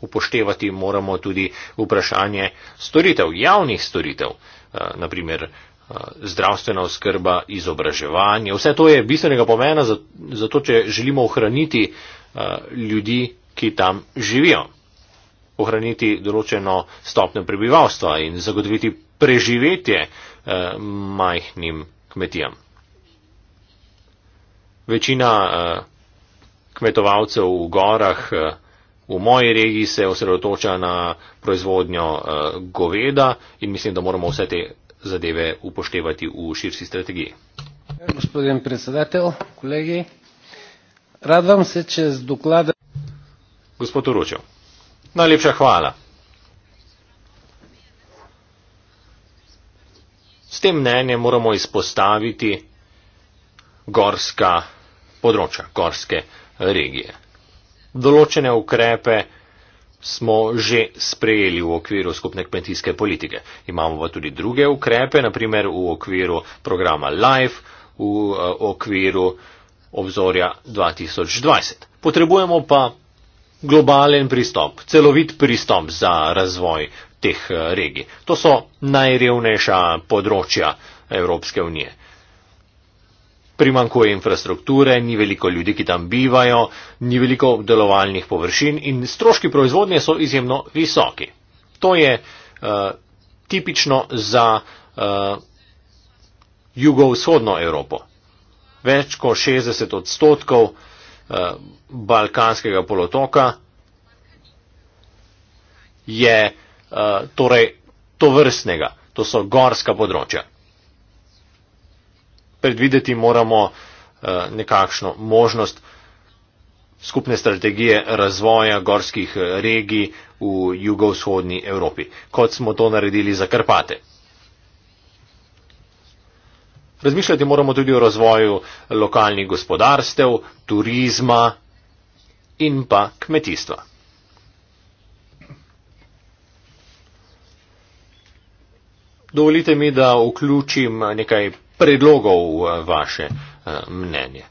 Upoštevati moramo tudi vprašanje storitev, javnih storitev, eh, naprimer eh, zdravstvena oskrba, izobraževanje. Vse to je bistvenega pomena, zato če želimo ohraniti eh, ljudi, ki tam živijo, ohraniti določeno stopnjo prebivalstva in zagotoviti preživetje majhnim kmetijam. Večina eh, kmetovalcev v gorah eh, v moji regiji se osredotoča na proizvodnjo eh, goveda in mislim, da moramo vse te zadeve upoštevati v širši strategiji. Gospodin predsedatelj, kolegi, radvam se, če z doklada. Gospod Uročev, najlepša hvala. S tem mnenjem moramo izpostaviti gorska področja, gorske regije. Določene ukrepe smo že sprejeli v okviru skupne kmetijske politike. Imamo pa tudi druge ukrepe, naprimer v okviru programa LIFE, v eh, okviru obzorja 2020. Potrebujemo pa globalen pristop, celovit pristop za razvoj teh eh, regij. To so najrevnejša področja Evropske unije primankuje infrastrukture, ni veliko ljudi, ki tam bivajo, ni veliko obdelovalnih površin in stroški proizvodnje so izjemno visoki. To je uh, tipično za uh, jugovzhodno Evropo. Več kot 60 odstotkov uh, Balkanskega polotoka je uh, torej to vrstnega, to so gorska področja predvideti moramo eh, nekakšno možnost skupne strategije razvoja gorskih eh, regij v jugovzhodni Evropi, kot smo to naredili za Karpate. Razmišljati moramo tudi o razvoju lokalnih gospodarstev, turizma in pa kmetijstva. Dovolite mi, da vključim nekaj predlogov v eh, vaše eh, mnenje.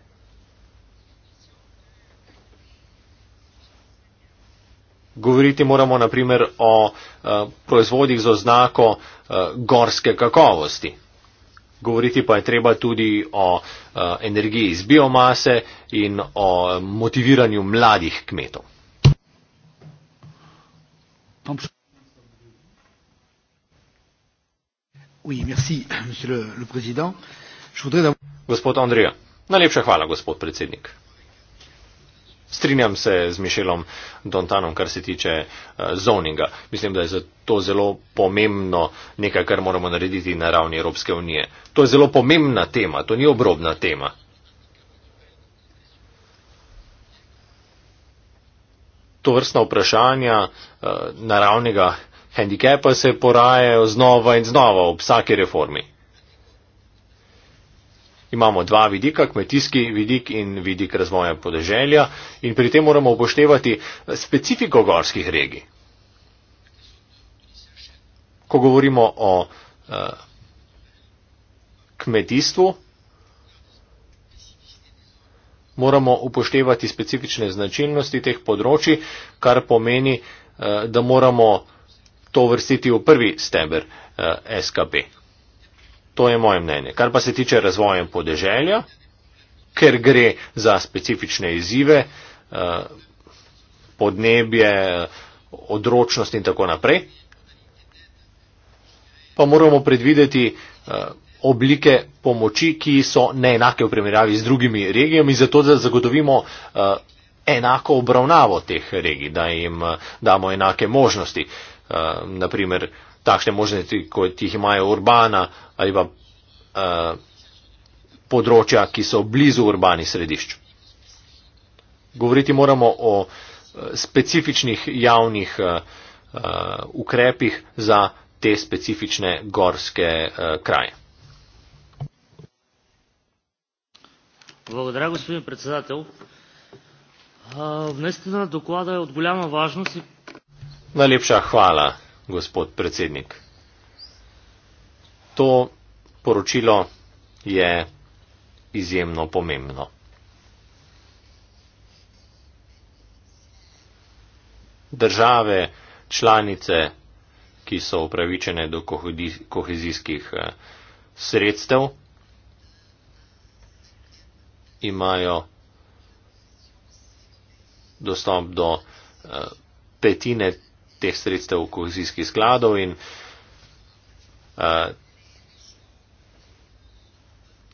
Govoriti moramo naprimer o eh, proizvodih z oznako gorske kakovosti. Govoriti pa je treba tudi o energiji iz biomase in o motiviranju mladih kmetov.
Thompson.
Gospod Andrija, najlepša hvala, gospod predsednik. Strinjam se z Mišelom Dontanom, kar se tiče eh, zoninga. Mislim, da je to zelo pomembno nekaj, kar moramo narediti na ravni Evropske unije. To je zelo pomembna tema, to ni obrobna tema. To vrstna vprašanja eh, naravnega. Hendikepe se porajajo znova in znova ob vsaki reformi. Imamo dva vidika, kmetijski vidik in vidik razvoja podeželja in pri tem moramo upoštevati specifiko gorskih regij. Ko govorimo o eh, kmetijstvu, moramo upoštevati specifične značilnosti teh področji, kar pomeni, eh, da moramo to vrstiti v prvi steber eh, SKP. To je moje mnenje. Kar pa se tiče razvoja podeželja, ker gre za specifične izzive, eh, podnebje, odročnost in tako naprej, pa moramo predvideti eh, oblike pomoči, ki so neenake v primerjavi z drugimi regijami, zato da zagotovimo enako obravnavo teh regij, da jim damo enake možnosti. Eh, naprimer takšne možnosti, kot jih imajo urbana ali pa eh, področja, ki so blizu urbanih središč. Govoriti moramo o eh, specifičnih javnih ukrepih za te specifične gorske kraje. Благодаря, господин председател.
Внесена э, доклада е от голяма важност и
Najlepša hvala, gospod predsednik. To poročilo je izjemno pomembno. Države članice, ki so upravičene do kohezijskih eh, sredstev, imajo dostop do eh, petine teh sredstev v kohezijskih skladov in uh,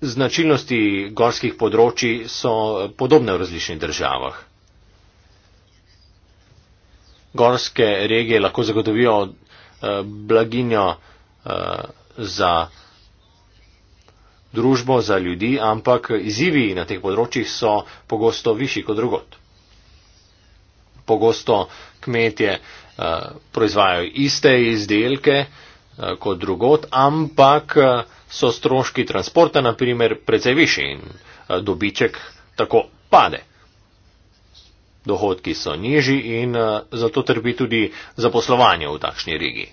značilnosti gorskih področji so podobne v različnih državah. Gorske regije lahko zagotovijo uh, blaginjo uh, za družbo, za ljudi, ampak izzivi na teh področjih so pogosto višji kot drugot. Pogosto kmetje uh, Eh, proizvajajo iste izdelke eh, kot drugot, ampak eh, so stroški transporta, na primer, precej višji in dobiček tako pade. Dohodki so nižji in zato trpi tudi zaposlovanje v takšni regiji.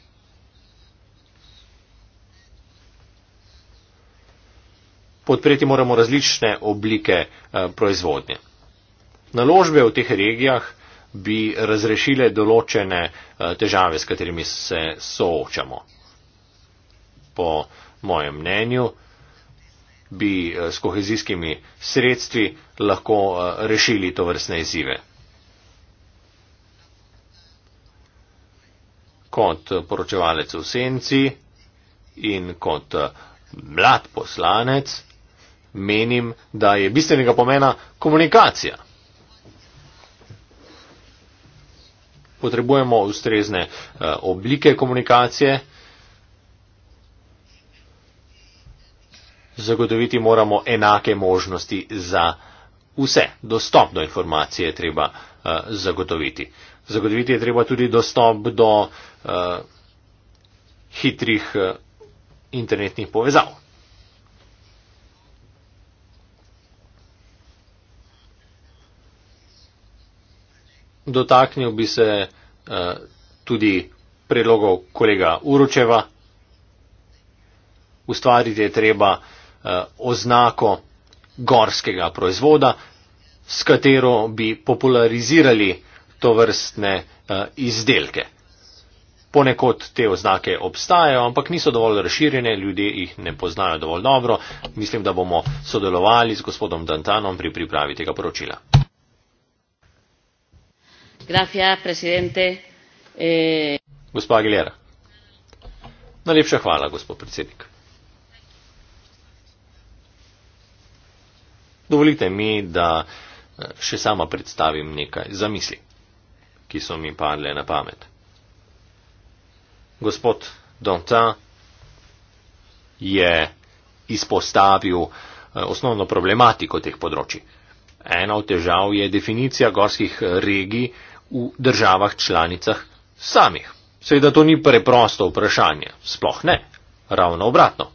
Podpreti moramo različne oblike proizvodnje. Naložbe v teh regijah bi razrešile določene eh, težave, s katerimi se soočamo. Po mojem mnenju bi eh, s kohezijskimi sredstvi lahko eh, rešili to vrstne izzive. Kot poročevalec v senci in kot mlad poslanec menim, da je bistvenega pomena komunikacija. potrebujemo ustrezne eh, oblike komunikacije. Zagotoviti moramo enake možnosti za vse. Dostop do informacije je treba eh, zagotoviti. Zagotoviti je treba tudi dostop do uh, hitrih uh, internetnih povezav. dotaknil bi se uh, tudi predlogov kolega Uročeva. Ustvariti je treba uh, oznako gorskega proizvoda, s katero bi popularizirali to vrstne uh, eh, izdelke. Ponekod te oznake obstajajo, ampak niso dovolj razširjene, ljudje jih ne poznajo dovolj dobro. Mislim, da bomo sodelovali z gospodom Dantanom pri pripravi tega poročila. Eh, gospa aguilera najlepša hvala gospod predsednik dovolite mi da eh, še sama predstavim nekaj zamisli ki so mi padle na pamet gospod dantin je izpostavil eh, osnovno problematiko teh področij ena od težav je definicija gorskih regij v državah članicah samih. Seveda to ni preprosto vprašanje, sploh ne, ravno obratno.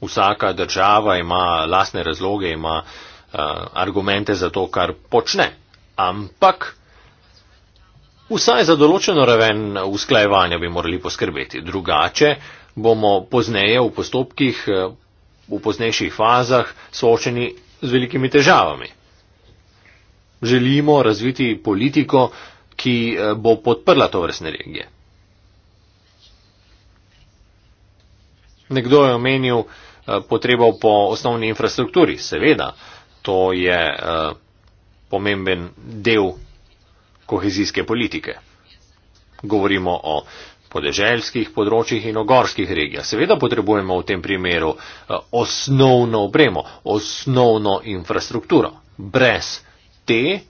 Vsaka država ima lasne razloge, ima uh, argumente za to, kar počne, ampak vsaj za določeno raven usklajevanja bi morali poskrbeti. Drugače bomo pozneje v postopkih, eh, v poznejših fazah soočeni z velikimi težavami želimo razviti politiko, ki eh, bo podprla to vrstne regije. Nekdo je omenil eh, potrebo po osnovni infrastrukturi. Seveda, to je eh, pomemben del kohezijske politike. Govorimo o podeželskih področjih in o gorskih regijah. Seveda potrebujemo v tem primeru osnovno opremo, osnovno infrastrukturo. Brez te,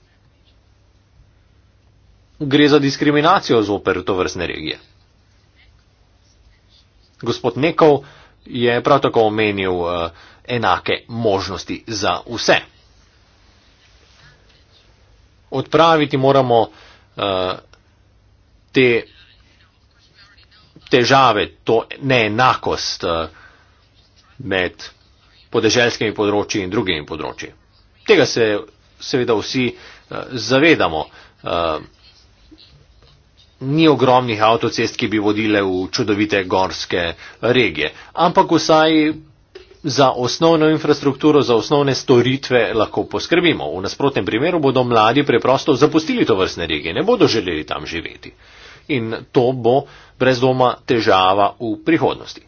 gre za diskriminacijo zoper to vrstne regije. Gospod Nekov je prav tako omenil uh, enake možnosti za vse. Odpraviti moramo uh, te težave, to neenakost uh, med podeželskimi področji in drugimi področji. Tega se seveda vsi uh, zavedamo. Uh, ni ogromnih avtocest, ki bi vodile v čudovite gorske regije, ampak vsaj za osnovno infrastrukturo, za osnovne storitve lahko poskrbimo. V nasprotnem primeru bodo mladi preprosto zapustili to vrstne regije, ne bodo želeli tam živeti. In to bo brez doma težava v prihodnosti.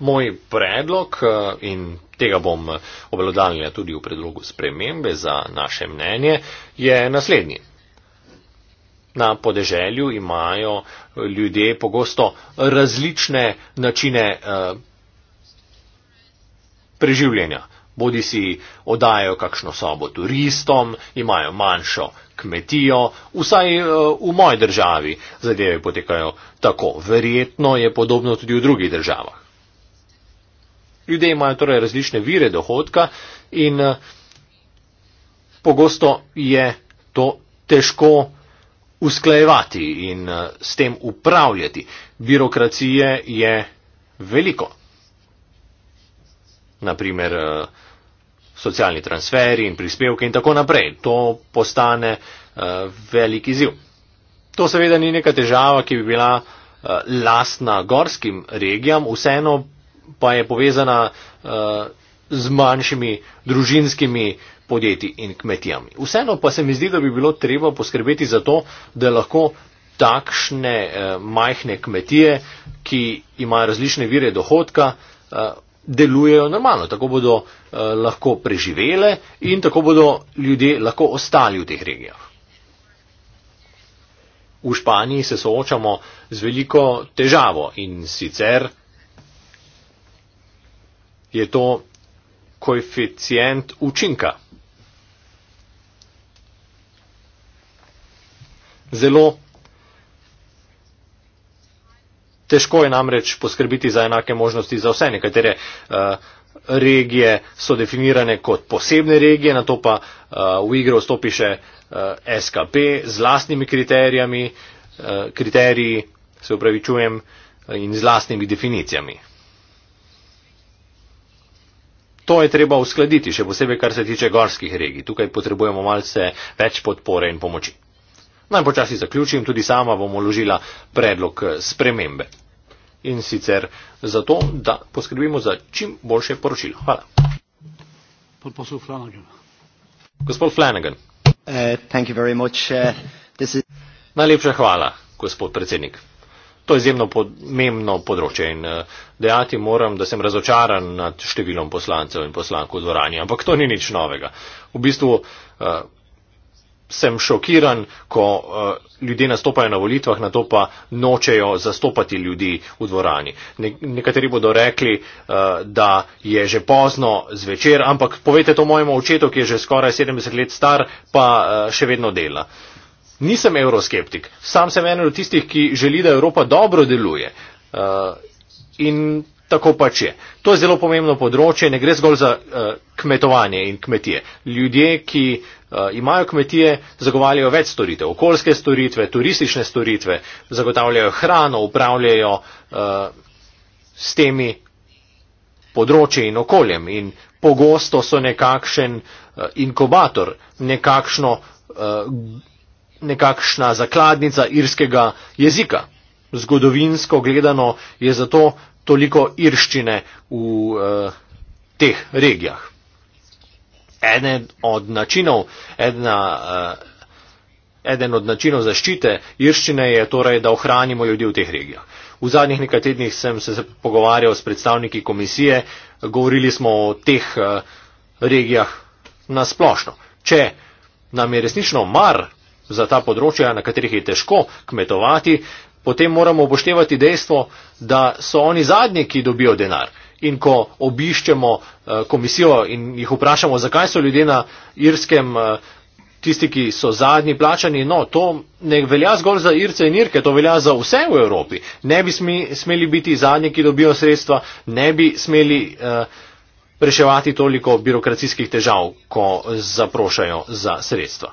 Moj predlog eh, in tega bom eh, obladalnila tudi v predlogu spremembe za naše mnenje je naslednji. Na podeželju imajo eh, ljudje pogosto različne načine preživljanja. Bodi si oddajo kakšno sobo turistom, imajo manjšo kmetijo, vsaj v moji državi zadeve potekajo tako. Verjetno je podobno tudi v drugih državah. Ljudje imajo torej različne vire dohodka in eh, pogosto je to težko usklajevati in eh, s tem upravljati. Birokracije je veliko. Naprimer, eh, socialni transferi in prispevke in tako naprej. To postane velik izziv. To seveda ni neka težava, ki bi bila lastna gorskim regijam, vseeno pa je povezana eh, z manjšimi družinskimi podjetji in kmetijami. Vseeno pa se mi zdi, da bi bilo treba poskrbeti za to, da lahko takšne eh, majhne kmetije, ki imajo različne vire dohodka, eh, delujejo normalno. Tako bodo lahko preživele in tako bodo ljudje lahko ostali v teh regijah. V Španiji se soočamo z veliko težavo in sicer je to koeficient učinka. Zelo težko je namreč poskrbiti za enake možnosti za vse. Nekatere uh, regije so definirane kot posebne regije, na to pa uh, v igro vstopi še uh, eh, SKP z lastnimi kriterijami, uh, kriteriji, se upravičujem, in z lastnimi definicijami to je treba uskladiti, še posebej kar se tiče gorskih regij. Tukaj potrebujemo malce več podpore in pomoči. Naj počasi zaključim, tudi sama bom uložila predlog spremembe. In sicer zato, da poskrbimo za čim boljše poročilo. Hvala. Gospod Flanagan. Uh, uh is... Najlepša hvala, gospod predsednik. To je izjemno pomembno področje in eh, dejati moram, da sem razočaran nad številom poslancev in poslank v dvorani, ampak to ni nič novega. V bistvu uh, sem šokiran, ko uh, ljudje nastopajo na volitvah, na to pa nočejo zastopati ljudi v dvorani. Ne, nekateri bodo rekli, uh, da je že pozno zvečer, ampak povete to mojemu očetu, ki je že skoraj 70 let star, pa uh, še vedno dela. Uh, nisem euroskeptik, sam sem eden od tistih, ki želi, da Evropa dobro deluje. Uh, in tako pač je. To je zelo pomembno področje, ne gre zgolj za uh, kmetovanje in kmetije. Ljudje, ki uh, imajo kmetije, zagovarjajo več storitev, okoljske storitve, turistične storitve, zagotavljajo hrano, upravljajo uh, s temi področji in okoljem in pogosto so nekakšen uh, inkubator, nekakšno uh, nekakšna zakladnica irskega jezika. Zgodovinsko gledano je zato toliko irščine v eh, teh regijah. Eden od načinov, ena, eh, eden od načinov zaščite irščine je torej, da ohranimo ljudi v teh regijah. V zadnjih nekaj tednih sem se pogovarjal s predstavniki komisije, govorili smo o teh eh, regijah nasplošno. Če nam je resnično mar za ta področja, na katerih je težko kmetovati, potem moramo upoštevati dejstvo, da so oni zadnji, ki dobijo denar. In ko obiščemo eh, komisijo in jih vprašamo, zakaj so ljudje na Irskem eh, tisti, ki so zadnji plačani, no, to ne velja zgolj za Irce in Irke, to velja za vse v Evropi. Ne bi smeli biti zadnji, ki dobijo sredstva, ne bi smeli eh, reševati toliko birokracijskih težav, ko zaprošajo za sredstva.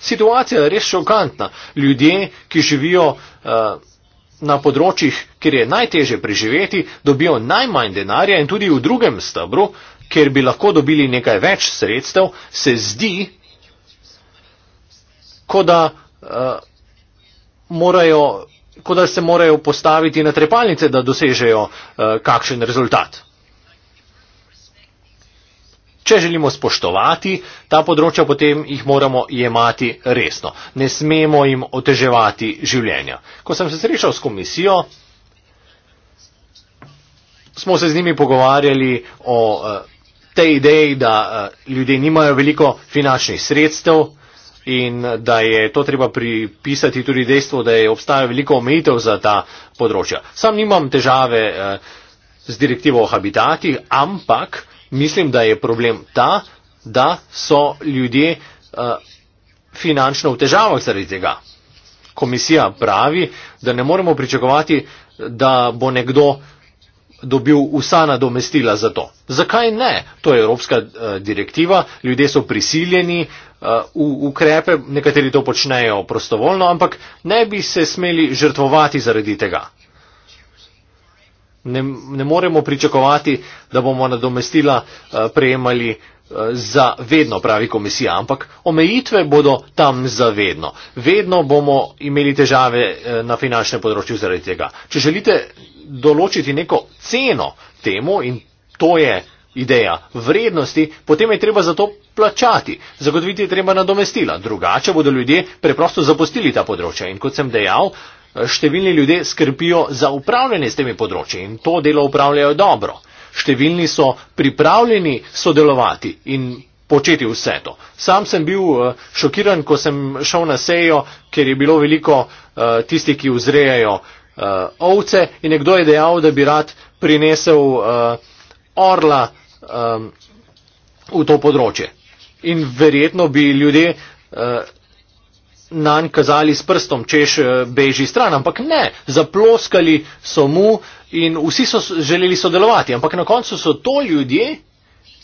Situacija je res šokantna. Ljudje, ki živijo uh, na področjih, kjer je najteže preživeti, dobijo najmanj denarja in tudi v drugem stebru, kjer bi lahko dobili nekaj več sredstev, se zdi, kot da, uh, ko da se morajo postaviti na trepalnice, da dosežejo uh, kakšen rezultat. Če želimo spoštovati ta področja, potem jih moramo jemati resno. Ne smemo jim oteževati življenja. Ko sem se srečal s komisijo, smo se z njimi pogovarjali o eh, tej ideji, da eh, ljudje nimajo veliko finančnih sredstev in da je to treba pripisati tudi dejstvo, da je obstaja veliko omejitev za ta področja. Sam nimam težave eh, z direktivo o habitatih, ampak Mislim, da je problem ta, da so ljudje uh, finančno v težavah zaradi tega. Komisija pravi, da ne moremo pričakovati, da bo nekdo dobil vsa nadomestila za to. Zakaj ne? To je evropska uh, direktiva, ljudje so prisiljeni uh, v ukrepe, nekateri to počnejo prostovoljno, ampak ne bi se smeli žrtvovati zaradi tega ne, ne moremo pričakovati, da bomo nadomestila eh, prejemali eh, za vedno, pravi komisija, ampak omejitve bodo tam za vedno. Vedno bomo imeli težave eh, na finančnem področju zaradi tega. Če želite določiti neko ceno temu in to je ideja vrednosti, potem je treba za to plačati. Zagotoviti je treba nadomestila. Drugače bodo ljudje preprosto zapustili ta področja. In kot sem dejal, Številni ljudje skrbijo za upravljanje s temi področji in to delo upravljajo dobro. Številni so pripravljeni sodelovati in početi vse to. Sam sem bil eh, šokiran, ko sem šel na sejo, ker je bilo veliko eh, tistih, ki vzrejajo eh, ovce in nekdo je dejal, da bi rad prinesel orla v to področje. In verjetno bi ljudje na nj kazali s prstom, češ eh, beži stran, ampak ne, zaploskali so mu in vsi so želeli sodelovati, ampak na koncu so to ljudje,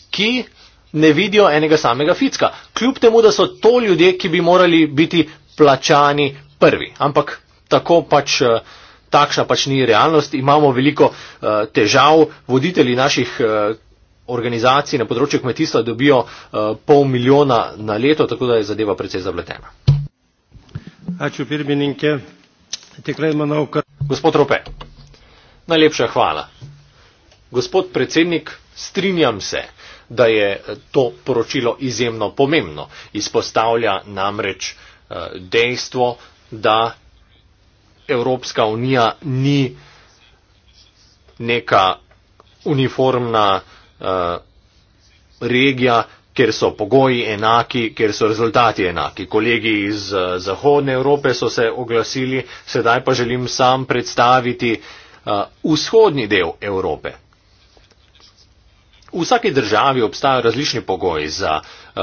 ki ne vidijo enega samega ficka. Kljub temu, da so to ljudje, ki bi morali biti plačani prvi. Ampak tako pač, eh, takšna pač ni realnost. Imamo veliko uh, težav, voditelji naših. Uh, organizacije na področju kmetijstva dobijo uh, pol milijona na leto, tako da je zadeva precej zapletena gospod rope najlepša hvala gospod predsednik strinjam se da je eh, to poročilo izjemno pomembno izpostavlja namreč eh, dejstvo da evropska unija ni neka uniformna eh, regija kjer so pogoji enaki, kjer so rezultati enaki. Kolegi iz eh, Zahodne Evrope so se oglasili, sedaj pa želim sam predstaviti eh, vzhodni del Evrope. V vsaki državi obstajajo različni pogoji za eh,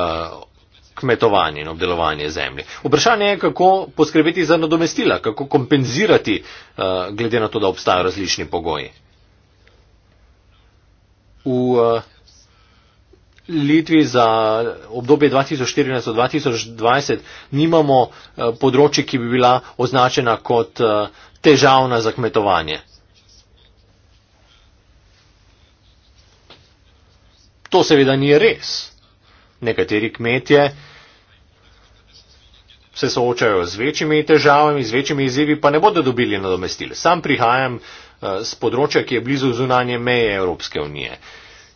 kmetovanje in obdelovanje zemlje. Vprašanje je, kako poskrbeti za nadomestila, kako kompenzirati, glede na to, da obstajajo različni pogoji. V Litvi za obdobje 2014-2020 nimamo eh, področji, ki bi bila označena kot eh, težavna za kmetovanje. To seveda ni res. Nekateri kmetje se soočajo z večjimi težavami, z večjimi izzivi, pa ne bodo dobili nadomestil. Sam prihajam z eh, področja, ki je blizu zunanje meje Evropske unije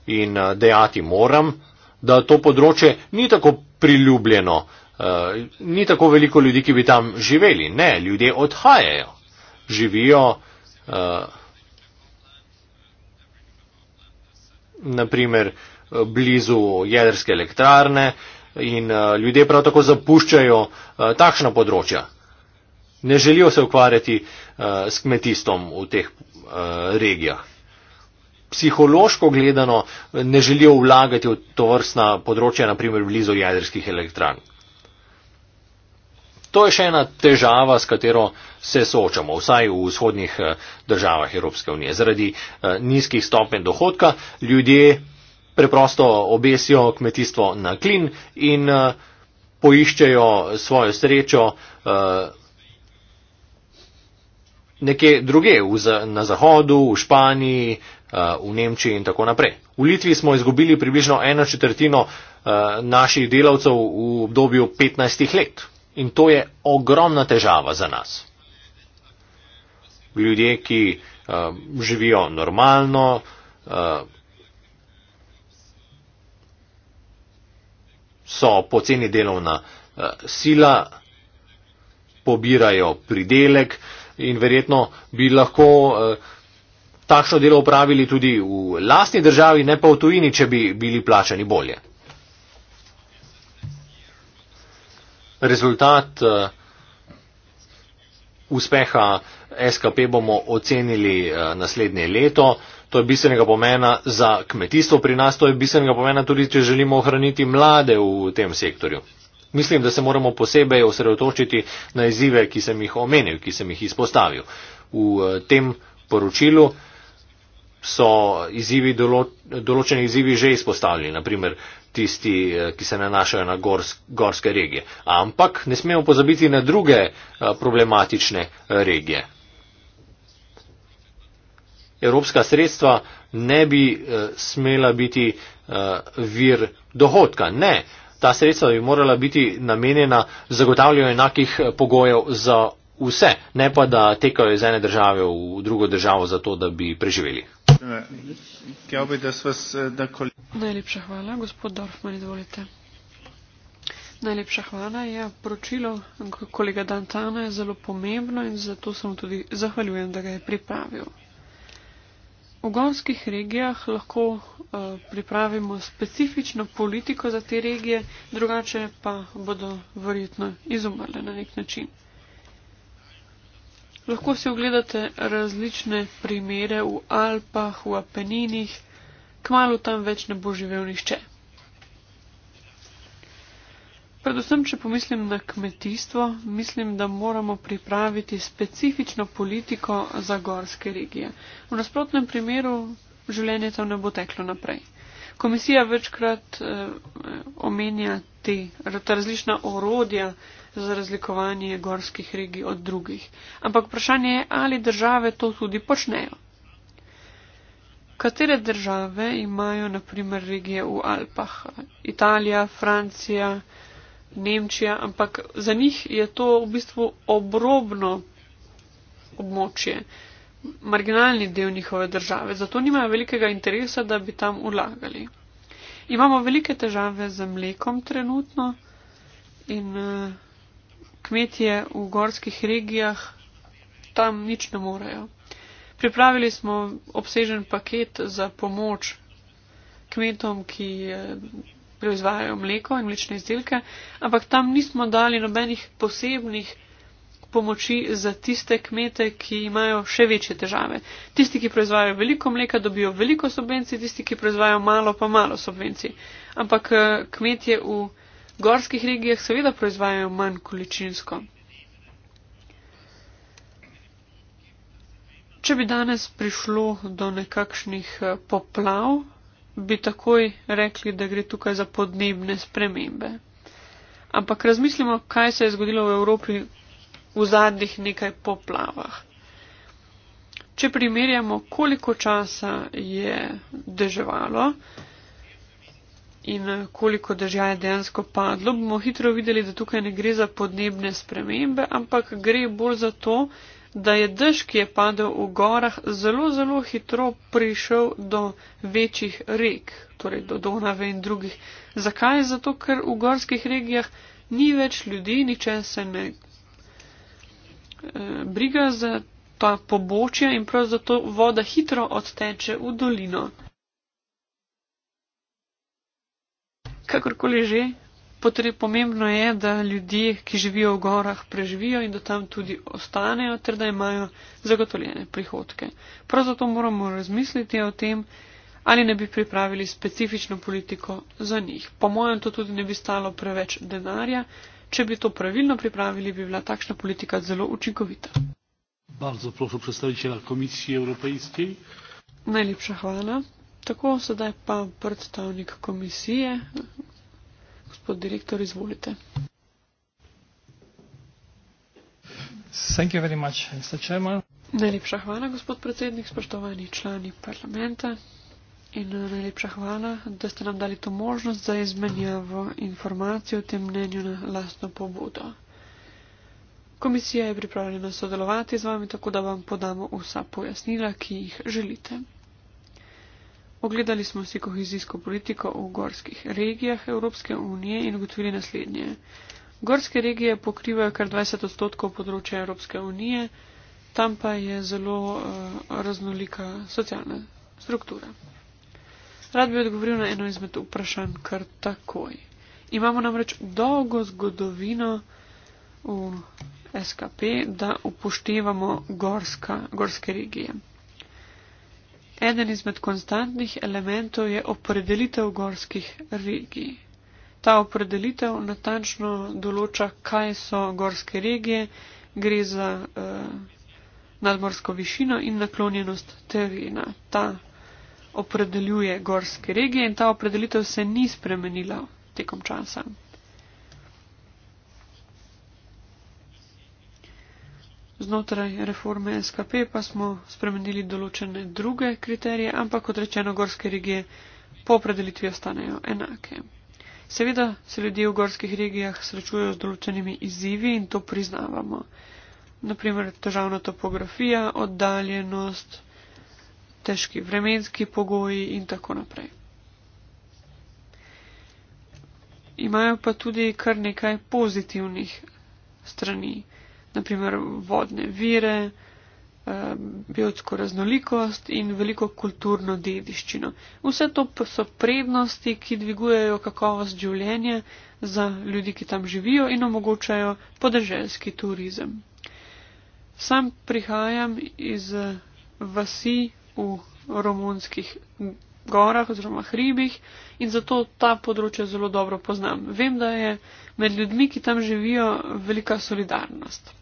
in eh, dejati moram, da to področje ni tako priljubljeno, eh, ni tako veliko ljudi, ki bi tam živeli. Ne, ljudje odhajajo, živijo eh, naprimer blizu jedrske elektrarne in ljudje prav tako zapuščajo takšna področja. Ne želijo se ukvarjati s kmetijstvom v teh regijah psihološko gledano eh, ne želijo vlagati v to vrstna področja, naprimer blizu jedrskih elektran. To je še ena težava, s katero se soočamo, vsaj v vzhodnih eh, državah Evropske unije. Zaradi eh, nizkih stopen dohodka ljudje preprosto obesijo kmetijstvo na klin in poiščejo svojo srečo nekje druge, na zahodu, v Španiji, Eh, v Nemčiji in tako naprej. V Litvi smo izgubili približno eno četrtino eh, naših delavcev v obdobju 15 let in to je ogromna težava za nas. Ljudje, ki eh, živijo normalno, so poceni delovna sila, pobirajo pridelek in verjetno bi lahko uh, takšno delo opravili tudi v lastni državi, ne pa v tujini, če bi bili plačani bolje. Rezultat eh, uspeha SKP bomo ocenili eh, naslednje leto. To je bistvenega pomena za kmetijstvo pri nas, to je bistvenega pomena tudi, če želimo ohraniti mlade v tem sektorju. Mislim, da se moramo posebej osredotočiti na izzive, ki sem jih omenil, ki sem jih izpostavil. V eh, tem poročilu uh, so izzivi, določeni izzivi že izpostavljeni, naprimer tisti, eh, ki se nanašajo na gorsk, gorske regije. Ampak ne smemo pozabiti na druge eh, problematične eh, regije. Evropska sredstva ne bi smela biti vir dohodka. Ne, ta sredstva bi morala biti namenjena zagotavljanju enakih pogojev za vse, ne pa da tekajo iz ene države v drugo državo zato, da bi preživeli. Najlepša
hvala. Gospod Dorfman, izvolite. Najlepša hvala. Ja, poročilo kolega Dantana je zelo pomembno in zato se mu tudi zahvaljujem, da ga je pripravil. V gorskih regijah lahko uh, pripravimo specifično politiko za te regije, drugače pa bodo verjetno izumrle na nek način. Lahko si ogledate različne primere v Alpah, v Apeninih, kmalo tam več ne bo živel nišče. Predvsem, če pomislim na kmetijstvo, mislim, da moramo pripraviti specifično politiko za gorske regije. V nasprotnem primeru življenje tam ne bo teklo naprej. Komisija večkrat eh, omenja te različna orodja, za razlikovanje gorskih regij od drugih. Ampak vprašanje je, ali države to tudi počnejo. Katere države imajo, naprimer, regije v Alpah? Italija, Francija, Nemčija, ampak za njih je to v bistvu obrobno območje, marginalni del njihove države, zato nimajo velikega interesa, da bi tam ulagali. Imamo velike težave z mlekom trenutno in. Uh, kmetje v gorskih regijah tam nič ne morejo. Pripravili smo obsežen paket za pomoč kmetom, ki eh, proizvajajo mleko in mlečne izdelke, ampak tam nismo dali nobenih posebnih pomoči za tiste kmete, ki imajo še večje težave. Tisti, ki proizvajajo veliko mleka, dobijo veliko subvencij, tisti, ki proizvajajo malo, pa malo subvencij. Ampak eh, kmetje v gorskih regijah seveda proizvajajo manj količinsko. Če bi danes prišlo do nekakšnih eh, poplav, bi takoj rekli, da gre tukaj za podnebne spremembe. Ampak razmislimo, kaj se je zgodilo v Evropi v zadnjih nekaj poplavah. Če primerjamo, koliko časa je deževalo, in eh, koliko dežja je dejansko padlo, bomo hitro videli, da tukaj ne gre za podnebne spremembe, ampak gre bolj za to, da je dež, ki je padel v gorah, zelo, zelo hitro prišel do večjih rek, torej do Donave in drugih. Zakaj? Zato, ker v gorskih regijah ni več ljudi, niče se ne eh, briga za ta pobočja in prav zato voda hitro odteče v dolino. kakorkoli že, potre, pomembno je, da ljudje, ki živijo v gorah, preživijo in da tam tudi ostanejo, ter da imajo zagotovljene prihodke. Prav zato moramo razmisliti o tem, ali ne bi pripravili specifično politiko za njih. Po mojem to tudi ne bi stalo preveč denarja. Če bi to pravilno pripravili, bi bila takšna politika zelo učinkovita.
Bardzo proszę przedstawiciela Komisji Europejskiej.
Najlepsza chwała. Tako, sedaj pa predstavnik komisije, gospod direktor, izvolite. Najlepša hvala, gospod predsednik, spoštovani člani parlamenta in eh, najlepša hvala, da ste nam dali to možnost za izmenjavo informacij o tem mnenju na lastno pobudo. Komisija je pripravljena sodelovati z vami, tako da vam podamo vsa pojasnila, ki jih želite. Ogledali smo si kohezijsko politiko v gorskih regijah Evropske unije in ugotovili naslednje. Gorske regije pokrivajo kar 20 odstotkov področja Evropske unije, tam pa je zelo uh, raznolika socialna struktura. Rad bi odgovoril na eno izmed vprašanj kar takoj. Imamo namreč dolgo zgodovino v SKP, da upoštevamo gorska, gorske regije. Eden izmed konstantnih elementov je opredelitev gorskih regij. Ta opredelitev natančno določa, kaj so gorske regije, gre za eh, nadmorsko višino in naklonjenost terena. Ta opredeljuje gorske regije in ta opredelitev se ni spremenila tekom časa. Znotraj reforme SKP pa smo spremenili določene druge kriterije, ampak kot rečeno, gorske regije po opredelitvi ostanejo enake. Seveda se ljudje v gorskih regijah srečujejo z določenimi izzivi in to priznavamo. Naprimer, težavna topografija, oddaljenost, težki vremenski pogoji in tako naprej. Imajo pa tudi kar nekaj pozitivnih strani naprimer vodne vire, eh, biotsko raznolikost in veliko kulturno dediščino. Vse to so prednosti, ki dvigujejo kakovost življenja za ljudi, ki tam živijo in omogočajo podeželski turizem. Sam prihajam iz eh, vasi v romunskih gorah oziroma hribih in zato ta področje zelo dobro poznam. Vem, da je med ljudmi, ki tam živijo, velika solidarnost.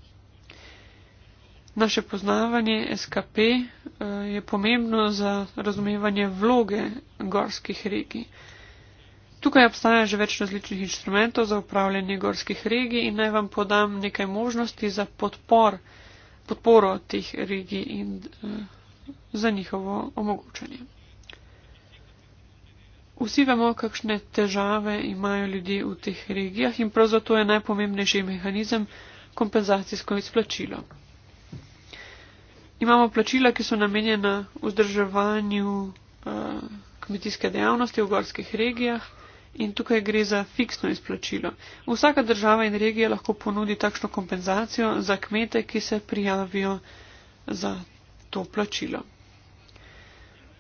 Naše poznavanje SKP eh, je pomembno za razumevanje vloge gorskih regij. Tukaj obstaja že več različnih inštrumentov za upravljanje gorskih regij in naj vam podam nekaj možnosti za podpor, podporo teh regij in eh, za njihovo omogočanje. Vsi vemo, kakšne težave imajo ljudje v teh regijah in prav zato je najpomembnejši mehanizem kompenzacijsko izplačilo. Imamo plačila, ki so namenjena vzdrževanju uh, kmetijske dejavnosti v gorskih regijah in tukaj gre za fiksno izplačilo. Vsaka država in regija lahko ponudi takšno kompenzacijo za kmete, ki se prijavijo za to plačilo.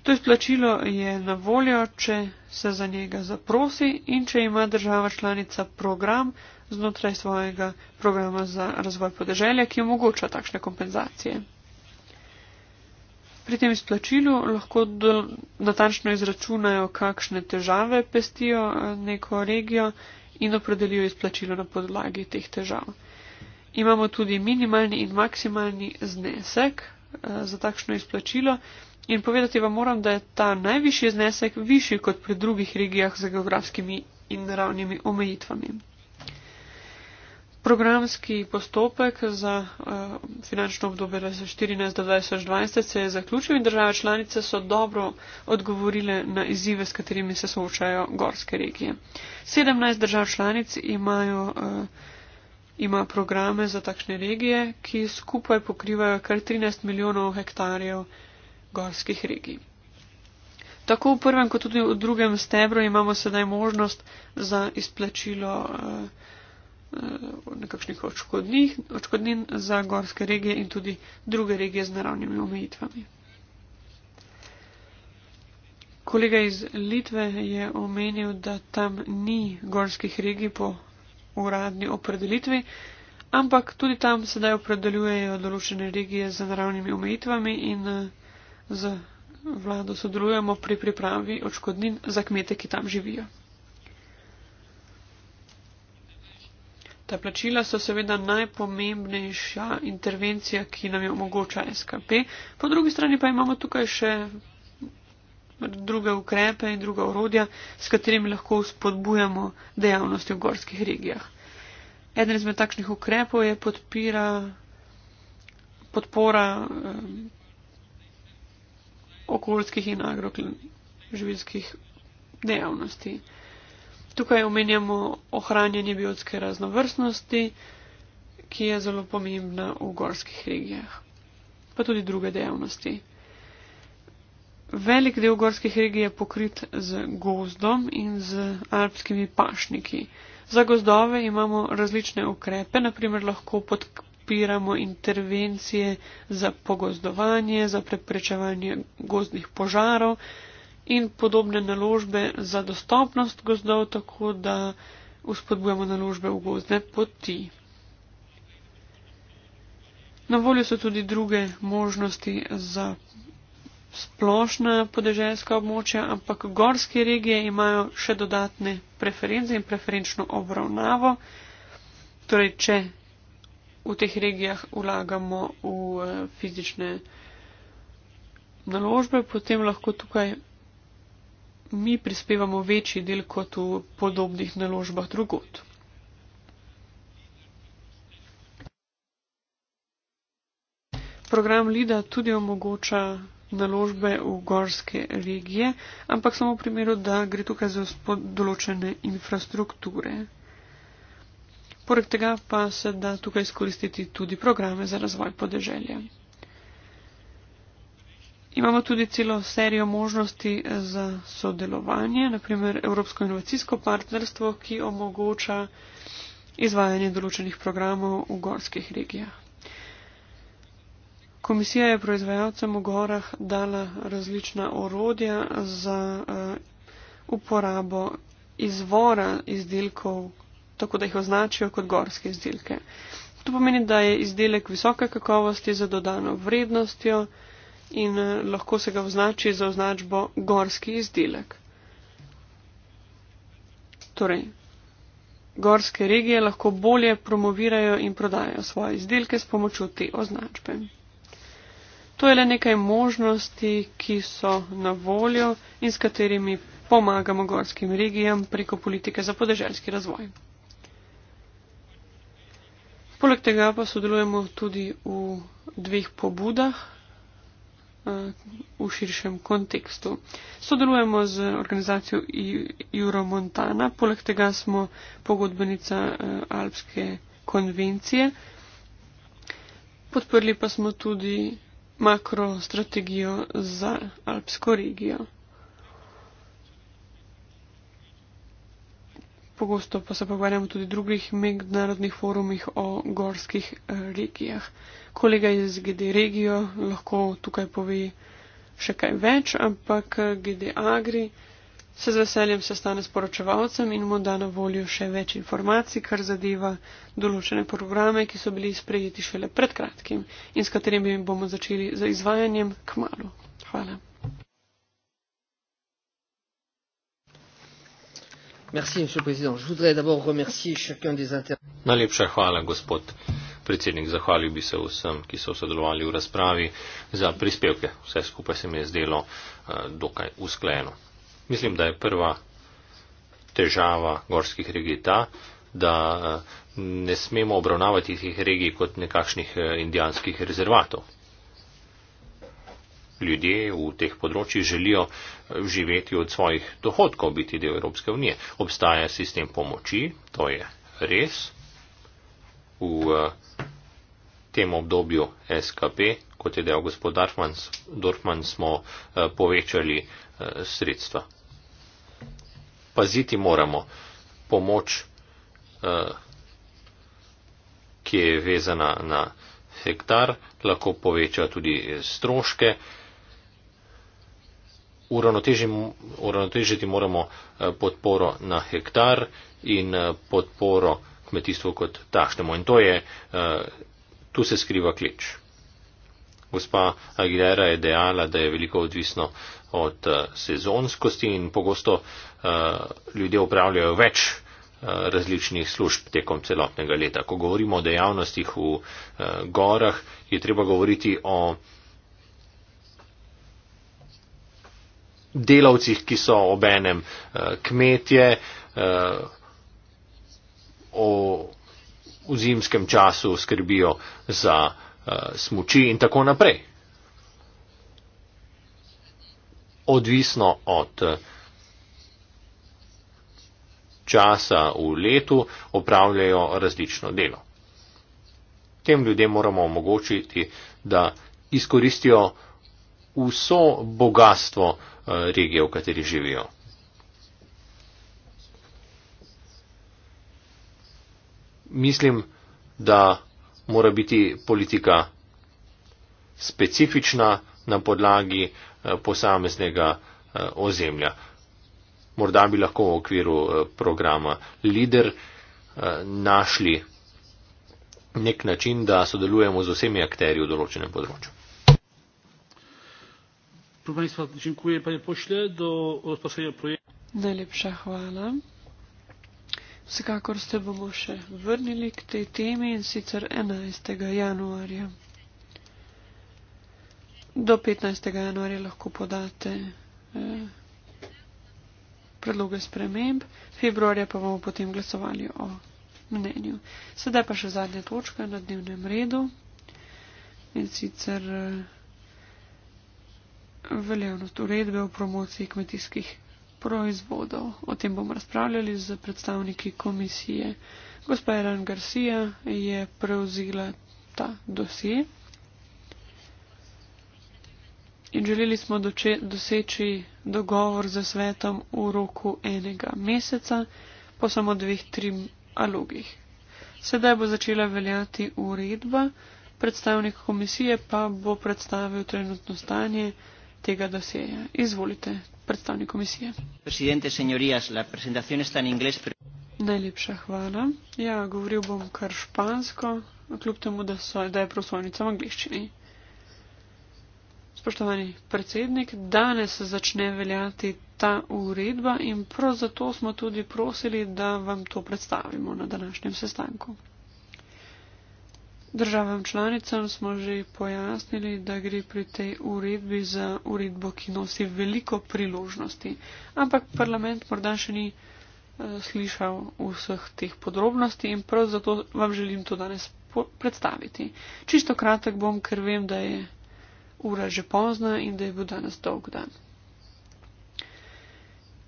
To izplačilo je na voljo, če se za njega zaprosi in če ima država članica program znotraj svojega programa za razvoj podeželja, ki omogoča takšne kompenzacije. Pri tem izplačilu lahko do, natančno izračunajo, kakšne težave pestijo eh, neko regijo in opredelijo izplačilo na podlagi teh težav. Imamo tudi minimalni in maksimalni znesek eh, za takšno izplačilo in povedati vam moram, da je ta najvišji znesek višji kot pri drugih regijah z geografskimi in naravnimi omejitvami. Programski postopek za uh, finančno obdobje 2014-2020 se je zaključil in države članice so dobro odgovorile na izzive, s katerimi se soočajo gorske regije. 17 držav članic imajo, uh, ima programe za takšne regije, ki skupaj pokrivajo kar 13 milijonov hektarjev gorskih regij. Tako v prvem kot tudi v drugem stebru imamo sedaj možnost za izplačilo. Uh, Eh, nekakšnih očkodnin za gorske regije in tudi druge regije z naravnimi omejitvami. Kolega iz Litve je omenil, da tam ni gorskih regij po uradni opredelitvi, ampak tudi tam sedaj opredeljujejo določene regije z naravnimi omejitvami in eh, z vlado sodelujemo pri pripravi očkodnin za kmete, ki tam živijo. Ta plačila so seveda najpomembnejša intervencija, ki nam jo omogoča SKP. Po drugi strani pa imamo tukaj še druge ukrepe in druga urodja, s katerimi lahko spodbujamo dejavnosti v gorskih regijah. Eden izmed takšnih ukrepov je podpira, podpora eh, okoljskih in agroživilskih dejavnosti. Tukaj omenjamo ohranjanje biotske raznovrstnosti, ki je zelo pomembna v gorskih regijah, pa tudi druge dejavnosti. Velik del gorskih regij je pokrit z gozdom in z alpskimi pašniki. Za gozdove imamo različne ukrepe, naprimer lahko podpiramo intervencije za pogozdovanje, za preprečevanje gozdnih požarov in podobne naložbe za dostopnost gozdov, tako da uspodbujamo naložbe v gozdne poti. Na voljo so tudi druge možnosti za splošna podeželska območja, ampak gorske regije imajo še dodatne preference in preferenčno obravnavo. Torej, če v teh regijah vlagamo v eh, fizične naložbe, potem lahko tukaj mi prispevamo večji del kot v podobnih naložbah drugot. Program LIDA tudi omogoča naložbe v gorske regije, ampak samo v primeru, da gre tukaj za določene infrastrukture. Poleg tega pa se da tukaj izkoristiti tudi programe za razvoj podeželja. Imamo tudi celo serijo možnosti za sodelovanje, naprimer Evropsko inovacijsko partnerstvo, ki omogoča izvajanje določenih programov v gorskih regijah. Komisija je proizvajalcem v gorah dala različna orodja za uh, uporabo izvora izdelkov, tako da jih označijo kot gorske izdelke. To pomeni, da je izdelek visoke kakovosti za dodano vrednostjo, in eh, lahko se ga označi za označbo gorski izdelek. Torej, gorske regije lahko bolje promovirajo in prodajajo svoje izdelke s pomočjo te označbe. To je le nekaj možnosti, ki so na voljo in s katerimi pomagamo gorskim regijam preko politike za podeželski razvoj. Poleg tega pa sodelujemo tudi v dveh pobudah, v širšem kontekstu. Sodelujemo z organizacijo Juro Montana, poleg tega smo pogodbenica eh, Alpske konvencije. Podprli pa smo tudi makrostrategijo za Alpsko regijo. pogosto pa se pogovarjamo tudi drugih mednarodnih forumih o gorskih eh, regijah. Kolega iz GD regijo lahko tukaj pove še kaj več, ampak eh, GD Agri se z veseljem sestane s poročevalcem in mu da na voljo še več informacij, kar zadeva določene programe, ki so bili sprejeti šele pred kratkim in s katerimi bomo začeli z izvajanjem k malu. Hvala.
Najlepša hvala, gospod predsednik. Zahvalil bi se vsem, ki so sodelovali v razpravi za prispevke. Vse skupaj se mi je zdelo uh, dokaj usklajeno. Mislim, da je prva težava gorskih regij ta, da uh, ne smemo obravnavati teh regij kot nekakšnih uh, indijanskih rezervatov ljudje v teh področjih želijo eh, živeti od svojih dohodkov, biti del Evropske unije. Obstaja sistem pomoči, to je res. V eh, tem obdobju SKP, kot je dejal gospod Dortmann, smo eh, povečali sredstva. Paziti moramo pomoč, ki je vezana na hektar, lahko poveča tudi stroške uravnotežiti moramo eh, podporo na hektar in eh, podporo kmetijstvu kot takšnemu. In to je, eh, tu se skriva klič. Gospa Aguilera je dejala, da je veliko odvisno od sezonskosti in pogosto ljudje upravljajo več različnih služb tekom celotnega leta. Ko govorimo o dejavnostih v gorah, je treba govoriti o delavcih, ki so obenem eh, kmetje, eh, o, v zimskem času skrbijo za eh, smuči in tako naprej. Odvisno od časa v letu opravljajo različno delo. Tem ljudem moramo omogočiti, da izkoristijo vso bogatstvo, regije, v kateri živijo. Mislim, da mora biti politika specifična na podlagi eh, posameznega eh, ozemlja. Morda bi lahko v okviru eh, programa LIDER našli nek način, da sodelujemo z vsemi akterji v določenem področju.
Najlepša hvala. Vsekakor se bomo še vrnili k tej temi in sicer 11. januarja. Do 15. januarja lahko podate eh, predloge sprememb, februarja pa bomo potem glasovali o mnenju. Sedaj pa še zadnja točka na dnevnem redu in sicer. Eh, veljavnost uredbe o promociji kmetijskih proizvodov. O tem bomo razpravljali z predstavniki komisije. Gospa Eran Garcia je prevzela ta dosje in želeli smo doče, doseči dogovor z svetom v roku enega meseca po samo dveh, trim alogih. Sedaj bo začela veljati uredba, predstavnik komisije pa bo predstavil trenutno stanje tega dosjeja. Izvolite, predstavnik komisije.
Señorías,
Najlepša hvala. Ja, govoril bom kar špansko, kljub temu, da, so, da je proslovnica v angliščini. Spoštovani predsednik, danes začne veljati ta uredba in prav zato smo tudi prosili, da vam to predstavimo na današnjem sestanku. Državam članicam smo že pojasnili, da gre pri tej uredbi za uredbo, ki nosi veliko priložnosti, ampak parlament morda še ni eh, slišal vseh teh podrobnosti in prav zato vam želim to danes predstaviti. Čisto kratek bom, ker vem, da je ura že pozna in da je bil danes dolg dan.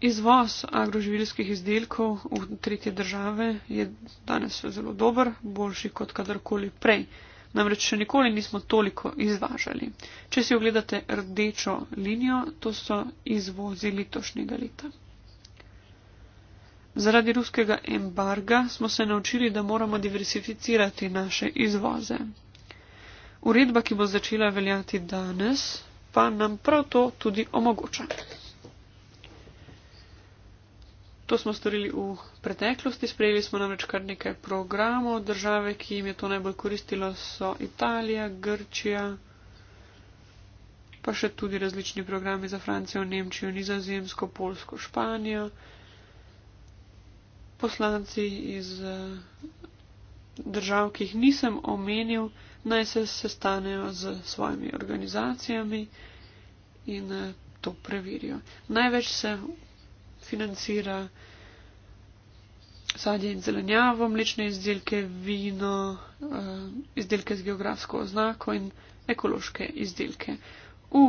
Izvoz agroživilskih izdelkov v tretje države je danes zelo dober, boljši kot kadarkoli prej. Namreč še nikoli nismo toliko izvažali. Če si ogledate rdečo linijo, to so izvozi letošnjega leta. Zaradi ruskega embarga smo se naučili, da moramo diversificirati naše izvoze. Uredba, ki bo začela veljati danes, pa nam prav to tudi omogoča. To smo storili v preteklosti, sprejeli smo namreč kar nekaj programov. Države, ki jim je to najbolj koristilo, so Italija, Grčija, pa še tudi različni programi za Francijo, Nemčijo, Nizozemsko, Polsko, Španijo. Poslanci iz eh, držav, ki jih nisem omenil, naj se sestanejo z svojimi organizacijami in eh, to preverijo. Največ se financira sadje in zelenjavo, mlečne izdelke, vino, eh, izdelke z geografsko oznako in ekološke izdelke. V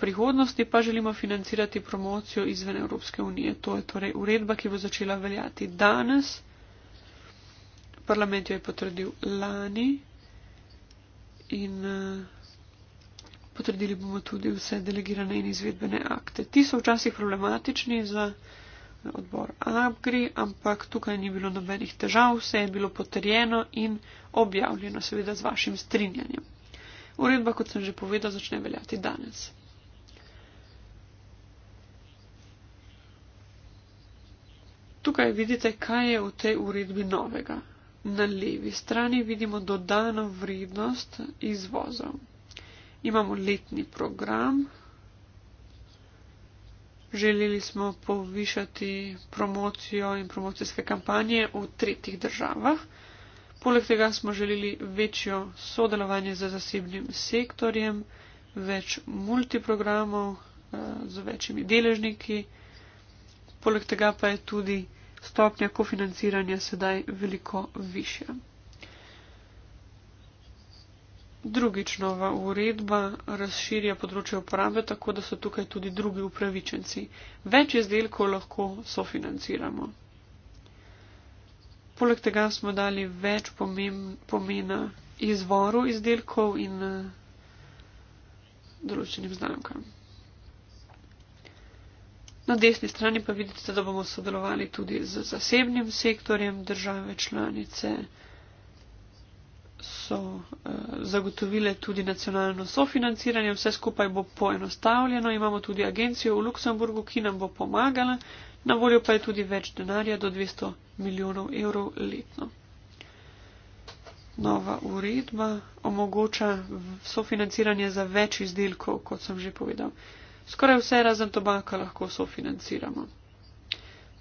prihodnosti pa želimo financirati promocijo izven Evropske unije. To je torej uredba, ki bo začela veljati danes. Parlament jo je potrdil lani in uh, potrdili bomo tudi vse delegirane in izvedbene akte. Ti so včasih problematični za odbor Agri, ampak tukaj ni bilo nobenih težav, vse je bilo potrjeno in objavljeno, seveda z vašim strinjanjem. Uredba, kot sem že povedal, začne veljati danes. Tukaj vidite, kaj je v tej uredbi novega. Na levi strani vidimo dodano vrednost izvozov imamo letni program. Želeli smo povišati promocijo in promocijske kampanje v tretjih državah. Poleg tega smo želeli večjo sodelovanje z zasebnim sektorjem, več multiprogramov eh, z večjimi deležniki. Poleg tega pa je tudi stopnja kofinanciranja sedaj veliko višja. Drugič, nova uredba razširja področje uporabe tako, da so tukaj tudi drugi upravičenci. Več izdelkov lahko sofinanciramo. Poleg tega smo dali več pomena izvoru izdelkov in določenim znamkam. Na desni strani pa vidite, da bomo sodelovali tudi z zasebnim sektorjem države članice so eh, zagotovile tudi nacionalno sofinanciranje, vse skupaj bo poenostavljeno, imamo tudi agencijo v Luksemburgu, ki nam bo pomagala, na voljo pa je tudi več denarja do 200 milijonov evrov letno. Nova uredba omogoča sofinanciranje za več izdelkov, kot sem že povedal. Skoraj vse razen tobaka lahko sofinanciramo.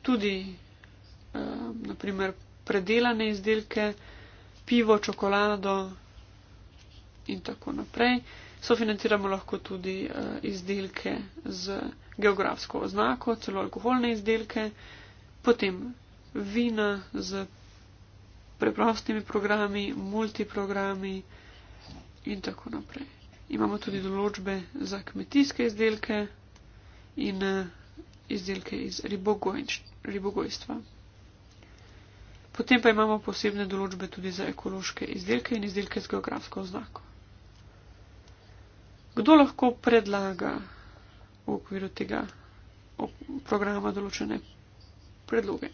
Tudi, eh, naprimer, predelane izdelke, eh, pivo, čokolado in tako naprej. Sofinanciramo lahko tudi eh, izdelke z geografsko oznako, celo alkoholne izdelke, potem vina z preprostimi programi, multiprogrami in tako naprej. Imamo tudi določbe za kmetijske izdelke in eh, izdelke iz ribogojstva. Potem pa imamo posebne določbe tudi za ekološke izdelke in izdelke z geografsko oznako. Kdo lahko predlaga v okviru tega programa določene predloge?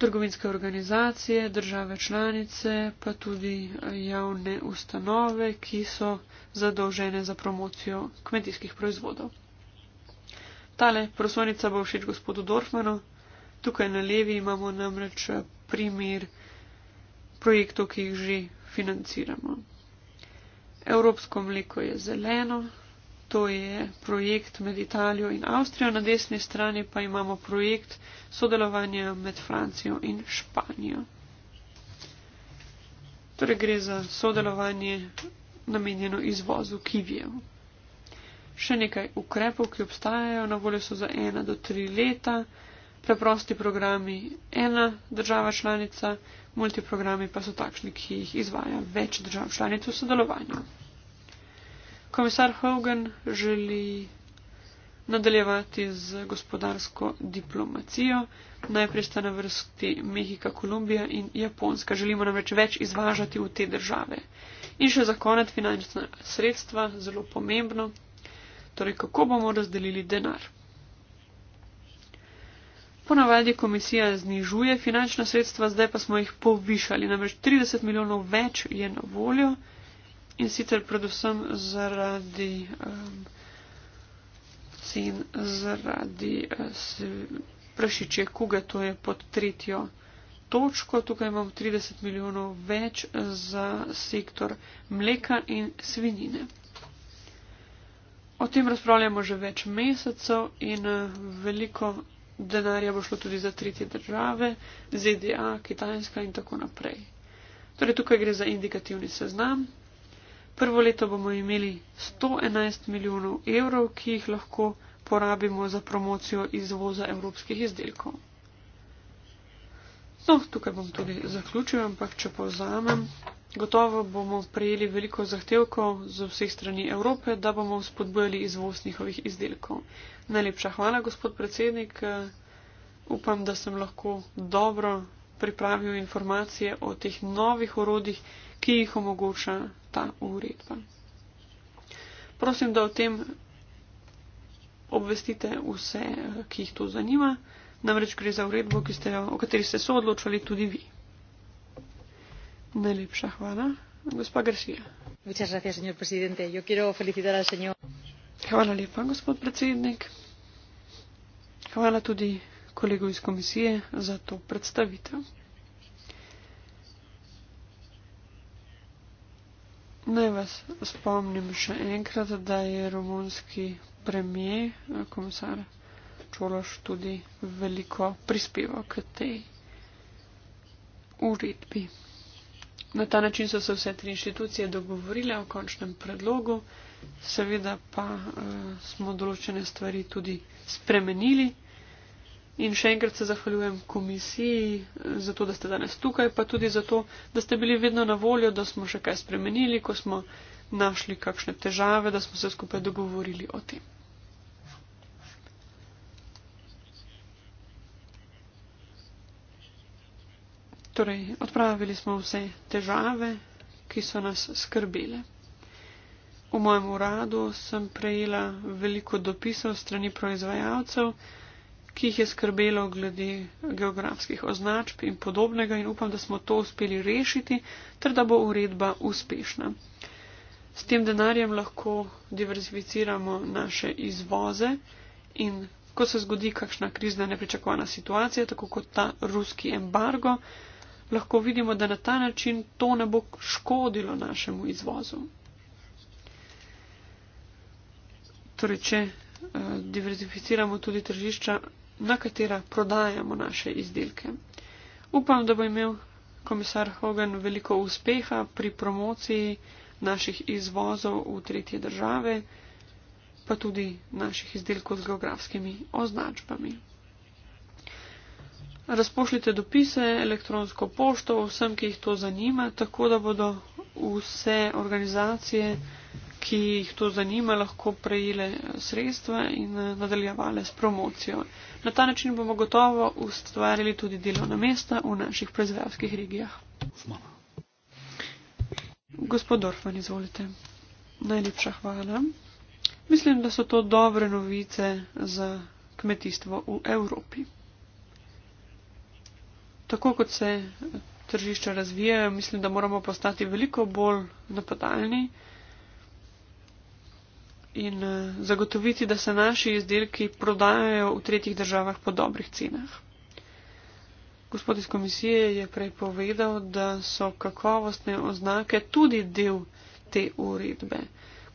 Trgovinske organizacije, države članice, pa tudi javne ustanove, ki so zadolžene za promocijo kmetijskih proizvodov. Tale prosojnica bo všeč gospodu Dorfmanu. Tukaj na levi imamo namreč eh, primer projektov, ki jih že financiramo. Evropsko mleko je zeleno, to je projekt med Italijo in Avstrijo, na desni strani pa imamo projekt sodelovanja med Francijo in Španijo. Torej gre za sodelovanje namenjeno izvozu kivijev. Še nekaj ukrepov, ki obstajajo, na voljo so za ena do tri leta preprosti programi ena država članica, multiprogrami pa so takšni, ki jih izvaja več držav članic v sodelovanju. Komisar Hogan želi nadaljevati z gospodarsko diplomacijo. Najprej sta na vrsti Mehika, Kolumbija in Japonska. Želimo namreč več izvažati v te države. In še za konec finančna sredstva, zelo pomembno, torej kako bomo razdelili denar. Ponavadi komisija znižuje finančna sredstva, zdaj pa smo jih povišali. Namreč 30 milijonov več je na voljo in sicer predvsem zaradi um, cen, zaradi uh, eh, prašiče kuge, to je pod tretjo točko. Tukaj imamo 30 milijonov več za sektor mleka in svinine. O tem razpravljamo že več mesecev in eh, veliko denarja bo šlo tudi za tretje države, ZDA, Kitajska in tako naprej. Torej, tukaj gre za indikativni seznam. Prvo leto bomo imeli 111 milijonov evrov, ki jih lahko porabimo za promocijo izvoza evropskih izdelkov. No, tukaj bom tudi zaključil, ampak če povzamem, Gotovo bomo prejeli veliko zahtevkov z vseh strani Evrope, da bomo spodbojali izvoz njihovih izdelkov. Najlepša hvala, gospod predsednik. Upam, da sem lahko dobro pripravil informacije o teh novih urodih, ki jih omogoča ta uredba. Prosim, da o tem obvestite vse, ki jih to zanima, namreč gre za uredbo, ste, o kateri ste se odločali tudi vi. Najlepša hvala. Gospa Garcia. Muchas gracias, señor presidente. Yo quiero felicitar al señor. Hvala lepa, gospod predsednik. Hvala tudi kolegu iz komisije za to predstavitev. Naj vas spomnim še enkrat, da je romunski premijer, komisar Čološ, tudi veliko prispeval k tej uredbi. Na ta način so se vse tri inštitucije dogovorile o končnem predlogu, seveda pa uh, smo določene stvari tudi spremenili. In še enkrat se zahvaljujem komisiji eh, za to, da ste danes tukaj, pa tudi za to, da ste bili vedno na voljo, da smo še kaj spremenili, ko smo našli kakšne težave, da smo se skupaj dogovorili o tem. Torej, odpravili smo vse težave, ki so nas skrbele. V mojem uradu sem prejela veliko dopisov strani proizvajalcev, ki jih je skrbelo glede geografskih označb in podobnega in upam, da smo to uspeli rešiti, ter da bo uredba uspešna. S tem denarjem lahko diverzificiramo naše izvoze in ko se zgodi kakšna krizna nepričakovana situacija, tako kot ta ruski embargo, lahko vidimo, da na ta način to ne bo škodilo našemu izvozu. Torej, če eh, diverzificiramo tudi tržišča, na katera prodajamo naše izdelke. Upam, da bo imel komisar Hogan veliko uspeha pri promociji naših izvozov v tretje države, pa tudi naših izdelkov z geografskimi označbami. Razpošljite dopise, elektronsko pošto vsem, ki jih to zanima, tako da bodo vse organizacije, ki jih to zanima, lahko prejele sredstva in eh, nadaljevale s promocijo. Na ta način bomo gotovo ustvarjali tudi delovna mesta v naših proizvajalskih regijah. Gospod Orfan, izvolite. Najlepša hvala. Mislim, da so to dobre novice za kmetijstvo v Evropi tako kot se tržišča razvijajo, mislim, da moramo postati veliko bolj napadalni in eh, zagotoviti, da se naši izdelki prodajajo v tretjih državah po dobrih cenah. Gospod iz komisije je prej povedal, da so kakovostne oznake tudi del te uredbe.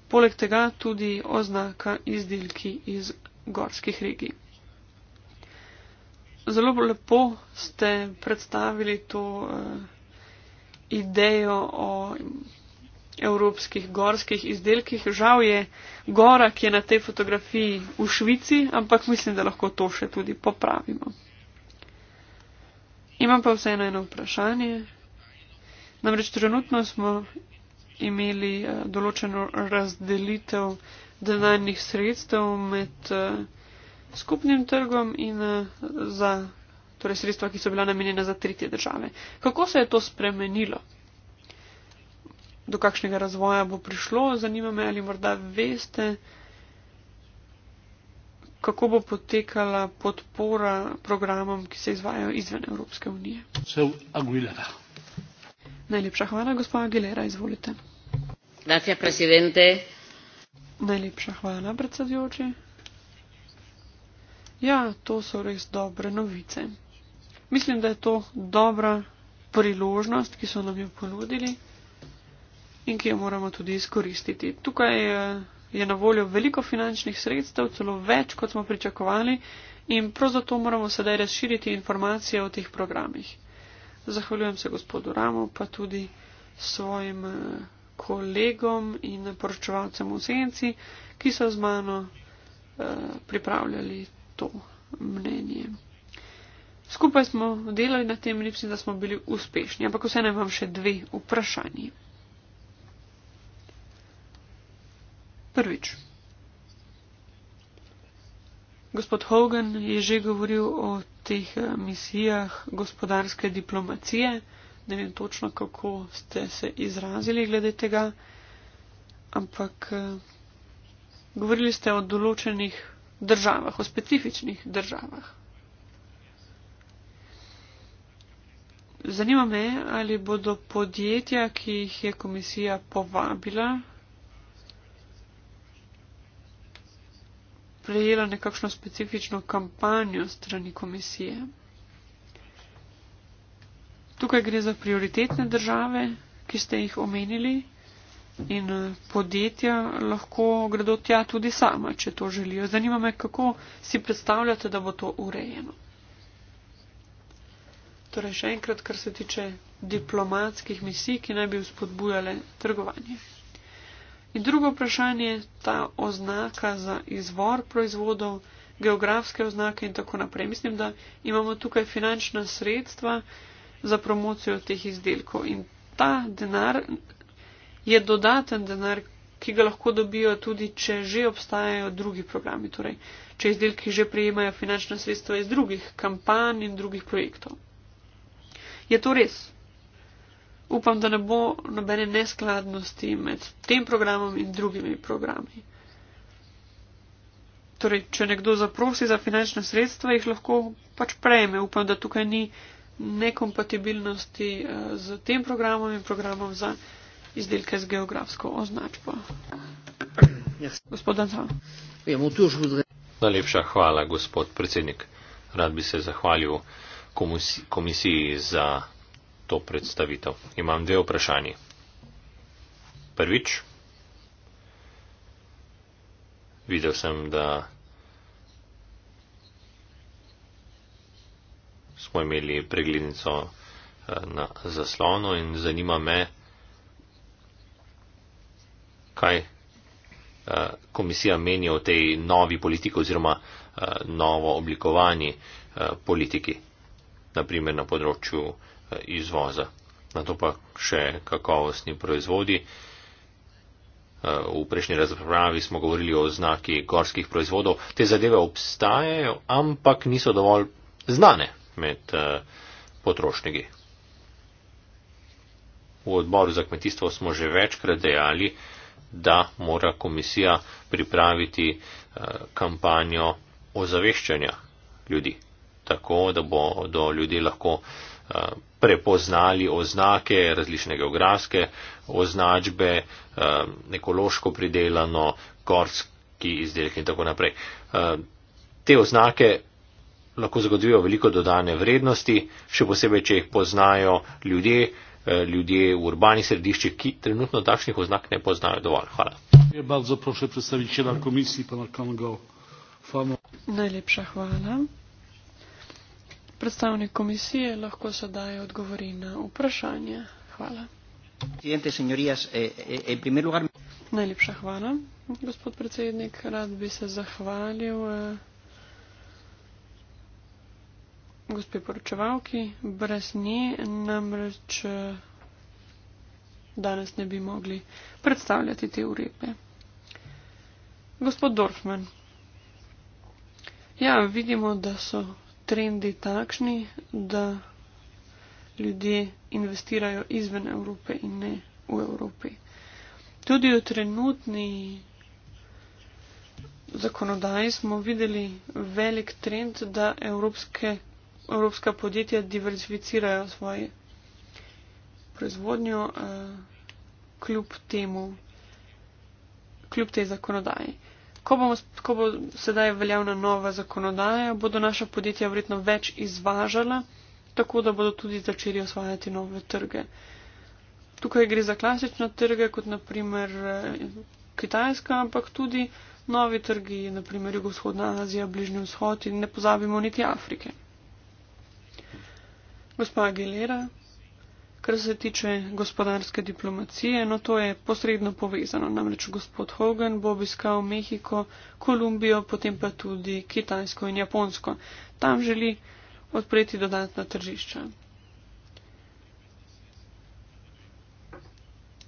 Poleg tega tudi oznaka izdelki iz gorskih regij zelo lepo ste predstavili to uh, idejo o evropskih gorskih izdelkih. Žal je gora, ki je na tej fotografiji v Švici, ampak mislim, da lahko to še tudi popravimo. Imam pa vseeno eno vprašanje. Namreč trenutno smo imeli eh, določeno razdelitev denarnih sredstev med uh, skupnim trgom in eh, za torej sredstva, ki so bila namenjena za tretje države. Kako se je to spremenilo? Do kakšnega razvoja bo prišlo? Zanima me, ali morda veste, kako bo potekala podpora programom, ki se izvajajo izven Evropske unije. Najlepša hvala, gospod Aguilera, izvolite. Gracias, Najlepša hvala, predsedujoči. Ja, to so res dobre novice. Mislim, da je to dobra priložnost, ki so nam jo ponudili in ki jo moramo tudi izkoristiti. Tukaj eh, je na voljo veliko finančnih sredstev, celo več, kot smo pričakovali in prav zato moramo sedaj razširiti informacije o teh programih. Zahvaljujem se gospodu Ramu, pa tudi svojim eh, kolegom in poročevalcem v senci, ki so z mano eh, pripravljali to mnenje. Skupaj smo delali na tem in mislim, da smo bili uspešni, ampak vseeno imam še dve vprašanje. Prvič. Gospod Hogan je že govoril o teh eh, misijah gospodarske diplomacije. Ne vem točno, kako ste se izrazili glede tega, ampak eh, govorili ste o določenih državah, o specifičnih državah. Zanima me, ali bodo podjetja, ki jih je komisija povabila, prejela nekakšno specifično kampanjo strani komisije. Tukaj gre za prioritetne države, ki ste jih omenili in eh, podjetja lahko gredo tja tudi sama, če to želijo. Zanima me, kako si predstavljate, da bo to urejeno. Torej, še enkrat, kar se tiče diplomatskih misij, ki naj bi vzpodbujale trgovanje. In drugo vprašanje, ta oznaka za izvor proizvodov, geografske oznake in tako naprej. Mislim, da imamo tukaj finančna sredstva za promocijo teh izdelkov. In ta denar je dodaten denar, ki ga lahko dobijo tudi, če že obstajajo drugi programi, torej če izdelki že prejemajo finančna sredstva iz drugih kampanj in drugih projektov. Je to res? Upam, da ne bo nobene neskladnosti med tem programom in drugimi programi. Torej, če nekdo zaprosi za finančne sredstva, jih lahko pač prejme. Upam, da tukaj ni nekompatibilnosti z eh, tem programom in programom za izdelke z geografsko označbo. Ja,
Najlepša hvala, gospod predsednik. Rad bi se zahvalil komisiji za to predstavitev. Imam dve vprašanje. Prvič, videl sem, da smo imeli preglednico eh, na zaslonu in zanima me, kaj eh, komisija meni o tej novi politiki oziroma eh, novo oblikovanji eh, politiki, naprimer na področju izvoza. Na to pa še kakovostni proizvodi. V prejšnji razpravi smo govorili o znaki gorskih proizvodov. Te zadeve obstajajo, ampak niso dovolj znane med potrošniki. V odboru za kmetijstvo smo že večkrat dejali, da mora komisija pripraviti eh, kampanjo ozaveščanja ljudi, tako da bodo ljudje lahko eh, prepoznali oznake, različne geografske označbe, eh, ekološko pridelano, gorski izdelki in tako naprej. Te oznake lahko zagotovijo veliko dodane vrednosti, še posebej, če jih poznajo ljudje, Eh, ljudje v urbanih središčih, ki trenutno takšnih oznak ne poznajo dovolj. Hvala. Ja,
Najlepša hvala. Predstavnik komisije lahko sedaj odgovori na vprašanje. Hvala. Eh, eh, Najlepša hvala, gospod predsednik. Rad bi se zahvalil gospe poročevalki, brez nje namreč eh, danes ne bi mogli predstavljati te urepe. Gospod Dorfman, ja, vidimo, da so trendi takšni, da ljudje investirajo izven Evrope in ne v Evropi. Tudi v trenutni zakonodaji smo videli velik trend, da evropske evropska podjetja diverzificirajo svojo proizvodnjo eh, kljub temu, kljub tej zakonodaji. Ko, bomo, ko bo sedaj veljavna nova zakonodaja, bodo naša podjetja vredno več izvažala, tako da bodo tudi začeli osvajati nove trge. Tukaj gre za klasične trge, kot naprimer eh, Kitajska, ampak tudi novi trgi, naprimer Jugovzhodna Azija, Bližnji vzhod in ne pozabimo niti Afrike. Gospa Aguilera, kar se tiče gospodarske diplomacije, no to je posredno povezano. Namreč gospod Hogan bo obiskal Mehiko, Kolumbijo, potem pa tudi Kitajsko in Japonsko. Tam želi odpreti dodatna tržišča.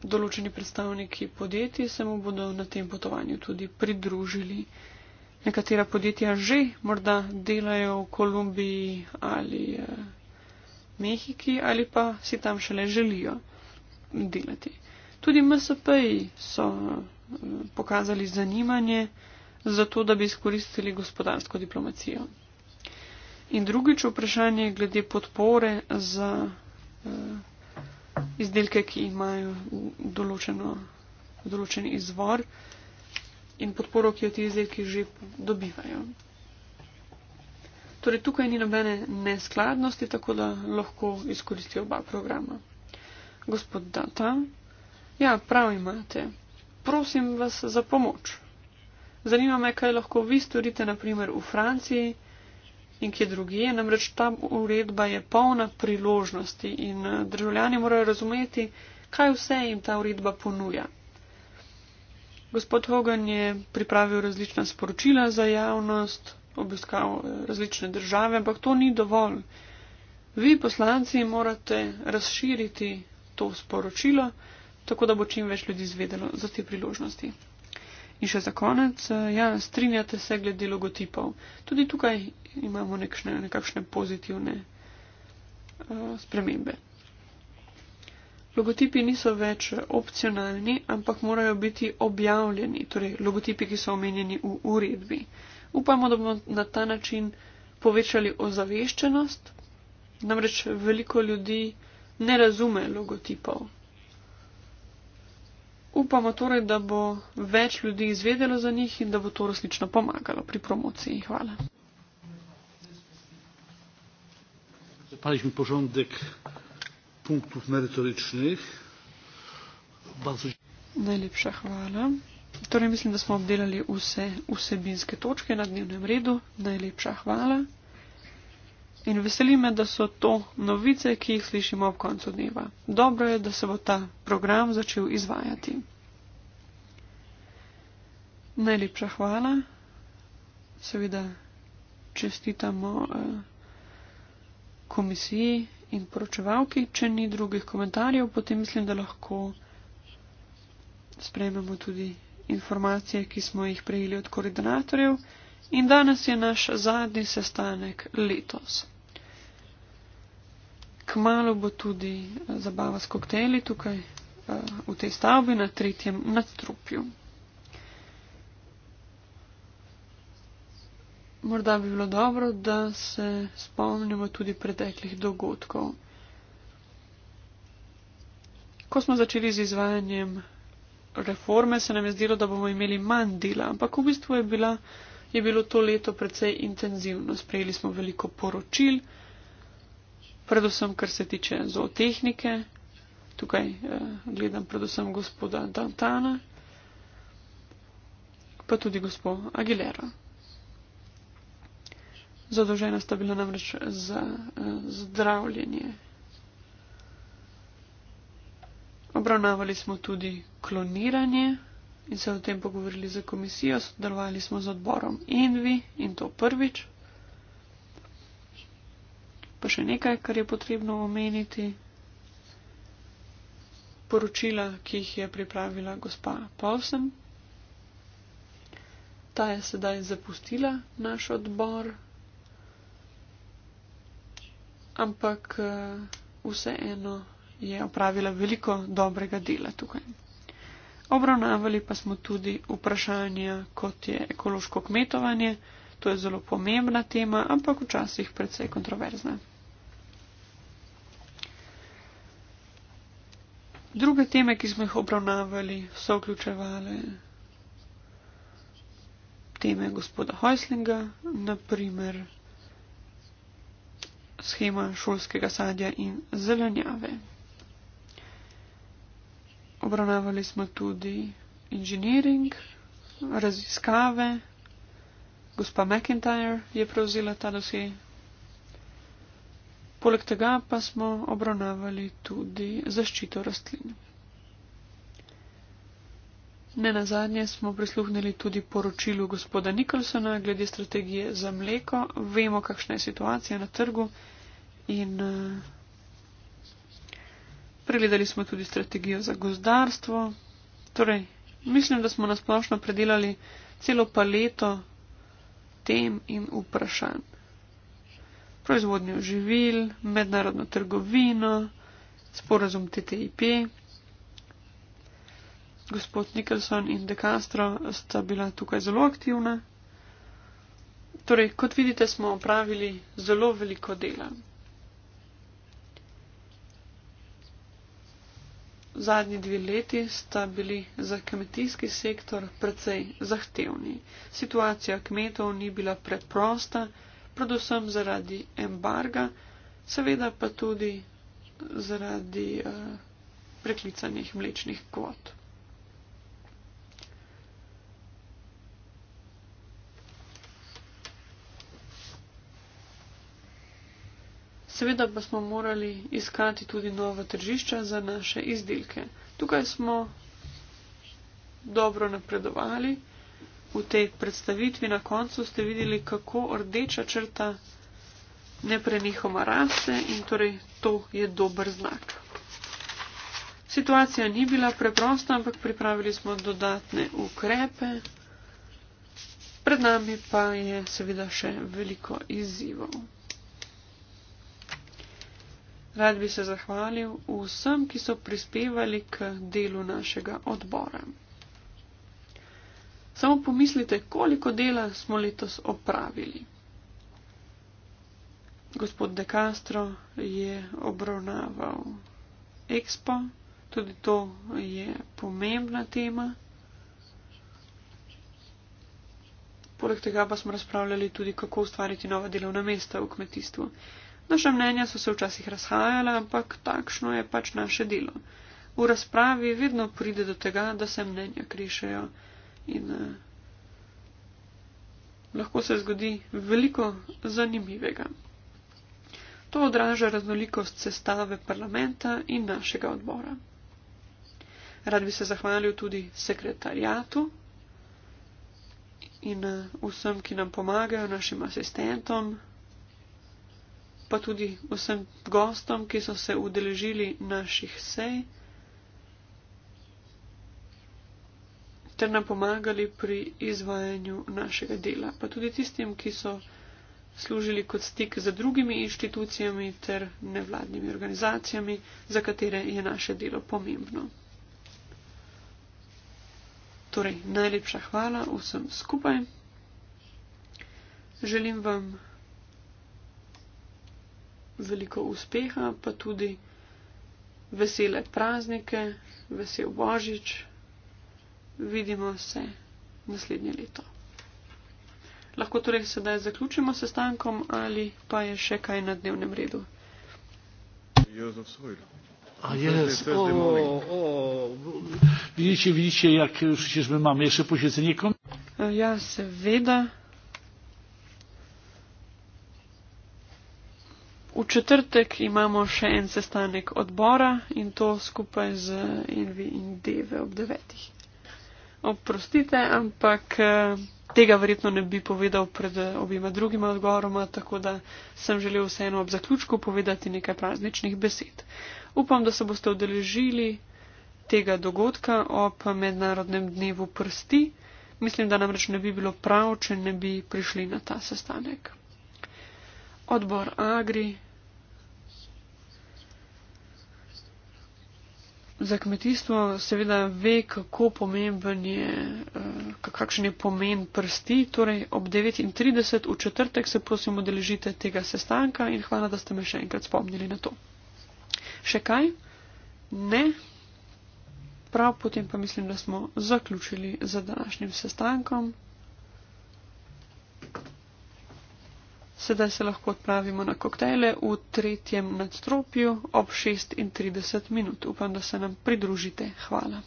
Določeni predstavniki podjetij se mu bodo na tem potovanju tudi pridružili. Nekatera podjetja že morda delajo v Kolumbiji ali. Eh, Mehiki ali pa si tam šele želijo delati. Tudi MSP-ji so eh, pokazali zanimanje za to, da bi izkoristili gospodarsko diplomacijo. In drugič vprašanje glede podpore za eh, izdelke, ki imajo določeno, določen izvor in podporo, ki jo ti izdelki že dobivajo. Torej, tukaj ni nobene neskladnosti, tako da lahko izkoristijo oba programa. Gospod Data, ja, prav imate. Prosim vas za pomoč. Zanima me, kaj lahko vi storite, naprimer v Franciji in kje drugje, namreč ta uredba je polna priložnosti in eh, državljani morajo razumeti, kaj vse jim ta uredba ponuja. Gospod Hogan je pripravil različna sporočila za javnost, obiskal eh, različne države, ampak to ni dovolj. Vi poslanci morate razširiti to sporočilo, tako da bo čim več ljudi izvedelo za te priložnosti. In še za konec, eh, ja, strinjate se glede logotipov. Tudi tukaj imamo nekšne, nekakšne pozitivne uh, spremembe. Logotipi niso več opcionalni, ampak morajo biti objavljeni, torej logotipi, ki so omenjeni v uredbi. Uh, Upamo, da bomo na ta način povečali ozaveščenost, namreč veliko ljudi ne razume logotipov. Upamo torej, da bo več ljudi izvedelo za njih in da bo to resnično pomagalo pri promociji. Hvala.
Zapališ mi porządek punktov meritoričnih. Bardzo...
Najlepša hvala. Torej, mislim, da smo obdelali vse vsebinske točke na dnevnem redu. Najlepša hvala. In veseli me, da so to novice, ki jih slišimo ob koncu dneva. Dobro je, da se bo ta program začel izvajati. Najlepša hvala. Seveda čestitamo eh, komisiji in poročevalki. Če ni drugih komentarjev, potem mislim, da lahko sprejmemo tudi informacije, ki smo jih prejeli od koordinatorjev in danes je naš zadnji sestanek letos. Kmalo bo tudi eh, zabava s kokteili tukaj eh, v tej stavbi na tretjem nadstropju. Morda bi bilo dobro, da se spomnimo tudi preteklih dogodkov. Ko smo začeli z izvajanjem reforme, se nam je zdelo, da bomo imeli manj dela, ampak v bistvu je, bila, je bilo to leto precej intenzivno. Sprejeli smo veliko poročil, predvsem kar se tiče zootehnike. Tukaj eh, gledam predvsem gospoda Dantana, pa tudi gospod Aguilera. Zadolžena sta bila namreč za eh, zdravljenje Obravnavali smo tudi kloniranje in se o tem pogovorili za komisijo, sodelovali smo z odborom Envi in to prvič. Pa še nekaj, kar je potrebno omeniti. Poročila, ki jih je pripravila gospa Paulsen. Ta je sedaj zapustila naš odbor, ampak eh, vseeno je opravila veliko dobrega dela tukaj. Obravnavali pa smo tudi vprašanja, kot je ekološko kmetovanje. To je zelo pomembna tema, ampak včasih predvsej kontroverzna. Druge teme, ki smo jih obravnavali, so vključevale teme gospoda Hojslinga, naprimer schema šolskega sadja in zelenjave obravnavali smo tudi inženiring, raziskave. Gospa McIntyre je prevzela ta dosje. Poleg tega pa smo obravnavali tudi zaščito rastlin. Ne na zadnje smo prisluhnili tudi poročilu gospoda Nikolsona glede strategije za mleko. Vemo, kakšna je situacija na trgu in uh, Pregledali smo tudi strategijo za gozdarstvo. Torej, mislim, da smo nasplošno predelali celo paleto tem in vprašanj. Proizvodnjo živil, mednarodno trgovino, sporazum TTIP. Gospod Nikolson in De Castro sta bila tukaj zelo aktivna. Torej, kot vidite, smo opravili zelo veliko dela. zadnji dve leti sta bili za kmetijski sektor precej zahtevni. Situacija kmetov ni bila preprosta, predvsem zaradi embarga, seveda pa tudi zaradi uh, preklicanih mlečnih kvot. Seveda pa smo morali iskati tudi nova tržišča za naše izdelke. Tukaj smo dobro napredovali. V tej predstavitvi na koncu ste videli, kako rdeča črta neprenehoma raste in torej to je dober znak. Situacija ni bila preprosta, ampak pripravili smo dodatne ukrepe. Pred nami pa je seveda še veliko izzivov. Rad bi se zahvalil vsem, ki so prispevali k delu našega odbora. Samo pomislite, koliko dela smo letos opravili. Gospod De Castro je obravnaval Expo, tudi to je pomembna tema. Poleg tega pa smo razpravljali tudi, kako ustvariti nova delovna mesta v kmetijstvu. Naša mnenja so se včasih razhajala, ampak takšno je pač naše delo. V razpravi vedno pride do tega, da se mnenja krišejo in eh, lahko se zgodi veliko zanimivega. To odraža raznolikost sestave parlamenta in našega odbora. Rad bi se zahvalil tudi sekretarijatu in eh, vsem, ki nam pomagajo, našim asistentom, pa tudi vsem gostom, ki so se udeležili naših sej ter nam pomagali pri izvajanju našega dela, pa tudi tistim, ki so služili kot stik za drugimi inštitucijami ter nevladnimi organizacijami, za katere je naše delo pomembno. Torej, najlepša hvala vsem skupaj. Želim vam veliko uspeha, pa tudi vesele praznike, vesel Božič. Vidimo se naslednje leto. Lahko torej sedaj zaključimo s sestankom ali pa je še kaj na dnevnem redu.
Jozef Sojl. A jaz, o, o, vidiš, vidiš, jak še smo imamo, jaz se počutim nekom.
Ja, seveda. V četrtek imamo še en sestanek odbora in to skupaj z Envi in Deve ob devetih. Oprostite, ampak eh, tega verjetno ne bi povedal pred eh, obima drugima odgovoroma, tako da sem želel vseeno ob zaključku povedati nekaj prazničnih besed. Upam, da se boste odeležili tega dogodka ob mednarodnem dnevu prsti. Mislim, da namreč ne bi bilo prav, če ne bi prišli na ta sestanek odbor Agri za kmetijstvo seveda ve, kako pomemben je, eh, kakšen je pomen prsti. Torej ob 39. v četrtek se prosim odeležite tega sestanka in hvala, da ste me še enkrat spomnili na to. Še kaj? Ne. Prav potem pa mislim, da smo zaključili z današnjim sestankom. Sedaj se lahko odpravimo na koktejle v tretjem nadstropju ob 6.30 minut. Upam, da se nam pridružite. Hvala.